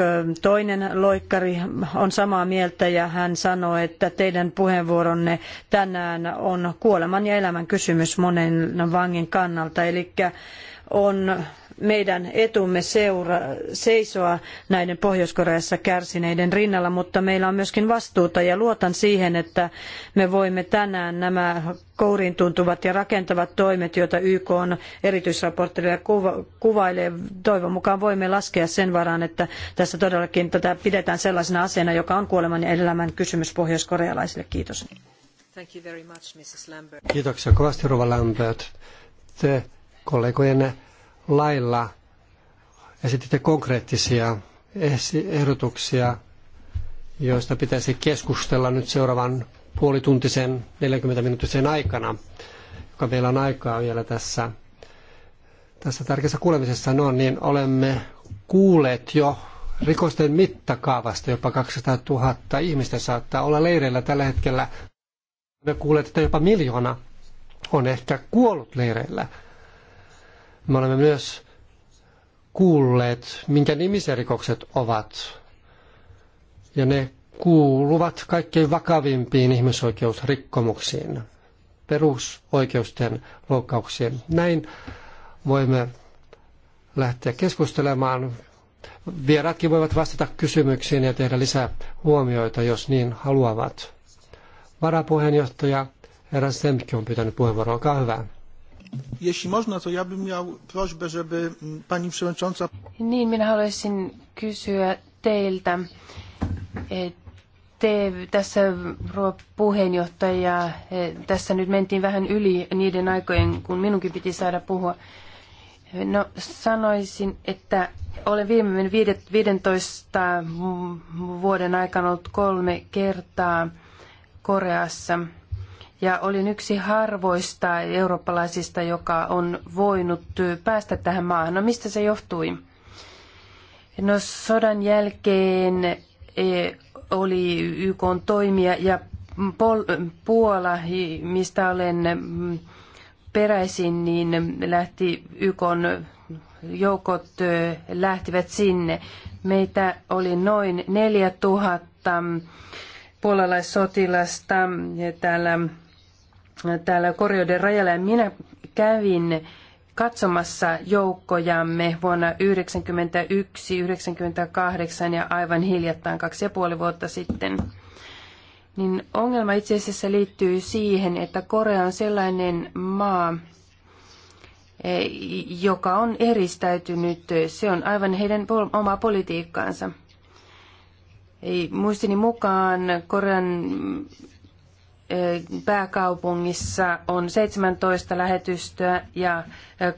toinen loikkari, on samaa mieltä ja hän sanoi, että teidän puheenvuoronne tänään on kuoleman ja elämän kysymys monen vangin kannalta. Eli on meidän etumme seura, seisoa näiden Pohjois-Koreassa kärsineiden rinnalla, mutta meillä on myöskin vastuuta ja luotan siihen, että me voimme tänään nämä kouriin tuntuvat ja rakentavat toimet, joita YK on erityisraportteja kuva- kuvailee, toivon mukaan voimme laskea sen varaan, että tässä todellakin tätä pidetään sellaisena asiana, joka on kuoleman ja elämän kysymys pohjoiskorealaisille. Kiitos. Thank you very much, Mrs. Kiitoksia kovasti, Rova Lambert. Te kollegojenne lailla esititte konkreettisia ehdotuksia, joista pitäisi keskustella nyt seuraavan puolituntisen 40-minuuttisen aikana, joka meillä on aikaa vielä tässä, tässä tärkeässä kuulemisessa. No niin, olemme kuulleet jo rikosten mittakaavasta jopa 200 000 ihmistä saattaa olla leireillä tällä hetkellä. Me kuulet, että jopa miljoona on ehkä kuollut leireillä. Me olemme myös kuulleet, minkä nimisiä rikokset ovat. Ja ne kuuluvat kaikkein vakavimpiin ihmisoikeusrikkomuksiin, perusoikeusten loukkauksiin. Näin voimme lähteä keskustelemaan. Vieraatkin voivat vastata kysymyksiin ja tehdä lisää huomioita, jos niin haluavat. Varapuheenjohtaja Herra Semki on pyytänyt puheenvuoroa. Olkaa hyvä. Jeśli można, to ja bym miał prośbę, żeby mm, pani przewodnicząca... Niin, minä haluaisin kysyä teiltä. E, te tässä, puheenjohtaja, e, tässä nyt mentiin vähän yli niiden aikojen, kun minunkin piti saada puhua. No sanoisin, että olen viimeinen 15 vuoden aikana ollut kolme kertaa Koreassa – ja olin yksi harvoista eurooppalaisista, joka on voinut päästä tähän maahan. No mistä se johtui? No sodan jälkeen e, oli YK toimia ja Puola, mistä olen peräisin, niin lähti YK joukot e, lähtivät sinne. Meitä oli noin 4000 puolalaissotilasta täällä täällä Korjoiden rajalla ja minä kävin katsomassa joukkojamme vuonna 1991-1998 ja aivan hiljattain kaksi ja puoli vuotta sitten. Niin ongelma itse asiassa liittyy siihen, että Korea on sellainen maa, e, joka on eristäytynyt. Se on aivan heidän omaa politiikkaansa. Ei, muistini mukaan Korean pääkaupungissa on 17 lähetystöä ja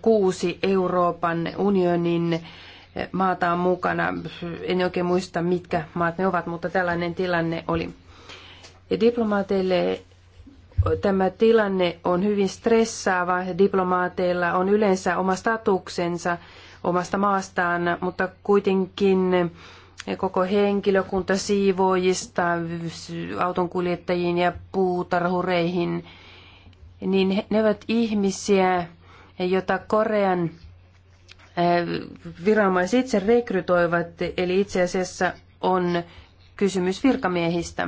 kuusi Euroopan unionin maata on mukana. En oikein muista, mitkä maat ne ovat, mutta tällainen tilanne oli. Ja diplomaateille tämä tilanne on hyvin stressaava. Diplomaateilla on yleensä oma statuksensa omasta maastaan, mutta kuitenkin koko henkilökunta siivoojista, autonkuljettajiin ja puutarhureihin, niin ne ovat ihmisiä, joita Korean eh, viranomaiset itse rekrytoivat, eli itse asiassa on kysymys virkamiehistä.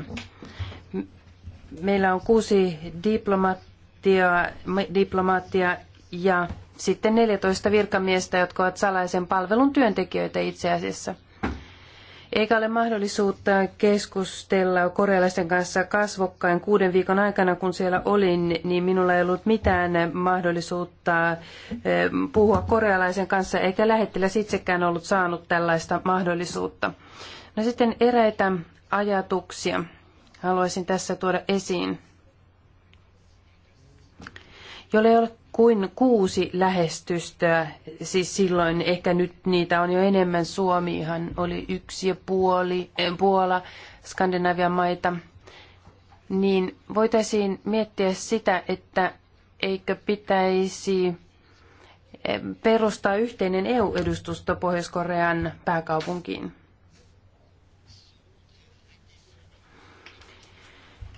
Meillä on kuusi diplomaattia, diplomaattia ja sitten 14 virkamiestä, jotka ovat salaisen palvelun työntekijöitä itse asiassa. Eikä ole mahdollisuutta keskustella korealaisten kanssa kasvokkain kuuden viikon aikana, kun siellä olin, niin minulla ei ollut mitään mahdollisuutta eh, puhua korealaisen kanssa, eikä lähettiläs itsekään ollut saanut tällaista mahdollisuutta. No sitten eräitä ajatuksia haluaisin tässä tuoda esiin. Jolle ei ole kuin kuusi lähestystöä. Siis silloin ehkä nyt niitä on jo enemmän. Suomihan oli yksi ja puoli, eh, Puola, Skandinavian maita. Niin voitaisiin miettiä sitä, että eikö pitäisi eh, perustaa yhteinen EU-edustusto Pohjois-Korean pääkaupunkiin.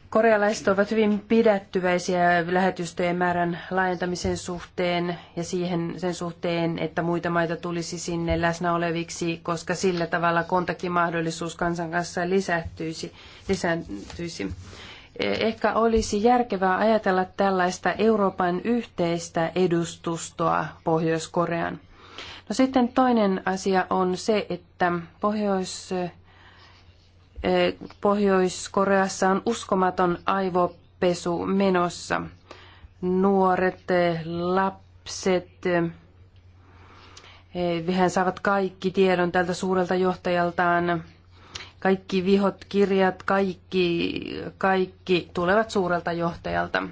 Korealaiset ovat hyvin pidättyväisiä lähetystöjen määrän laajentamisen suhteen ja siihen, sen suhteen, että muita maita tulisi sinne läsnä oleviksi, koska sillä tavalla kontaktimahdollisuus kansan kanssa lisääntyisi. lisääntyisi. Ehkä olisi järkevää ajatella tällaista Euroopan yhteistä edustustoa Pohjois-Korean. No sitten toinen asia on se, että Pohjois- Pohjois-Koreassa on uskomaton aivopesu menossa. Nuoret, lapset, hän saavat kaikki tiedon tältä suurelta johtajaltaan. Kaikki vihot, kirjat, kaikki, kaikki tulevat suurelta johtajalta.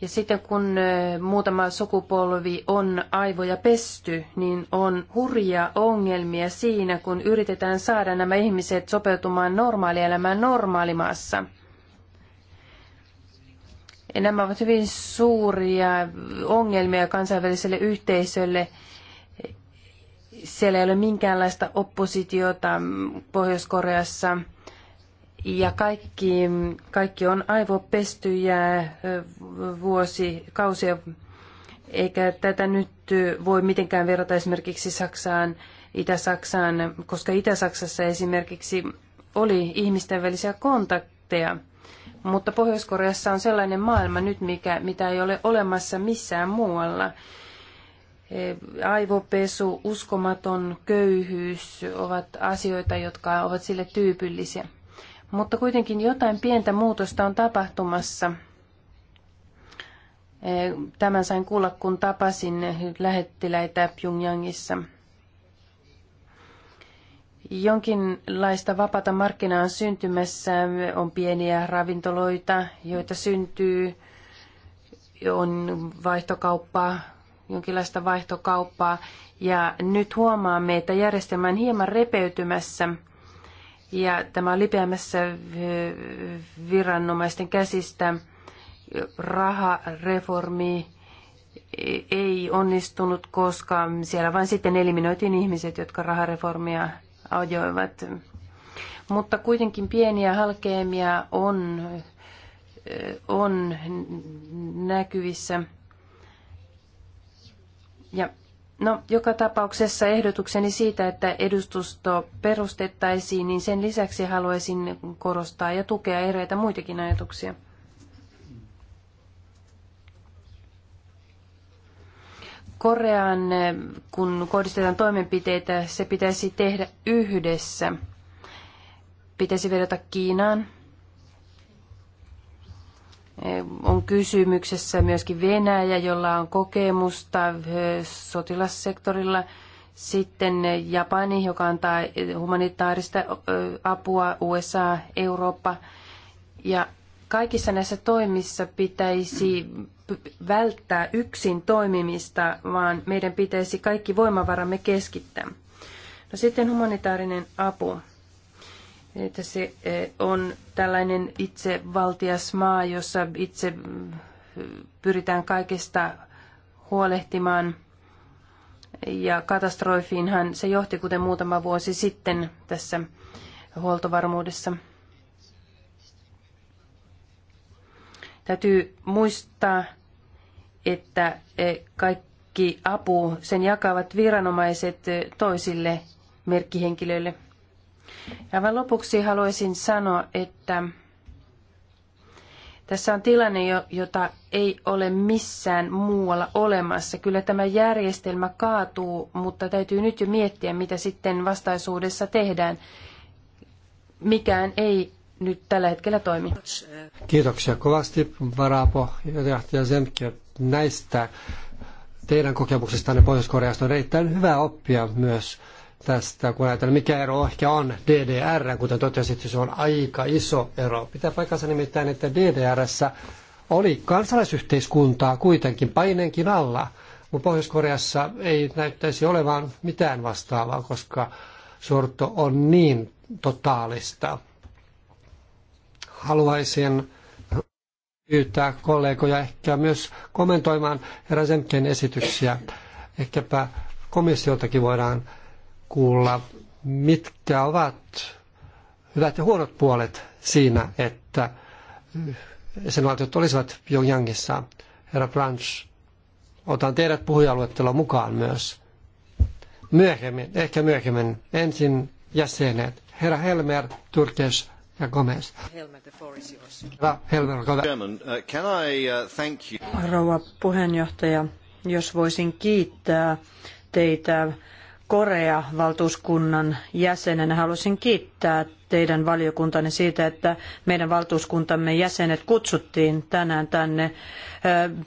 Ja sitten kun muutama sukupolvi on aivoja pesty, niin on hurjia ongelmia siinä, kun yritetään saada nämä ihmiset sopeutumaan normaalielämään normaalimaassa. Ja nämä ovat hyvin suuria ongelmia kansainväliselle yhteisölle. Siellä ei ole minkäänlaista oppositiota mm, Pohjois-Koreassa – ja kaikki, kaikki on vuosi vuosikausia, eikä tätä nyt voi mitenkään verrata esimerkiksi Saksaan, Itä-Saksaan, koska Itä-Saksassa esimerkiksi oli ihmisten välisiä kontakteja. Mutta Pohjois-Koreassa on sellainen maailma nyt, mikä, mitä ei ole olemassa missään muualla. E, aivopesu, uskomaton köyhyys ovat asioita, jotka ovat sille tyypillisiä. Mutta kuitenkin jotain pientä muutosta on tapahtumassa. E, tämän sain kuulla, kun tapasin lähettiläitä Pyongyangissa. Jonkinlaista vapaata markkinaa on syntymässä, on pieniä ravintoloita, joita syntyy, on vaihtokauppaa, jonkinlaista vaihtokauppaa. Ja nyt huomaamme, että järjestelmä on hieman repeytymässä – ja tämä on lipeämässä viranomaisten käsistä. Rahareformi ei onnistunut, koska siellä vain sitten eliminoitiin ihmiset, jotka rahareformia ajoivat. Mutta kuitenkin pieniä halkeemia on, on näkyvissä. Ja No, joka tapauksessa ehdotukseni siitä, että edustusto perustettaisiin, niin sen lisäksi haluaisin korostaa ja tukea eräitä muitakin ajatuksia. Koreaan, kun kohdistetaan toimenpiteitä, se pitäisi tehdä yhdessä. Pitäisi vedota Kiinaan, Eh, on kysymyksessä myöskin Venäjä, jolla on kokemusta eh, sotilassektorilla. Sitten eh, Japani, joka antaa humanitaarista apua, USA, Eurooppa. Ja kaikissa näissä toimissa pitäisi välttää yksin toimimista, vaan meidän pitäisi kaikki voimavaramme keskittää. No sitten humanitaarinen apu että se eh, on tällainen itsevaltias maa, jossa itse eh, pyritään kaikesta huolehtimaan. Ja katastrofiinhan se johti, kuten muutama vuosi sitten tässä huoltovarmuudessa. Täytyy muistaa, että eh, kaikki apu sen jakavat viranomaiset toisille merkkihenkilöille – Aivan lopuksi haluaisin sanoa, että tässä on tilanne, jota ei ole missään muualla olemassa. Kyllä tämä järjestelmä kaatuu, mutta täytyy nyt jo miettiä, mitä sitten vastaisuudessa tehdään. Mikään ei nyt tällä hetkellä toimi. Kiitoksia kovasti ja Zemke näistä teidän kokemuksistanne Pohjois-Koreasta on erittäin hyvä oppia myös tästä, kun ajatellaan, mikä ero ehkä on DDR, kuten totesit, se on aika iso ero. Pitää paikkansa nimittäin, että ddr oli kansalaisyhteiskuntaa kuitenkin paineenkin alla, mutta Pohjois-Koreassa ei näyttäisi olevan mitään vastaavaa, koska sorto on niin totaalista. Haluaisin pyytää kollegoja ehkä myös kommentoimaan herra Zemken esityksiä. Ehkäpä komissioltakin voidaan kuulla, mitkä ovat hyvät ja huonot puolet siinä, että sen valtiot olisivat Pyongyangissa. Herra Branch, otan teidät puhujaluettelon mukaan myös. Myöhemmin, ehkä myöhemmin, ensin jäsenet. Herra Helmer, Turkes ja Gomez. Herra Helmer, olkaa uh, uh, you? Rouva puheenjohtaja, jos voisin kiittää teitä Korea-valtuuskunnan jäsenenä haluaisin kiittää teidän valiokuntanne siitä, että meidän valtuuskuntamme jäsenet kutsuttiin tänään tänne.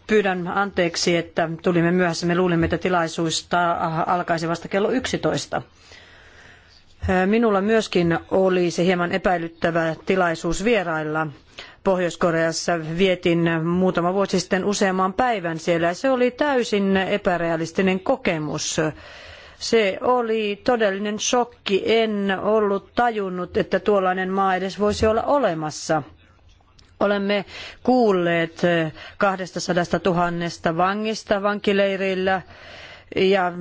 Pyydän anteeksi, että tulimme myöhässä. Me luulimme, että tilaisuista alkaisi vasta kello 11. Minulla myöskin oli se hieman epäilyttävä tilaisuus vierailla Pohjois-Koreassa vietin muutama vuosi sitten useamman päivän siellä. Se oli täysin epärealistinen kokemus. Se oli todellinen shokki. En ollut tajunnut, että tuollainen maa edes voisi olla olemassa. Olemme kuulleet 200 eh, 000 vangista vankileirillä ja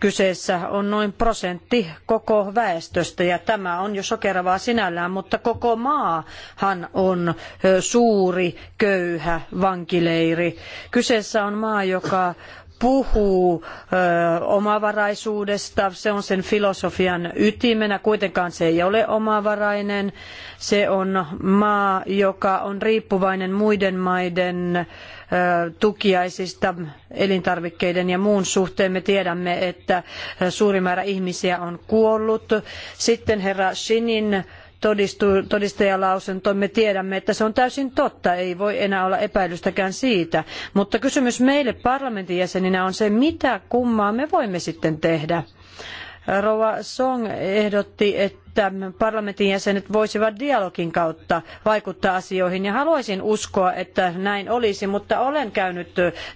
kyseessä on noin prosentti koko väestöstä ja tämä on jo sokeravaa sinällään, mutta koko maahan on eh, suuri köyhä vankileiri. Kyseessä on maa, joka puhuu ö, omavaraisuudesta, se on sen filosofian ytimenä, kuitenkaan se ei ole omavarainen. Se on maa, joka on riippuvainen muiden maiden ö, tukiaisista elintarvikkeiden ja muun suhteen. Me tiedämme, että suuri määrä ihmisiä on kuollut. Sitten herra Shinin todistu, todistajalausunto, me tiedämme, että se on täysin totta, ei voi enää olla epäilystäkään siitä. Mutta kysymys meille parlamentin jäseninä on se, mitä kummaa me voimme sitten tehdä. Rova Song ehdotti, että että parlamentin jäsenet voisivat dialogin kautta vaikuttaa asioihin. Ja haluaisin uskoa, että näin olisi, mutta olen käynyt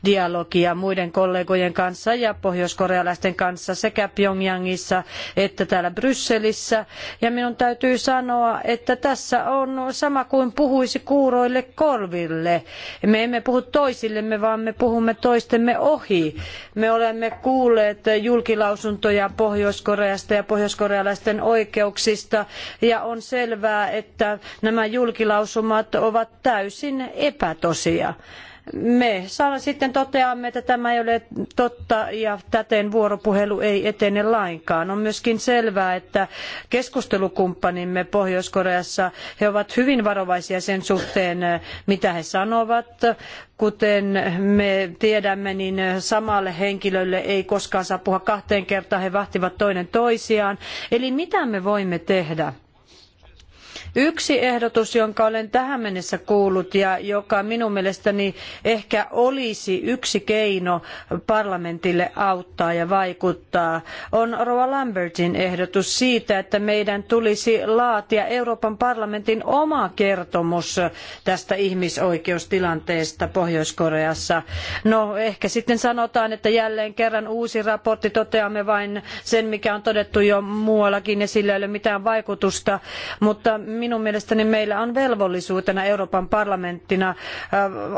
dialogia muiden kollegojen kanssa ja pohjoiskorealaisten kanssa sekä Pyongyangissa että täällä Brysselissä. Ja minun täytyy sanoa, että tässä on sama kuin puhuisi kuuroille korville. Me emme puhu toisillemme, vaan me puhumme toistemme ohi. Me olemme kuulleet julkilausuntoja Pohjois-Koreasta ja pohjoiskorealaisten oikeuksista sopimuksista ja on selvää, että nämä julkilausumat ovat täysin epätosia me sitten toteamme, että tämä ei ole totta ja täten vuoropuhelu ei etene lainkaan. On myöskin selvää, että keskustelukumppanimme Pohjois-Koreassa, he ovat hyvin varovaisia sen suhteen, eh, mitä he sanovat. Kuten me tiedämme, niin samalle henkilölle ei koskaan saa puhua kahteen kertaan, he vahtivat toinen toisiaan. Eli mitä me voimme tehdä? Yksi ehdotus, jonka olen tähän mennessä kuullut ja joka minun mielestäni ehkä olisi yksi keino parlamentille auttaa ja vaikuttaa, on Rova Lambertin ehdotus siitä, että meidän tulisi laatia Euroopan parlamentin oma kertomus tästä ihmisoikeustilanteesta Pohjois-Koreassa. No ehkä sitten sanotaan, että jälleen kerran uusi raportti toteamme vain sen, mikä on todettu jo muuallakin ja sillä ei ole mitään vaikutusta, mutta minun mielestäni meillä on velvollisuutena Euroopan parlamenttina äh,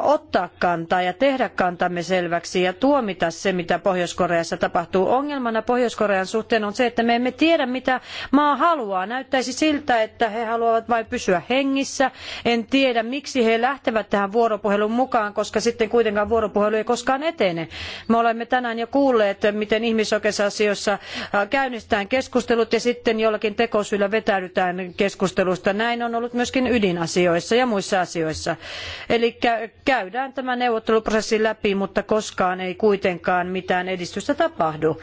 ottaa kantaa ja tehdä kantamme selväksi ja tuomita se, mitä Pohjois-Koreassa tapahtuu. Ongelmana Pohjois-Korean suhteen on se, että me emme tiedä, mitä maa haluaa. Näyttäisi siltä, että he haluavat vain pysyä hengissä. En tiedä, miksi he lähtevät tähän vuoropuhelun mukaan, koska sitten kuitenkaan vuoropuhelu ei koskaan etene. Me olemme tänään jo kuulleet, miten ihmisoikeusasioissa äh, käynnistetään keskustelut ja sitten jollakin tekosyllä vetäydytään keskustelusta. Näin on ollut myöskin ydinasioissa ja muissa asioissa. Eli käydään tämä neuvotteluprosessi läpi, mutta koskaan ei kuitenkaan mitään edistystä tapahdu.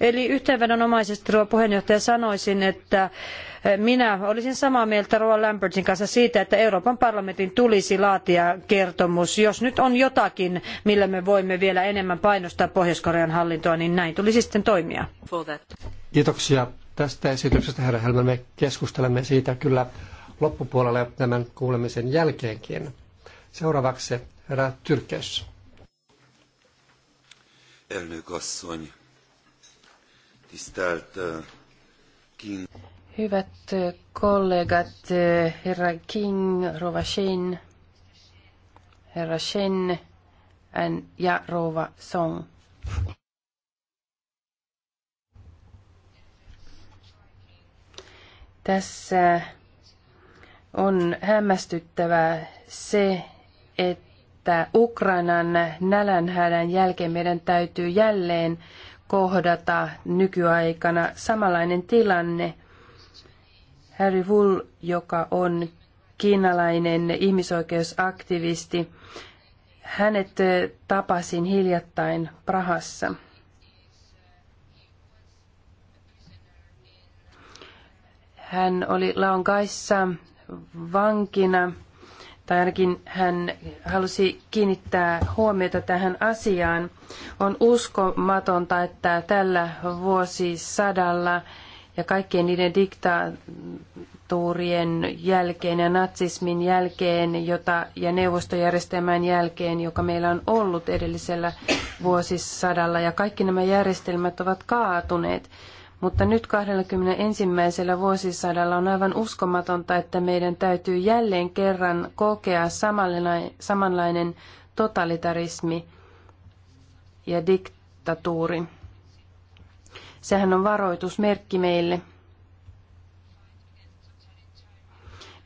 Eli yhteenvedonomaisesti rouva puheenjohtaja sanoisin, että eh, minä olisin samaa mieltä Roa Lambertin kanssa siitä, että Euroopan parlamentin tulisi laatia kertomus. Jos nyt on jotakin, millä me voimme vielä enemmän painostaa Pohjois-Korean hallintoa, niin näin tulisi sitten toimia. Kiitoksia tästä esityksestä, herra Helmä. Me keskustelemme siitä kyllä loppupuolella ja tämän kuulemisen jälkeenkin. Seuraavaksi herra Tyrkes. Elnök asszony, tisztelt King. Hyvät kollegat, herra King, rova Shin, herra Shin ja rova Song. Tässä on hämmästyttävää se, että Ukrainan nälänhädän jälkeen meidän täytyy jälleen kohdata nykyaikana samanlainen tilanne. Harry Wool, joka on kiinalainen ihmisoikeusaktivisti, hänet tapasin hiljattain Prahassa. Hän oli kanssa vankina, tai ainakin hän halusi kiinnittää huomiota tähän asiaan. On uskomatonta, että tällä vuosisadalla ja kaikkien niiden diktatuurien jälkeen ja natsismin jälkeen jota, ja neuvostojärjestelmän jälkeen, joka meillä on ollut edellisellä vuosisadalla. Ja kaikki nämä järjestelmät ovat kaatuneet. Mutta nyt 21. vuosisadalla on aivan uskomatonta, että meidän täytyy jälleen kerran kokea samanlainen totalitarismi ja diktatuuri. Sehän on varoitusmerkki meille.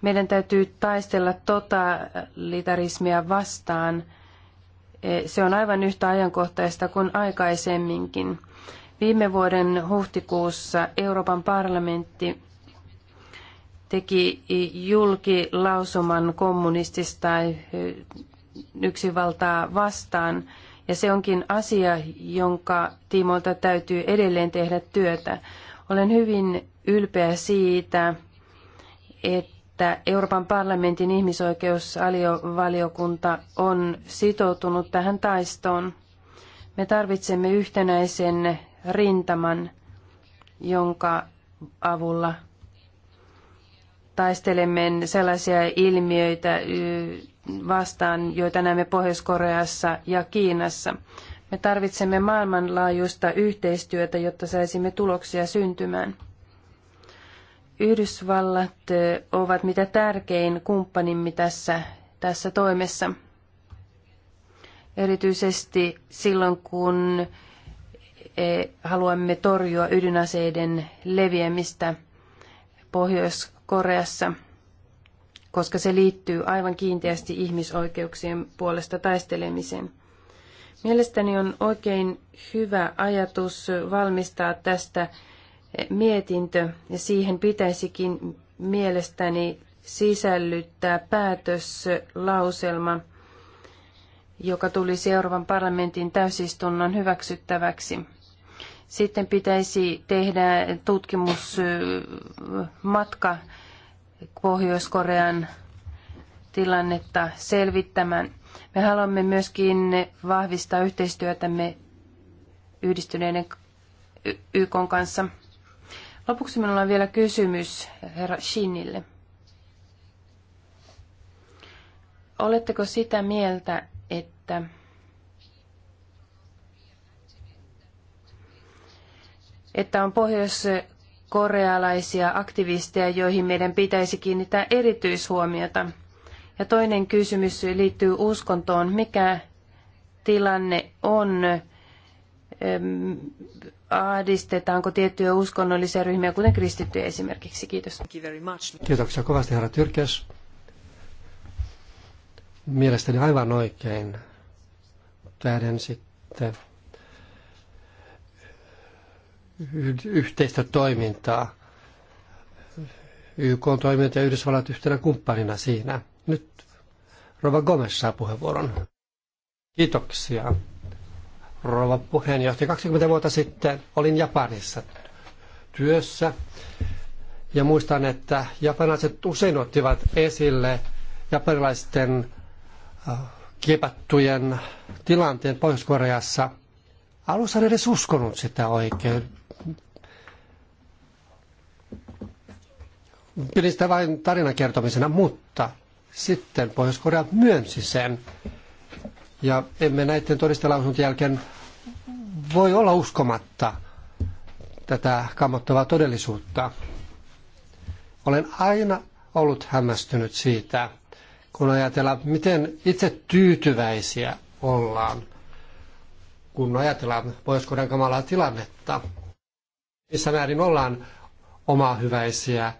Meidän täytyy taistella totalitarismia vastaan. Se on aivan yhtä ajankohtaista kuin aikaisemminkin. Viime vuoden huhtikuussa Euroopan parlamentti teki julkilausuman kommunistista eh, yksivaltaa vastaan, ja se onkin asia, jonka tiimoilta täytyy edelleen tehdä työtä. Olen hyvin ylpeä siitä, että Euroopan parlamentin ihmisoikeusvaliokunta on sitoutunut tähän taistoon. Me tarvitsemme yhtenäisen rintaman, jonka avulla taistelemme sellaisia ilmiöitä vastaan, joita näemme Pohjois-Koreassa ja Kiinassa. Me tarvitsemme maailmanlaajuista yhteistyötä, jotta saisimme tuloksia syntymään. Yhdysvallat ovat mitä tärkein kumppanimme tässä, tässä toimessa. Erityisesti silloin, kun E, haluamme torjua ydinaseiden leviämistä Pohjois-Koreassa, koska se liittyy aivan kiinteästi ihmisoikeuksien puolesta taistelemiseen. Mielestäni on oikein hyvä ajatus valmistaa tästä mietintö ja siihen pitäisikin mielestäni sisällyttää päätöslauselma, joka tuli seuraavan parlamentin täysistunnon hyväksyttäväksi. Sitten pitäisi tehdä tutkimusmatka Pohjois-Korean tilannetta selvittämään. Me haluamme myöskin vahvistaa yhteistyötämme yhdistyneiden YK kanssa. Lopuksi minulla on vielä kysymys herra Shinille. Oletteko sitä mieltä, että että on pohjoiskorealaisia aktivisteja, joihin meidän pitäisi kiinnittää erityishuomiota. Ja toinen kysymys liittyy uskontoon. Mikä tilanne on? Ahdistetaanko tiettyjä uskonnollisia ryhmiä, kuten kristittyjä esimerkiksi? Kiitos. Kiitoksia kovasti, herra Tyrkäs. Mielestäni aivan oikein tähden sitten yhteistä toimintaa. YK on toiminut ja Yhdysvallat yhtenä kumppanina siinä. Nyt Rova Gomes saa puheenvuoron. Kiitoksia. Rova puheenjohtaja, 20 vuotta sitten olin Japanissa työssä ja muistan, että japanilaiset usein ottivat esille japanilaisten äh, kiepattujen tilanteen Pohjois-Koreassa. Alussa en edes uskonut sitä oikein. pidin sitä vain tarinan kertomisena, mutta sitten Pohjois-Korea myönsi sen. Ja emme näiden todistelausuntojen jälkeen voi olla uskomatta tätä kammottavaa todellisuutta. Olen aina ollut hämmästynyt siitä, kun ajatellaan, miten itse tyytyväisiä ollaan, kun ajatellaan Pohjois-Korean kamalaa tilannetta. Missä määrin ollaan omahyväisiä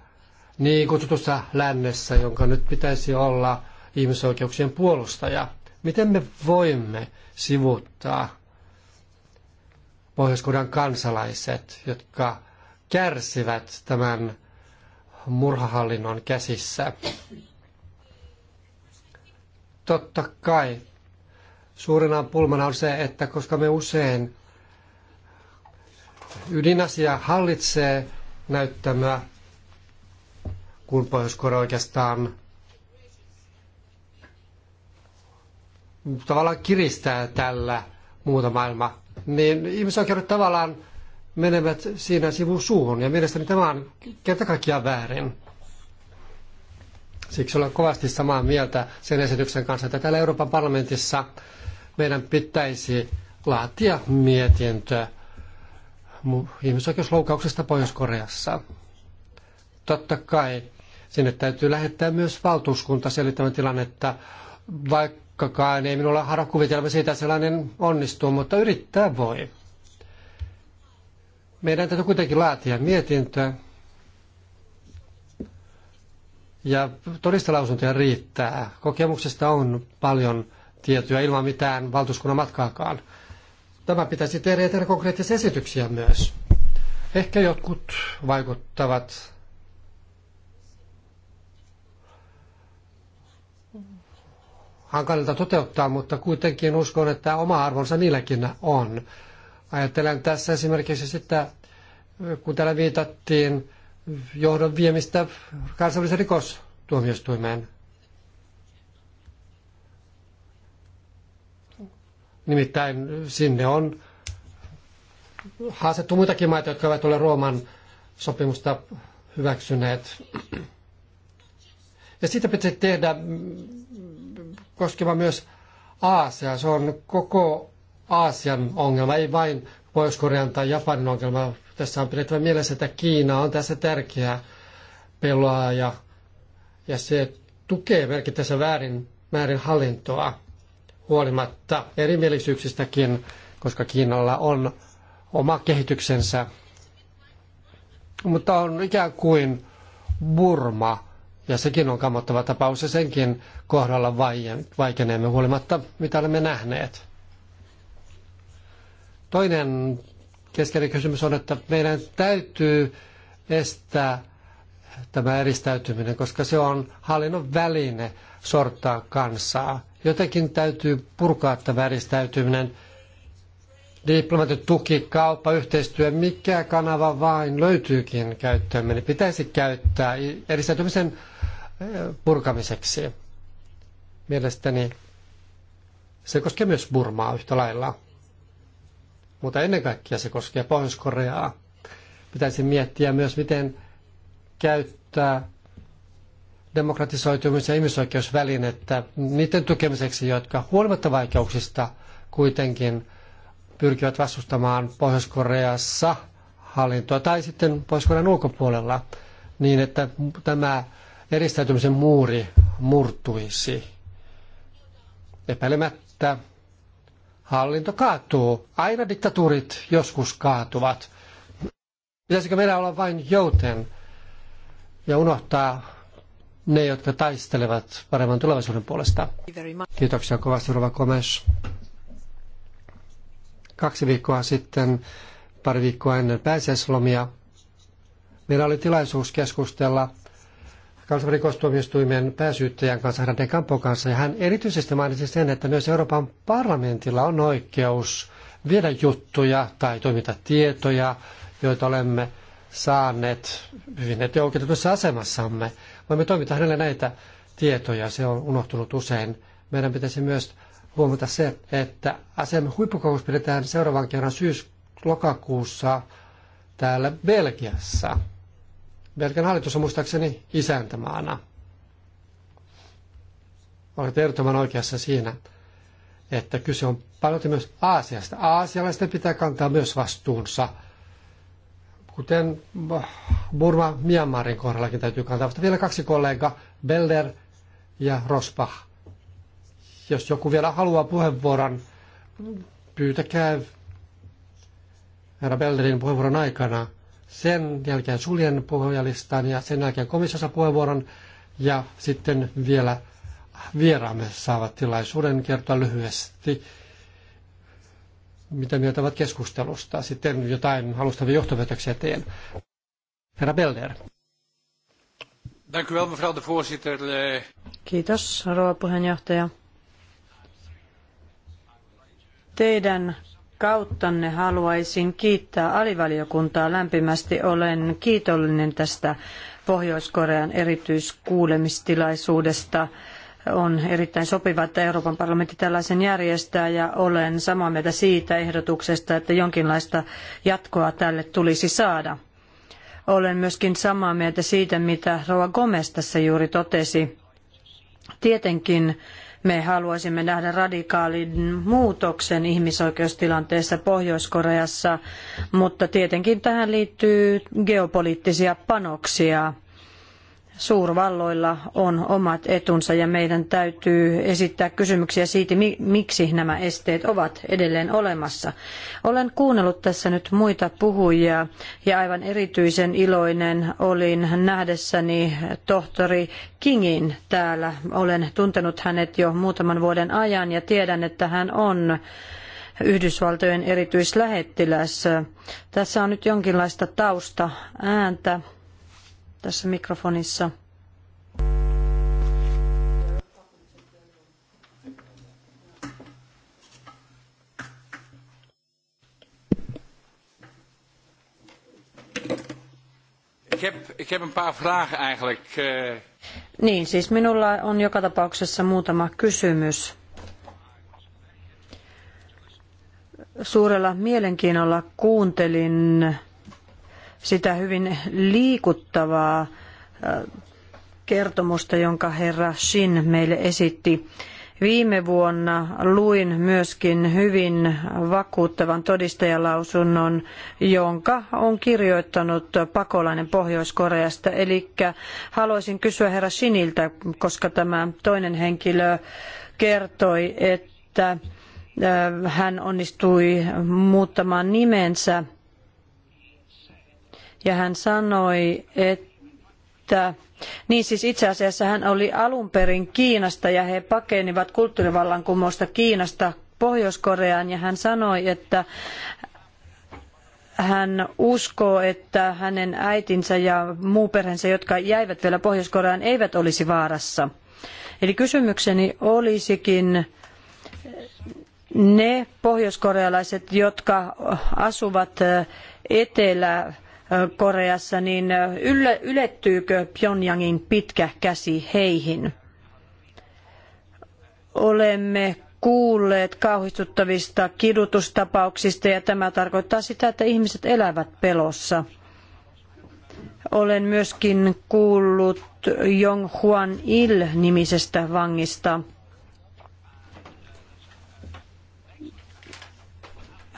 niin kutsutussa lännessä, jonka nyt pitäisi olla ihmisoikeuksien puolustaja. Miten me voimme sivuttaa pohjois kansalaiset, jotka kärsivät tämän murhahallinnon käsissä? Totta kai suurena pulmana on se, että koska me usein ydinasia hallitsee näyttämää kun pohjois oikeastaan tavallaan kiristää tällä muuta maailmaa, niin ihmisoikeudet tavallaan menevät siinä suuhun. Ja mielestäni tämä on kerta kaikkiaan väärin. Siksi olen kovasti samaa mieltä sen esityksen kanssa, että täällä Euroopan parlamentissa meidän pitäisi laatia mietintö ihmisoikeusloukauksesta Pohjois-Koreassa. Totta kai Sinne täytyy lähettää myös valtuuskunta selittämään tilannetta, vaikkakaan ei minulla hara kuvitelma siitä, että sellainen onnistuu, mutta yrittää voi. Meidän täytyy kuitenkin laatia mietintöä. Ja todistelausuntoja riittää. Kokemuksesta on paljon tietoa ilman mitään valtuuskunnan matkaakaan. Tämä pitäisi tehdä ja tehdä konkreettisia esityksiä myös. Ehkä jotkut vaikuttavat hankalilta toteuttaa, mutta kuitenkin uskon, että oma arvonsa niilläkin on. Ajattelen tässä esimerkiksi sitä, kun täällä viitattiin johdon viemistä kansallisen rikostuomioistuimeen. Nimittäin sinne on haastettu muitakin maita, jotka eivät ole Rooman sopimusta hyväksyneet. Ja siitä pitäisi tehdä koskeva myös Aasia. Se on koko Aasian ongelma, ei vain Pohjois-Korean tai Japanin ongelma. Tässä on pidettävä mielessä, että Kiina on tässä tärkeä pelaaja ja se tukee merkittävässä väärin määrin hallintoa huolimatta erimielisyyksistäkin, koska Kiinalla on oma kehityksensä. Mutta on ikään kuin Burma ja sekin on kammottava tapaus ja senkin kohdalla vaikeneemme huolimatta, mitä olemme nähneet. Toinen keskeinen kysymys on, että meidän täytyy estää tämä eristäytyminen, koska se on hallinnon väline sortaa kansaa. Jotenkin täytyy purkaa tämä eristäytyminen. Diplomatit, tuki, kauppa, yhteistyö, mikä kanava vain löytyykin käyttöömme, niin pitäisi käyttää. Eristäytymisen purkamiseksi. Mielestäni se koskee myös Burmaa yhtä lailla. Mutta ennen kaikkea se koskee Pohjois-Koreaa. Pitäisi miettiä myös, miten käyttää demokratisoitumis- ja ihmisoikeusvälinettä niiden tukemiseksi, jotka huolimatta vaikeuksista kuitenkin pyrkivät vastustamaan Pohjois-Koreassa hallintoa tai sitten Pohjois-Korean ulkopuolella niin, että tämä eristäytymisen muuri murtuisi. Epäilemättä hallinto kaatuu. Aina diktatuurit joskus kaatuvat. Pitäisikö meidän olla vain jouten ja unohtaa ne, jotka taistelevat paremman tulevaisuuden puolesta? Kiitoksia kovasti, Rova Komes. Kaksi viikkoa sitten, pari viikkoa ennen pääsiäislomia, meillä oli tilaisuus keskustella kansanrikostuomioistuimen pääsyyttäjän kanssa, Herran Campo kanssa, ja hän erityisesti mainitsi sen, että myös Euroopan parlamentilla on oikeus viedä juttuja tai toimita tietoja, joita olemme saaneet hyvin etuoikeutetussa asemassamme. Voimme toimita hänelle näitä tietoja, se on unohtunut usein. Meidän pitäisi myös huomata se, että asemme huippukokous pidetään seuraavan kerran syys-lokakuussa täällä Belgiassa. Belgian hallitus on muistaakseni isäntämaana. Olet ehdottoman oikeassa siinä, että kyse on paljon myös Aasiasta. Aasialaisten pitää kantaa myös vastuunsa. Kuten Burma Myanmarin kohdallakin täytyy kantaa vasta. Vielä kaksi kollegaa, Belder ja Rosbach. Jos joku vielä haluaa puheenvuoron, pyytäkää herra Belderin puheenvuoron aikana – sen jälkeen suljen puhujalistan ja sen jälkeen komissiossa puheenvuoron ja sitten vielä vieraamme saavat tilaisuuden kertoa lyhyesti, mitä mieltä ovat keskustelusta. Sitten jotain alustavia johtopäätöksiä teen. Herra Belder. Kiitos, rouva puheenjohtaja. Teidän kauttanne haluaisin kiittää alivaliokuntaa lämpimästi. Olen kiitollinen tästä Pohjois-Korean erityiskuulemistilaisuudesta. On erittäin sopiva, että Euroopan parlamentti tällaisen järjestää ja olen samaa mieltä siitä ehdotuksesta, että jonkinlaista jatkoa tälle tulisi saada. Olen myöskin samaa mieltä siitä, mitä Roa Gomes tässä juuri totesi. Tietenkin me haluaisimme nähdä radikaalin muutoksen ihmisoikeustilanteessa Pohjois-Koreassa, mutta tietenkin tähän liittyy geopoliittisia panoksia suurvalloilla on omat etunsa ja meidän täytyy esittää kysymyksiä siitä, miksi nämä esteet ovat edelleen olemassa. Olen kuunnellut tässä nyt muita puhujia ja aivan erityisen iloinen olin nähdessäni tohtori Kingin täällä. Olen tuntenut hänet jo muutaman vuoden ajan ja tiedän, että hän on Yhdysvaltojen erityislähettiläs. Tässä on nyt jonkinlaista tausta ääntä tässä mikrofonissa. Ik heb, een paar vragen eigenlijk. Eh. Niin, siis minulla on joka tapauksessa muutama kysymys. Suurella mielenkiinnolla kuuntelin sitä hyvin liikuttavaa äh, kertomusta, jonka herra Shin meille esitti. Viime vuonna luin myöskin hyvin vakuuttavan todistajalausunnon, jonka on kirjoittanut pakolainen Pohjois-Koreasta. Eli haluaisin kysyä herra Shiniltä, koska tämä toinen henkilö kertoi, että äh, hän onnistui muuttamaan nimensä ja hän sanoi, että niin siis itse asiassa hän oli alun perin Kiinasta ja he pakenivat kulttuurivallankumousta Kiinasta Pohjois-Koreaan ja hän sanoi, että hän uskoo, että hänen äitinsä ja muu perheensä, jotka jäivät vielä Pohjois-Koreaan, eivät olisi vaarassa. Eli kysymykseni olisikin ne pohjoiskorealaiset, jotka asuvat etelä Koreassa, niin ylettyykö Pyongyangin pitkä käsi heihin? Olemme kuulleet kauhistuttavista kidutustapauksista ja tämä tarkoittaa sitä, että ihmiset elävät pelossa. Olen myöskin kuullut Jong Huan Il nimisestä vangista,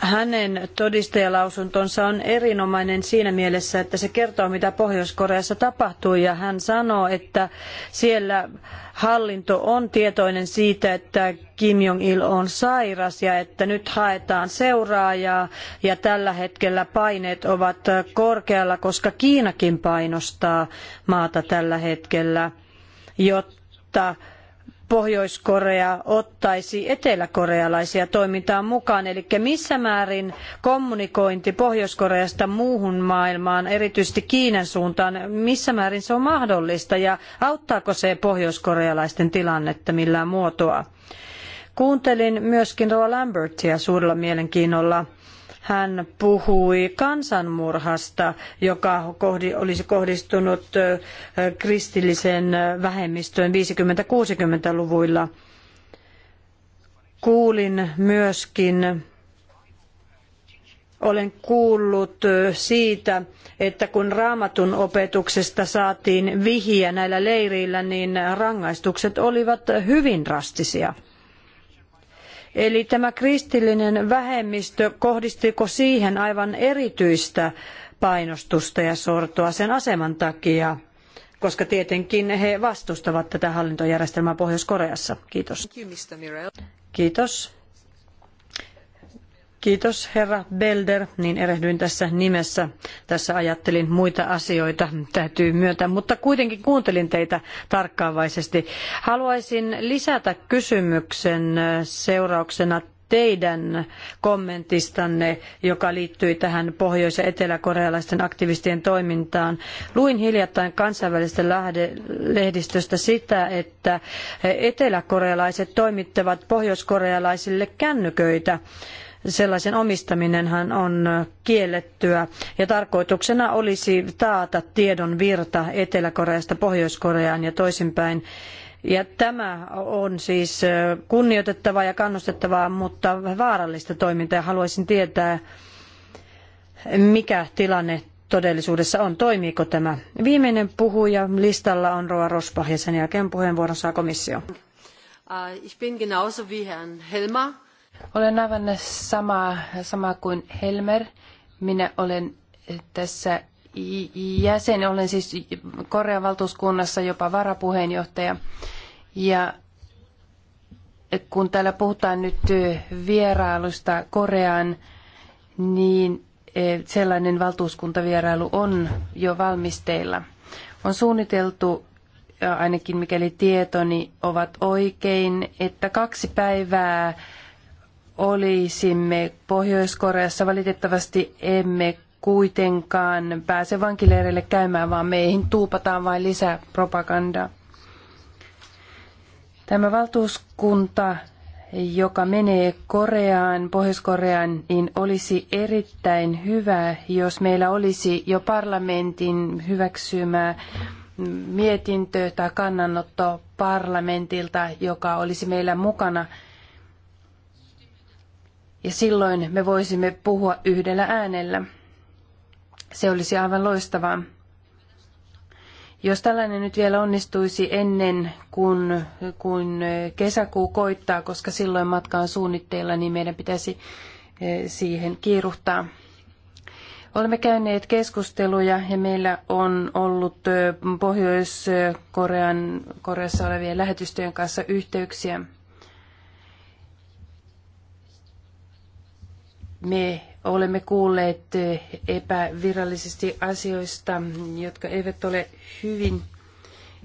hänen todistajalausuntonsa on erinomainen siinä mielessä, että se kertoo, mitä Pohjois-Koreassa tapahtui. Ja hän sanoo, että siellä hallinto on tietoinen siitä, että Kim Jong-il on sairas ja että nyt haetaan seuraajaa. Ja tällä hetkellä paineet ovat korkealla, koska Kiinakin painostaa maata tällä hetkellä, jotta Pohjois-Korea ottaisi eteläkorealaisia toimintaan mukaan, eli missä määrin kommunikointi Pohjois-Koreasta muuhun maailmaan, erityisesti Kiinan suuntaan, missä määrin se on mahdollista ja auttaako se pohjoiskorealaisten tilannetta millään muotoa? Kuuntelin myöskin Roa Lambertia suurella mielenkiinnolla. Hän puhui kansanmurhasta, joka olisi kohdistunut kristilliseen vähemmistöön 50-60-luvuilla. Kuulin myöskin olen kuullut siitä, että kun raamatun opetuksesta saatiin vihiä näillä leirillä, niin rangaistukset olivat hyvin drastisia. Eli tämä kristillinen vähemmistö, kohdistiko siihen aivan erityistä painostusta ja sortoa sen aseman takia? koska tietenkin he vastustavat tätä hallintojärjestelmää Pohjois-Koreassa. Kiitos. Kiitos. Kiitos herra Belder, niin erehdyin tässä nimessä. Tässä ajattelin muita asioita, täytyy myöntää, mutta kuitenkin kuuntelin teitä tarkkaavaisesti. Haluaisin lisätä kysymyksen äh, seurauksena teidän kommentistanne, joka liittyi tähän pohjois- ja eteläkorealaisten aktivistien toimintaan. Luin hiljattain kansainvälistä lehdistöstä sitä, että eteläkorealaiset toimittavat pohjoiskorealaisille kännyköitä sellaisen omistaminenhan on kiellettyä ja tarkoituksena olisi taata tiedon virta Etelä-Koreasta Pohjois-Koreaan ja toisinpäin. Ja tämä on siis kunnioitettavaa ja kannustettavaa, mutta vaarallista toimintaa. Ja haluaisin tietää, mikä tilanne todellisuudessa on. Toimiiko tämä? Viimeinen puhuja listalla on Roa Rosbach ja sen jälkeen puheenvuoron saa komissio. Äh, ich bin genauso wie Herrn Helmer olen aivan sama, sama kuin Helmer. Minä olen tässä jäsen, olen siis Korean valtuuskunnassa jopa varapuheenjohtaja. Ja kun täällä puhutaan nyt vierailusta Koreaan, niin e, sellainen valtuuskuntavierailu on jo valmisteilla. On suunniteltu, ainakin mikäli tietoni ovat oikein, että kaksi päivää olisimme Pohjois-Koreassa. Valitettavasti emme kuitenkaan pääse vankileireille käymään, vaan meihin tuupataan vain lisää propagandaa. Tämä valtuuskunta, joka menee Koreaan, Pohjois-Koreaan, niin olisi erittäin hyvä, jos meillä olisi jo parlamentin hyväksymää mietintö tai kannanotto parlamentilta, joka olisi meillä mukana – ja silloin me voisimme puhua yhdellä äänellä. Se olisi aivan loistavaa. Jos tällainen nyt vielä onnistuisi ennen kuin, kuin kesäkuu koittaa, koska silloin matka on suunnitteilla, niin meidän pitäisi eh, siihen kiiruhtaa. Olemme käyneet keskusteluja ja meillä on ollut eh, Pohjois-Koreassa olevien lähetystöjen kanssa yhteyksiä. Me olemme kuulleet epävirallisesti asioista, jotka eivät ole hyvin.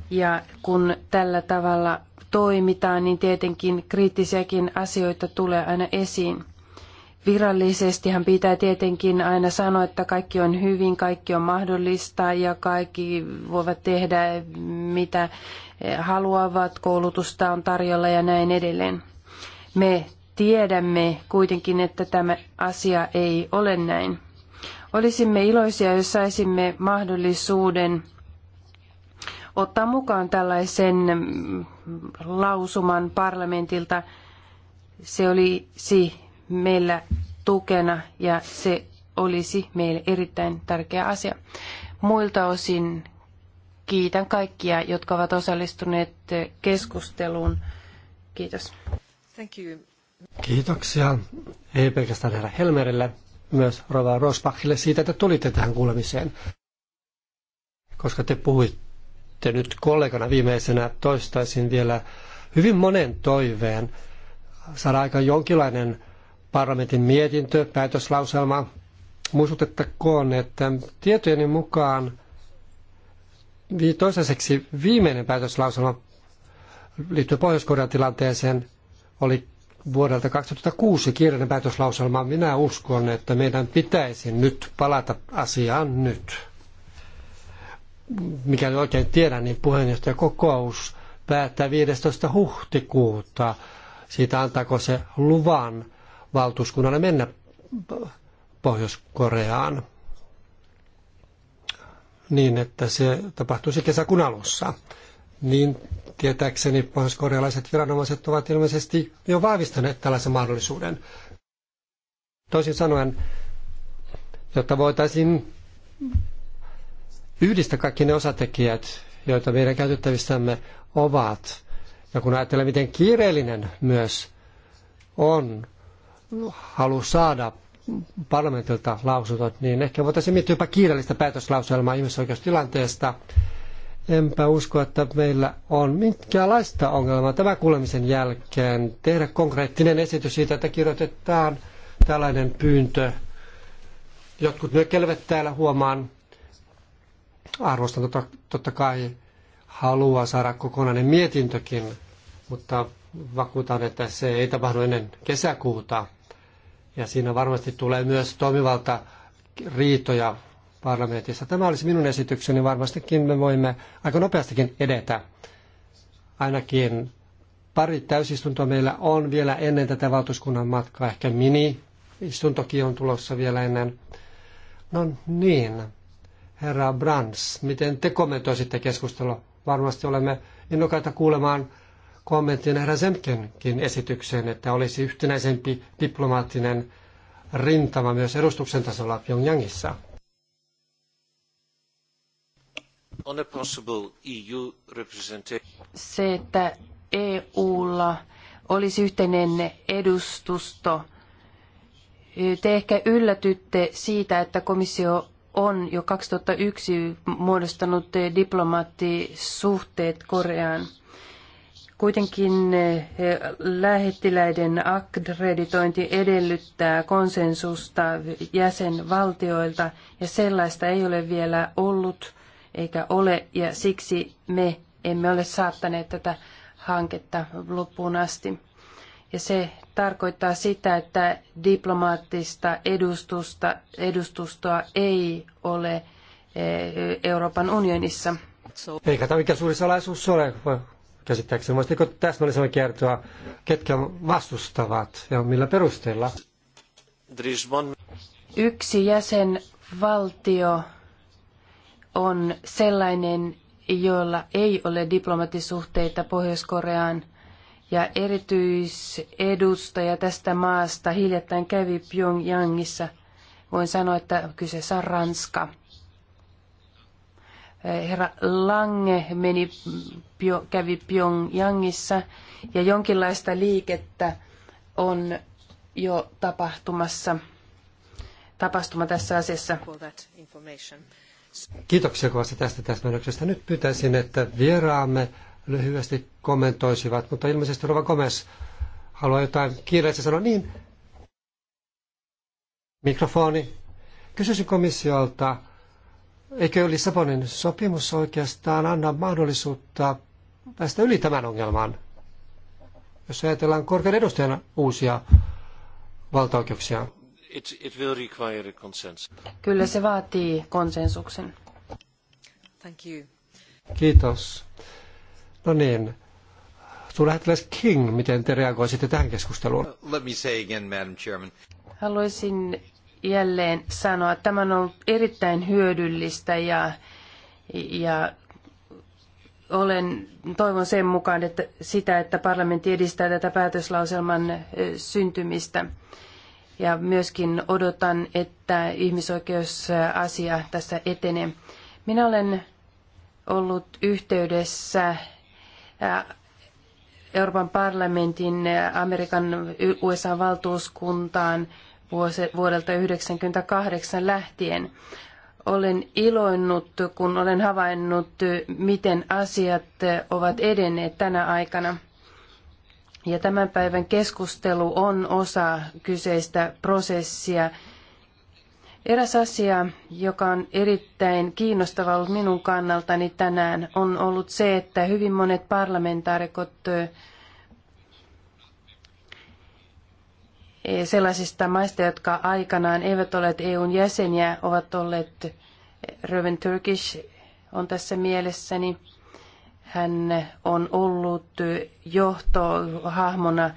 Ja kun tällä tavalla toimitaan, niin tietenkin kriittisiäkin asioita tulee aina esiin. Virallisestihan pitää tietenkin aina sanoa, että kaikki on hyvin, kaikki on mahdollista ja kaikki voivat tehdä mitä haluavat, koulutusta on tarjolla ja näin edelleen. Me tiedämme kuitenkin, että tämä asia ei ole näin. Olisimme iloisia, jos saisimme mahdollisuuden ottaa mukaan tällaisen lausuman parlamentilta. Se olisi meillä tukena ja se olisi meille erittäin tärkeä asia. Muilta osin kiitän kaikkia, jotka ovat osallistuneet keskusteluun. Kiitos. Thank you. Kiitoksia. Ei pelkästään herra Helmerille, myös Rova Rosbachille siitä, että tulitte tähän kuulemiseen. Koska te puhuitte nyt kollegana viimeisenä, toistaisin vielä hyvin monen toiveen saada aika jonkinlainen parlamentin mietintö, päätöslauselma. Muistutettakoon, että tietojeni mukaan toistaiseksi viimeinen päätöslauselma liittyen Pohjois-Korean tilanteeseen oli vuodelta 2006 kirjainen päätöslauselma. Minä uskon, että meidän pitäisi nyt palata asiaan nyt. Mikäli oikein tiedän, niin puheenjohtajakokous päättää 15. huhtikuuta. Siitä antaako se luvan valtuuskunnalle mennä Pohjois-Koreaan niin, että se tapahtuisi kesäkuun alussa. Niin tietääkseni pohjoiskorealaiset viranomaiset ovat ilmeisesti jo vahvistaneet tällaisen mahdollisuuden. Toisin sanoen, jotta voitaisiin yhdistää kaikki ne osatekijät, joita meidän käytettävissämme ovat. Ja kun ajattelee, miten kiireellinen myös on halu saada parlamentilta lausuntot, niin ehkä voitaisiin miettiä jopa kiireellistä päätöslauselmaa ihmisoikeustilanteesta – enpä usko, että meillä on minkäänlaista ongelmaa tämän kuulemisen jälkeen tehdä konkreettinen esitys siitä, että kirjoitetaan tällainen pyyntö. Jotkut nökelvät täällä huomaan. Arvostan totta, totta kai haluaa saada kokonainen mietintökin, mutta vakuutan, että se ei tapahdu ennen kesäkuuta. Ja siinä varmasti tulee myös toimivalta riitoja parlamentissa. Tämä olisi minun esitykseni. Varmastikin me voimme aika nopeastikin edetä. Ainakin pari täysistuntoa meillä on vielä ennen tätä valtuuskunnan matkaa. Ehkä mini-istuntokin on tulossa vielä ennen. No niin, herra Brans, miten te kommentoisitte keskustelua? Varmasti olemme innokkaita kuulemaan kommenttien herra Semkenkin esitykseen, että olisi yhtenäisempi diplomaattinen rintama myös edustuksen tasolla Pyongyangissa. E Se, että EUlla olisi yhteinen edustusto. Te ehkä yllätytte siitä, että komissio on jo 2001 muodostanut diplomaattisuhteet Koreaan. Kuitenkin eh, lähettiläiden akkreditointi edellyttää konsensusta jäsenvaltioilta ja sellaista ei ole vielä ollut eikä ole, ja siksi me emme ole saattaneet tätä hanketta loppuun asti. Ja se tarkoittaa sitä, että diplomaattista edustusta, edustustoa ei ole eh, Euroopan unionissa. Eikä tämä mikään suuri salaisuus ole, käsittääkseni. Voisitko olisi kertoa, ketkä vastustavat ja millä perusteella? Yksi jäsenvaltio on sellainen, jolla ei ole diplomaattisuhteita Pohjois-Koreaan. Ja erityisedustaja tästä maasta hiljattain kävi Pyongyangissa. Voin sanoa, että kyseessä on Ranska. Herra Lange meni, kävi Pyongyangissa ja jonkinlaista liikettä on jo tapahtumassa tapahtuma tässä asiassa. Kiitoksia kovasti tästä täsmennyksestä. Nyt pyytäisin, että vieraamme lyhyesti kommentoisivat, mutta ilmeisesti Rova Gomez haluaa jotain kiireessä sanoa. Niin, mikrofoni. Kysyisin komissiolta, eikö Lissabonin sopimus oikeastaan anna mahdollisuutta päästä yli tämän ongelman, jos ajatellaan korkean edustajana uusia valtaoikeuksia? It, it will require consensus. Kyllä se vaatii konsensuksen. Thank you. Kiitos. No niin, suurlähettiläs King, miten te reagoisitte tähän keskusteluun? Uh, let me say again, Madam Chairman. Haluaisin jälleen sanoa, että tämä on ollut erittäin hyödyllistä ja, ja olen, toivon sen mukaan että sitä, että parlamentti edistää tätä päätöslauselman syntymistä. Ja myöskin odotan, että ihmisoikeusasia tässä etenee. Minä olen ollut yhteydessä Euroopan parlamentin Amerikan USA-valtuuskuntaan vuodelta 1998 lähtien. Olen iloinnut, kun olen havainnut, miten asiat ovat edenneet tänä aikana. Ja tämän päivän keskustelu on osa kyseistä prosessia. Eräs asia, joka on erittäin kiinnostava ollut minun kannaltani tänään, on ollut se, että hyvin monet parlamentaarikot e, sellaisista maista, jotka aikanaan eivät ole EUn jäseniä, ovat olleet Röven Turkish on tässä mielessäni. Niin hän on ollut johtohahmona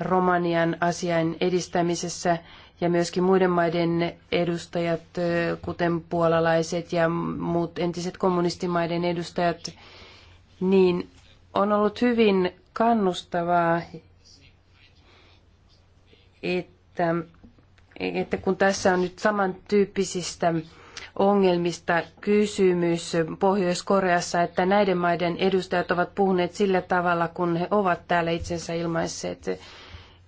Romanian asian edistämisessä ja myöskin muiden maiden edustajat, kuten puolalaiset ja muut entiset kommunistimaiden edustajat, niin on ollut hyvin kannustavaa, että, että kun tässä on nyt samantyyppisistä ongelmista kysymys Pohjois-Koreassa, että näiden maiden edustajat ovat puhuneet sillä tavalla, kun he ovat täällä itsensä ilmaisseet.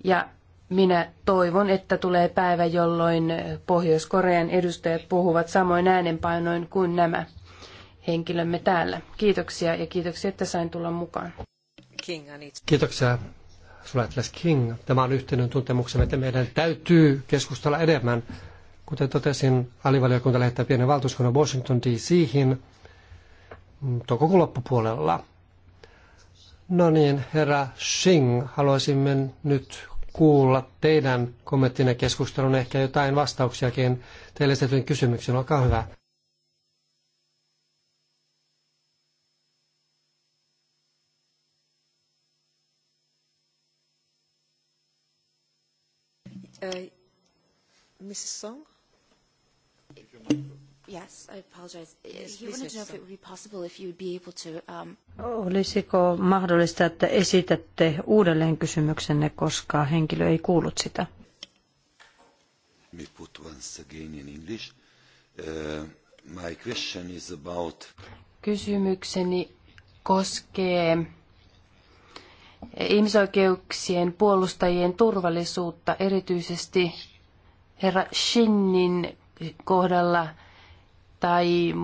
Ja minä toivon, että tulee päivä, jolloin Pohjois-Korean edustajat puhuvat samoin äänenpainoin kuin nämä henkilömme täällä. Kiitoksia ja kiitoksia, että sain tulla mukaan. Kiitoksia Atlas King. Tämä on yhteinen tuntemuksemme, että meidän täytyy keskustella enemmän Kuten totesin, alivaliokunta lähettää pienen valtuuskunnan Washington DC:hin toukokuun loppupuolella. No niin, herra Singh, haluaisimme nyt kuulla teidän kommenttinen keskustelun, ehkä jotain vastauksiakin teille esitettyihin kysymyksiin. Olkaa hyvä. Uh, äh, Mrs. Song? Yes, I apologize. he wanted to know if it would be possible if you would be able to... Um... Olisiko mahdollista, että esitätte uudelleen kysymyksenne, koska henkilö ei kuullut sitä? Me put once again in English. Uh, my question is about... Kysymykseni koskee ihmisoikeuksien puolustajien turvallisuutta, erityisesti herra Shinnin kohdalla tai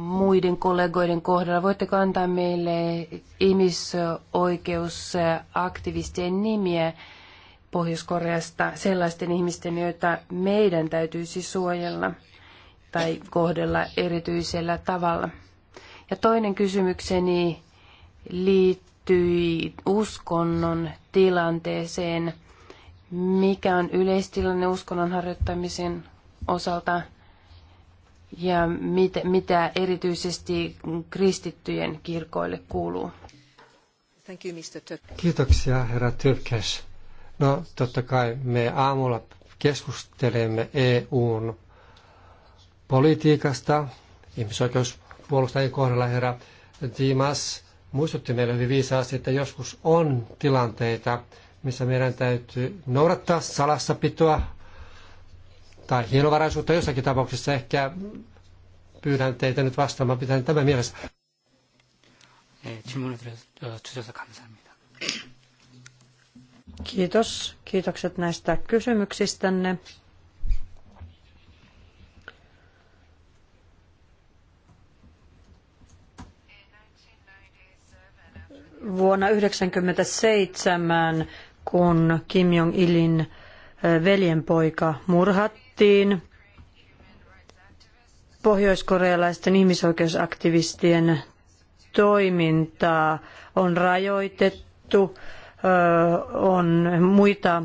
muiden kollegoiden kohdalla. Voitteko antaa meille ihmisoikeusaktivistien nimiä Pohjois-Koreasta sellaisten ihmisten, joita meidän täytyisi suojella tai kohdella erityisellä tavalla? Ja toinen kysymykseni liittyi uskonnon tilanteeseen. Mikä on yleistilanne uskonnon harjoittamisen osalta ja mit, mitä erityisesti kristittyjen kirkoille kuuluu? Kiitoksia, herra Tyrkes. No, totta kai me aamulla keskustelemme EUn politiikasta. Ihmisoikeuspuolustajien kohdalla herra Dimas muistutti meille hyvin viisaasti, että joskus on tilanteita, missä meidän täytyy noudattaa salassapitoa, tai hienovaraisuutta jossakin tapauksessa. Ehkä pyydän teitä nyt vastaamaan, pitäen tämän mielessä. Eh, eh, Kiitos. Kiitokset näistä kysymyksistänne. Vuonna 1997, kun Kim Jong-ilin eh, veljenpoika murhattiin, tapettiin pohjoiskorealaisten ihmisoikeusaktivistien toimintaa on rajoitettu, on muita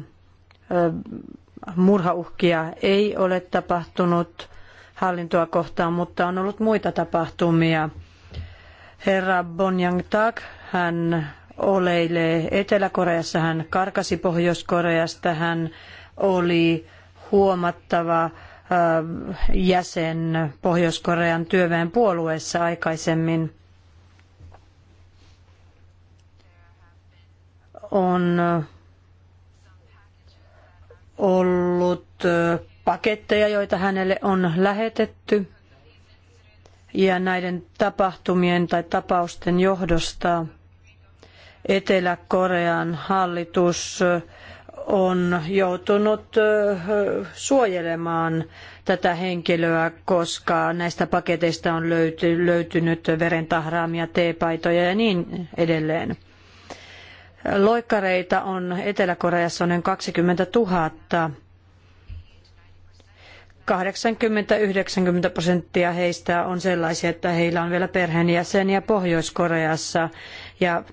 murhauhkia ei ole tapahtunut hallintoa kohtaan, mutta on ollut muita tapahtumia. Herra Bonjang Tak, hän oleilee Etelä-Koreassa, hän karkasi Pohjois-Koreasta, hän oli huomattava jäsen Pohjois-Korean työväen puolueessa aikaisemmin. On ollut paketteja, joita hänelle on lähetetty. Ja näiden tapahtumien tai tapausten johdosta Etelä-Korean hallitus on joutunut suojelemaan tätä henkilöä, koska näistä paketeista on löytynyt verentahraamia, teepaitoja ja niin edelleen. Loikkareita on Etelä-Koreassa noin 20 000. 80-90 prosenttia heistä on sellaisia, että heillä on vielä perheenjäseniä Pohjois-Koreassa ja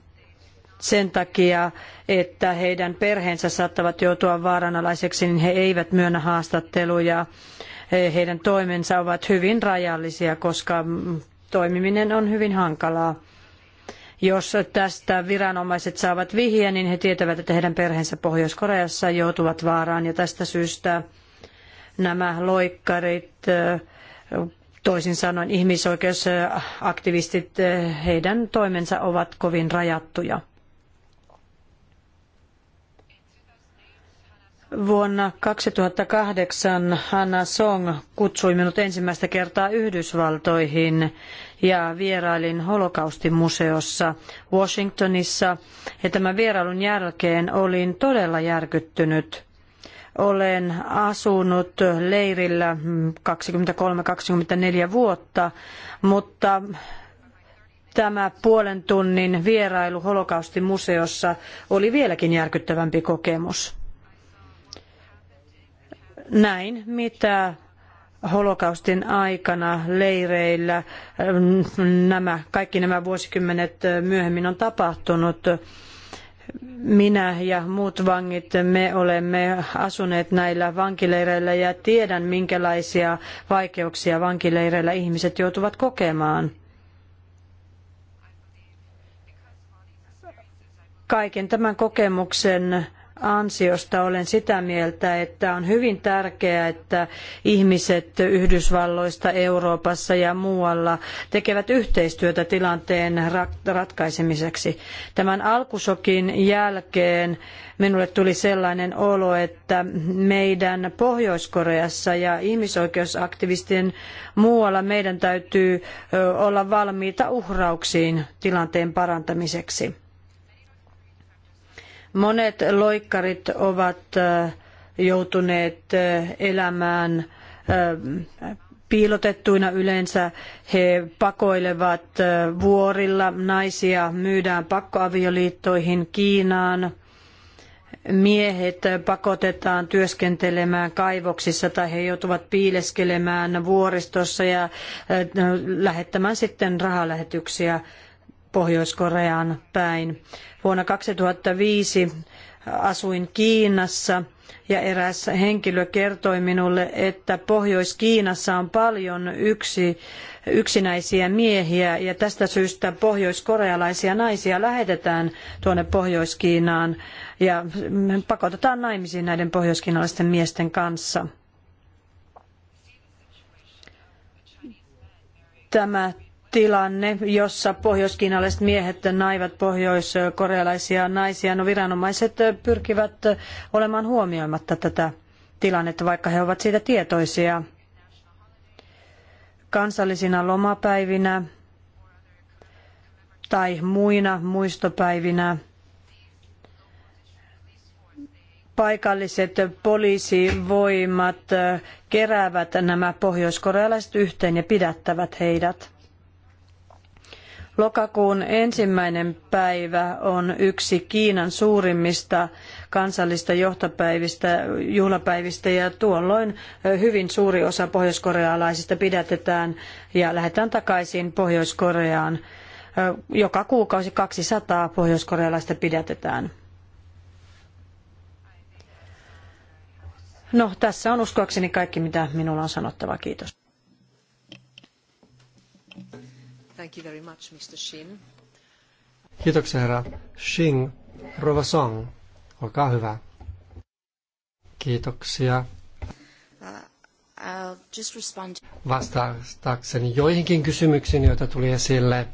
sen takia, että heidän perheensä saattavat joutua vaaranalaiseksi, niin he eivät myönnä haastatteluja. Heidän toimensa ovat hyvin rajallisia, koska toimiminen on hyvin hankalaa. Jos tästä viranomaiset saavat vihjeen, niin he tietävät, että heidän perheensä Pohjois-Koreassa joutuvat vaaraan. Ja tästä syystä nämä loikkarit, toisin sanoen ihmisoikeusaktivistit, heidän toimensa ovat kovin rajattuja. Vuonna 2008 Hanna Song kutsui minut ensimmäistä kertaa Yhdysvaltoihin ja vierailin holokaustin museossa Washingtonissa. Ja tämän vierailun jälkeen olin todella järkyttynyt. Olen asunut leirillä 23-24 vuotta, mutta tämä puolen tunnin vierailu holokaustin museossa oli vieläkin järkyttävämpi kokemus näin, mitä holokaustin aikana leireillä mm, nämä, kaikki nämä vuosikymmenet myöhemmin on tapahtunut. Minä ja muut vangit, me olemme asuneet näillä vankileireillä ja tiedän, minkälaisia vaikeuksia vankileireillä ihmiset joutuvat kokemaan. Kaiken tämän kokemuksen ansiosta olen sitä mieltä, että on hyvin tärkeää, että ihmiset Yhdysvalloista, Euroopassa ja muualla tekevät yhteistyötä tilanteen ratkaisemiseksi. Tämän alkusokin jälkeen minulle tuli sellainen olo, että meidän Pohjois-Koreassa ja ihmisoikeusaktivistien muualla meidän täytyy olla valmiita uhrauksiin tilanteen parantamiseksi. Monet loikkarit ovat joutuneet elämään piilotettuina yleensä. He pakoilevat vuorilla, naisia myydään pakkoavioliittoihin Kiinaan, miehet pakotetaan työskentelemään kaivoksissa tai he joutuvat piileskelemään vuoristossa ja lähettämään sitten rahalähetyksiä Pohjois-Koreaan päin. Vuonna 2005 asuin Kiinassa ja eräs henkilö kertoi minulle, että Pohjois-Kiinassa on paljon yksi, yksinäisiä miehiä ja tästä syystä pohjoiskorealaisia naisia lähetetään tuonne Pohjois-Kiinaan ja pakotetaan naimisiin näiden pohjoiskiinalaisten miesten kanssa. Tämä tilanne, jossa pohjoiskiinalaiset miehet naivat pohjoiskorealaisia naisia. No viranomaiset pyrkivät olemaan huomioimatta tätä tilannetta, vaikka he ovat siitä tietoisia. Kansallisina lomapäivinä tai muina muistopäivinä paikalliset poliisivoimat keräävät nämä pohjoiskorealaiset yhteen ja pidättävät heidät. Lokakuun ensimmäinen päivä on yksi Kiinan suurimmista kansallista johtopäivistä, juhlapäivistä ja tuolloin hyvin suuri osa pohjoiskorealaisista pidätetään ja lähetään takaisin Pohjois-Koreaan. Joka kuukausi 200 pohjoiskorealaista pidätetään. No, tässä on uskoakseni kaikki, mitä minulla on sanottava. Kiitos. Thank you very much, Mr. Shin. Kiitoksia, herra Rova Song, olkaa hyvä. Kiitoksia. Uh, I'll just respond. Vastaakseni joihinkin kysymyksiin, joita tuli esille.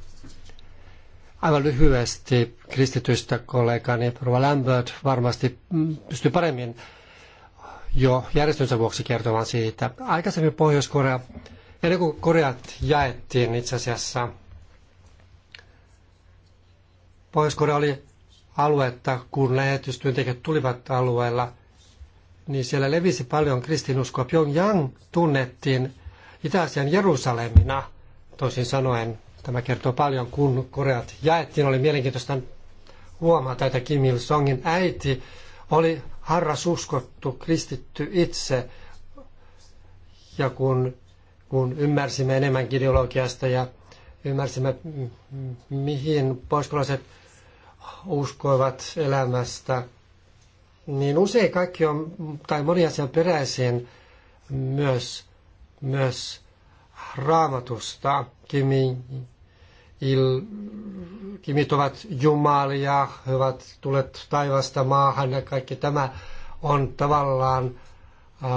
Aivan lyhyesti kristityistä kollegani Rova Lambert varmasti mm, pystyy paremmin jo järjestönsä vuoksi kertomaan siitä. Aikaisemmin Pohjois-Korea Ennen niin kuin Koreat jaettiin itse asiassa, Pohjois-Korea oli aluetta, kun lähetystyöntekijät tulivat alueella, niin siellä levisi paljon kristinuskoa. Pyongyang tunnettiin Itä-Asian Jerusalemina, toisin sanoen. Tämä kertoo paljon, kun Koreat jaettiin. Oli mielenkiintoista huomata, että Kim Il-songin äiti oli harrasuskottu kristitty itse. Ja kun kun ymmärsimme enemmän ideologiasta ja ymmärsimme, mihin poiskolaiset uskoivat elämästä, niin usein kaikki on, tai moni asia peräisin myös, myös raamatusta. Kimi, il, kimit ovat jumalia, he ovat tulleet taivasta maahan ja kaikki tämä on tavallaan Äh,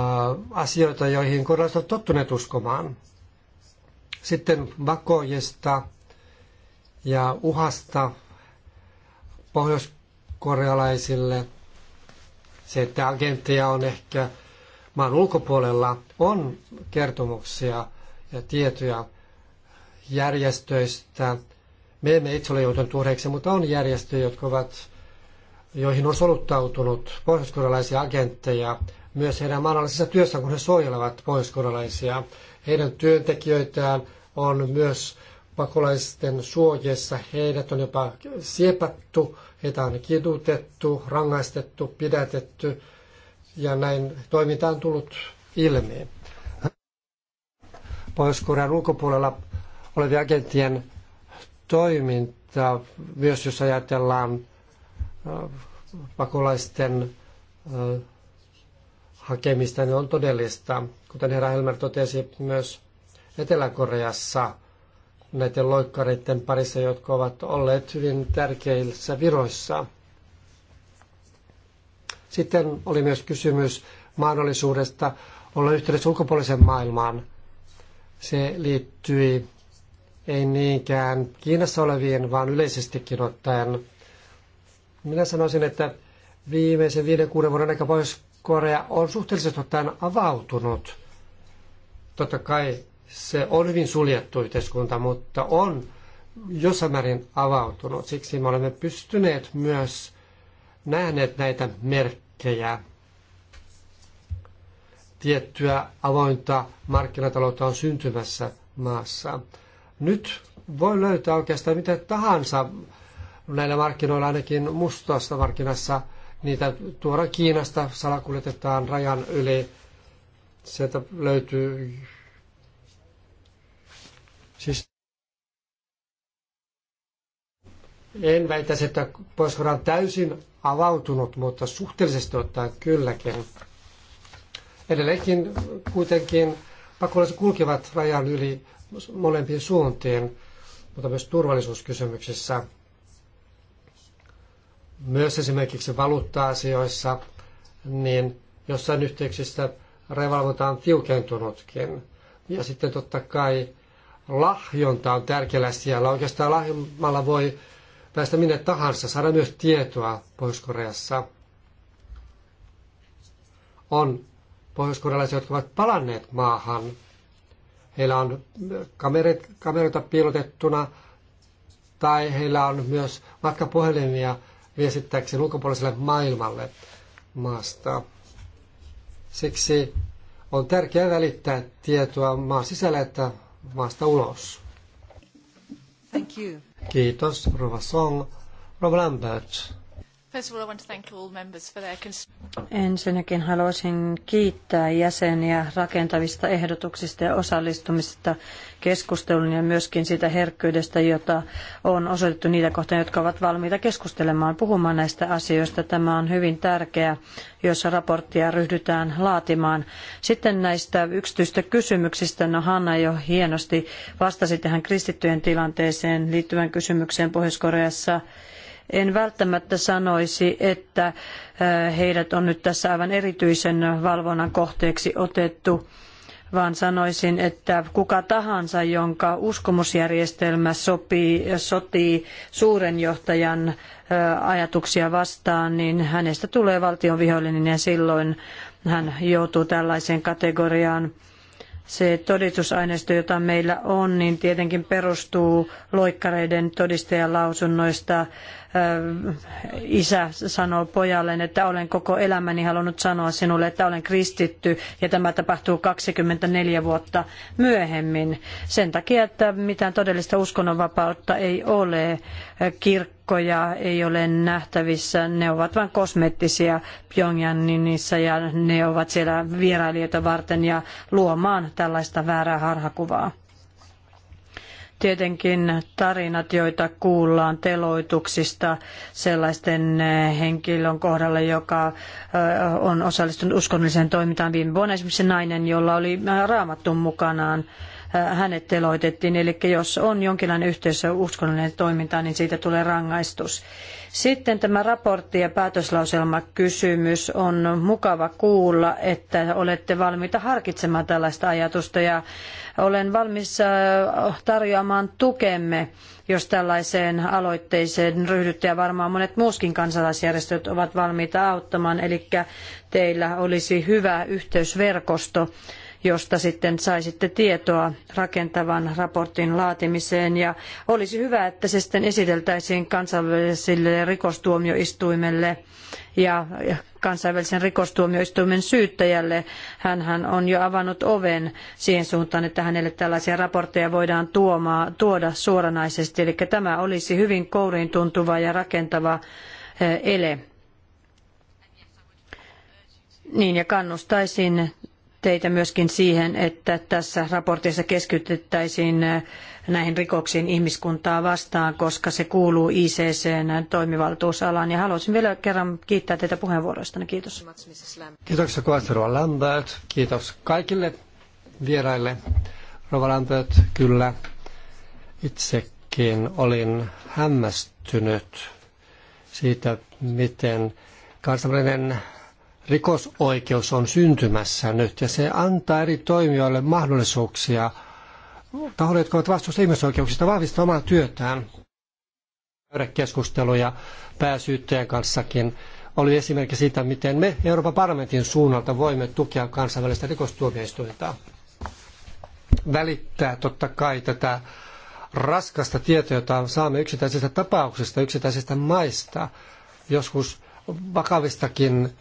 asioita, joihin korealaiset on tottuneet uskomaan. Sitten vakojesta ja uhasta pohjoiskorealaisille. Se, että agentteja on ehkä maan ulkopuolella, on kertomuksia ja tietoja järjestöistä. Me emme itse ole joutuneet uhreiksi, mutta on järjestöjä, jotka ovat, joihin on soluttautunut pohjoiskorealaisia agentteja myös heidän maanallisessa työssä, kun he suojelevat pohjoiskorealaisia. Heidän työntekijöitään on myös pakolaisten suojessa. Heidät on jopa siepattu, heitä on kidutettu, rangaistettu, pidätetty ja näin toiminta on tullut ilmi. Pohjois-Korean ulkopuolella olevien agenttien toiminta, myös jos ajatellaan pakolaisten hakemista niin on todellista. Kuten herra Helmer totesi, myös Etelä-Koreassa näiden loikkareiden parissa, jotka ovat olleet hyvin tärkeissä viroissa. Sitten oli myös kysymys mahdollisuudesta olla yhteydessä ulkopuoliseen maailmaan. Se liittyi ei niinkään Kiinassa oleviin, vaan yleisestikin ottaen. Minä sanoisin, että viimeisen viiden kuuden vuoden aika pois Korea on suhteellisesti ottaen avautunut. Totta kai se on hyvin suljettu yhteiskunta, mutta on jossain määrin avautunut. Siksi me olemme pystyneet myös nähneet näitä merkkejä. Tiettyä avointa markkinataloutta on syntymässä maassa. Nyt voi löytää oikeastaan mitä tahansa näillä markkinoilla, ainakin mustasta markkinassa – Niitä tuoda Kiinasta, salakuljetetaan rajan yli. Sieltä löytyy siis en väitä, että pois on täysin avautunut, mutta suhteellisesti ottaen kylläkin. Edelleenkin kuitenkin pakolaiset kulkevat rajan yli molempiin suuntiin, mutta myös turvallisuuskysymyksissä myös esimerkiksi valuutta-asioissa, niin jossain yhteyksissä revalvonta on tiukentunutkin. Ja sitten totta kai lahjonta on tärkeällä siellä. Oikeastaan lahjomalla voi päästä minne tahansa, saada myös tietoa Pohjois-Koreassa. On pohjois jotka ovat palanneet maahan. Heillä on kameroita piilotettuna tai heillä on myös matkapuhelimia – viestittääkseen ulkopuoliselle maailmalle maasta. Siksi on tärkeää välittää tietoa maan sisällä että maasta ulos. Thank you. Kiitos, Rova Song. Rova Lambert. Ensinnäkin haluaisin kiittää jäseniä rakentavista ehdotuksista ja osallistumisesta keskusteluun ja myöskin siitä herkkyydestä, jota on osoitettu niitä kohtaan, jotka ovat valmiita keskustelemaan, puhumaan näistä asioista. Tämä on hyvin tärkeää, jossa raporttia ryhdytään laatimaan. Sitten näistä yksityistä kysymyksistä. No Hanna jo hienosti vastasi tähän kristittyjen tilanteeseen liittyvän kysymykseen Pohjois-Koreassa en välttämättä sanoisi, että äh, heidät on nyt tässä aivan erityisen valvonnan kohteeksi otettu vaan sanoisin, että kuka tahansa, jonka uskomusjärjestelmä sopii, sotii suuren johtajan äh, ajatuksia vastaan, niin hänestä tulee valtion vihollinen ja silloin hän joutuu tällaiseen kategoriaan. Se todistusaineisto, jota meillä on, niin tietenkin perustuu loikkareiden todistajan lausunnoista, isä sanoo pojalleen, että olen koko elämäni halunnut sanoa sinulle, että olen kristitty ja tämä tapahtuu 24 vuotta myöhemmin. Sen takia, että mitään todellista uskonnonvapautta ei ole, kirkkoja ei ole nähtävissä, ne ovat vain kosmeettisia Pyongyanissa ja ne ovat siellä vierailijoita varten ja luomaan tällaista väärää harhakuvaa tietenkin tarinat, joita kuullaan teloituksista sellaisten eh, henkilön kohdalla, joka eh, on osallistunut uskonnolliseen toimintaan. Viime vuonna esimerkiksi nainen, jolla oli eh, raamattu mukanaan Äh, hänet teloitettiin. Eli jos on jonkinlainen yhteisö uskonnollinen toiminta, niin siitä tulee rangaistus. Sitten tämä raportti ja päätöslauselmakysymys on mukava kuulla, että olette valmiita harkitsemaan tällaista ajatusta ja olen valmis äh, tarjoamaan tukemme, jos tällaiseen aloitteeseen ryhdytte ja varmaan monet muuskin kansalaisjärjestöt ovat valmiita auttamaan. Eli teillä olisi hyvä yhteysverkosto josta sitten saisitte tietoa rakentavan raportin laatimiseen. Ja olisi hyvä, että se sitten esiteltäisiin kansainväliselle rikostuomioistuimelle ja kansainvälisen rikostuomioistuimen syyttäjälle. Hänhän on jo avannut oven siihen suuntaan, että hänelle tällaisia raportteja voidaan tuoma tuoda suoranaisesti. Eli tämä olisi hyvin kouriin tuntuva ja rakentava eh, ele. Niin ja kannustaisin teitä myöskin siihen, että tässä raportissa keskityttäisiin äh, näihin rikoksiin ihmiskuntaa vastaan, koska se kuuluu ICCn toimivaltuusalaan. Ja haluaisin vielä kerran kiittää teitä puheenvuoroistanne. Kiitos. Kiitoksia kovasti Lambert. Kiitos kaikille vieraille. Rova Lambert, kyllä itsekin olin hämmästynyt siitä, miten kansainvälinen rikosoikeus on syntymässä nyt ja se antaa eri toimijoille mahdollisuuksia tahoille, jotka ovat vastuussa ihmisoikeuksista, vahvistaa omaa työtään. Käydä keskusteluja pääsyyttäjän kanssakin oli esimerkki siitä, miten me Euroopan parlamentin suunnalta voimme tukea kansainvälistä rikostuomioistuinta. Välittää totta kai tätä raskasta tietoa, jota saamme yksittäisistä tapauksista, yksittäisistä maista, joskus vakavistakin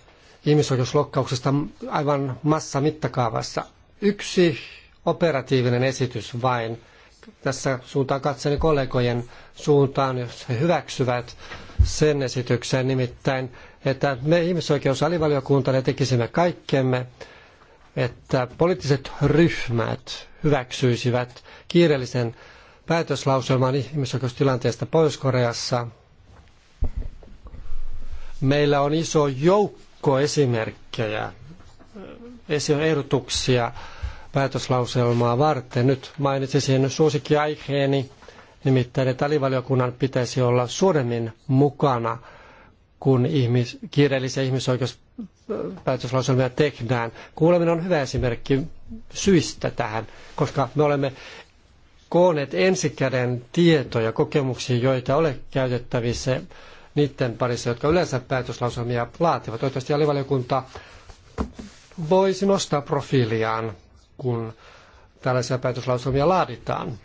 ihmisoikeusloukkauksista aivan massamittakaavassa. Yksi operatiivinen esitys vain. Tässä suuntaan katseni kollegojen suuntaan, jos he hyväksyvät sen esityksen nimittäin, että me ihmisoikeusalivaliokuntana tekisimme kaikkemme, että poliittiset ryhmät hyväksyisivät kiireellisen päätöslauselman ihmisoikeustilanteesta Pohjois-Koreassa. Meillä on iso joukko esimerkkejä, ehdotuksia päätöslauselmaa varten. Nyt mainitsisin suosikkiaiheeni, nimittäin että alivaliokunnan pitäisi olla suuremmin mukana, kun ihmis, kiireellisiä ihmisoikeuspäätöslauselmia tehdään. Kuuleminen on hyvä esimerkki syistä tähän, koska me olemme kooneet ensikäden tietoja, kokemuksia, joita ole käytettävissä niiden parissa, jotka yleensä päätöslauselmia laativat. Toivottavasti alivaliokunta voisi nostaa profiiliaan, kun tällaisia päätöslauselmia laaditaan.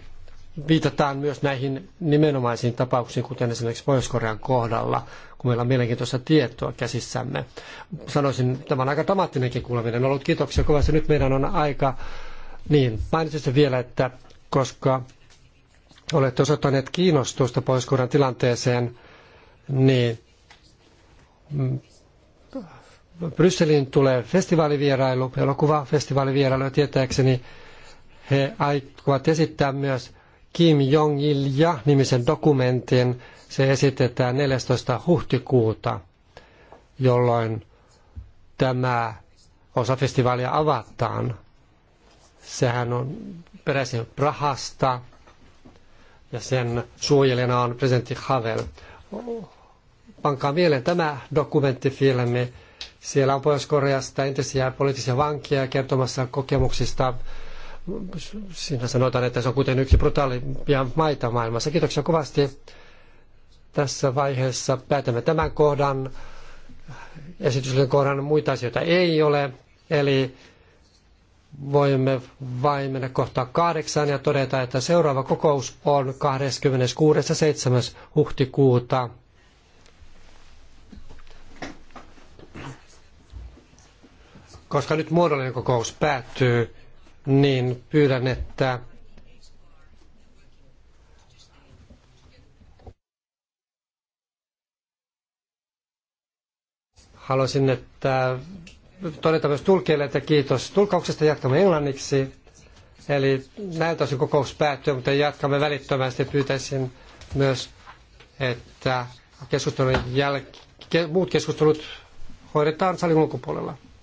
Viitataan myös näihin nimenomaisiin tapauksiin, kuten esimerkiksi Pohjois-Korean kohdalla, kun meillä on mielenkiintoista tietoa käsissämme. Sanoisin, tämä on aika dramaattinenkin kuuleminen ollut. Kiitoksia kovasti. Nyt meidän on aika, niin mainitsin vielä, että koska olette osoittaneet kiinnostusta Pohjois-Korean tilanteeseen, niin mm. Brysseliin tulee festivaalivierailu, elokuvafestivaalivierailu, ja tietääkseni he aikovat esittää myös Kim jong ja nimisen dokumentin. Se esitetään 14. huhtikuuta, jolloin tämä osa festivaalia avataan. Sehän on peräisin Prahasta ja sen suojelijana on presidentti Havel pankaa mieleen tämä dokumenttifilmi. Siellä on Pohjois-Koreasta entisiä poliittisia vankeja kertomassa kokemuksista. Siinä sanotaan, että se on kuitenkin yksi brutaalimpia maita maailmassa. Kiitoksia kovasti. Tässä vaiheessa päätämme tämän kohdan. Esityksen kohdan muita asioita ei ole. Eli voimme vain mennä kohtaan kahdeksan ja todeta, että seuraava kokous on 26.7. huhtikuuta Koska nyt muodollinen kokous päättyy, niin pyydän, että haluaisin, että todeta myös tulkijoille, että kiitos tulkauksesta jatkamme englanniksi. Eli näiltä osin kokous päättyy, mutta jatkamme välittömästi. Pyytäisin myös, että keskustelun jälkeen muut keskustelut hoidetaan salin ulkopuolella.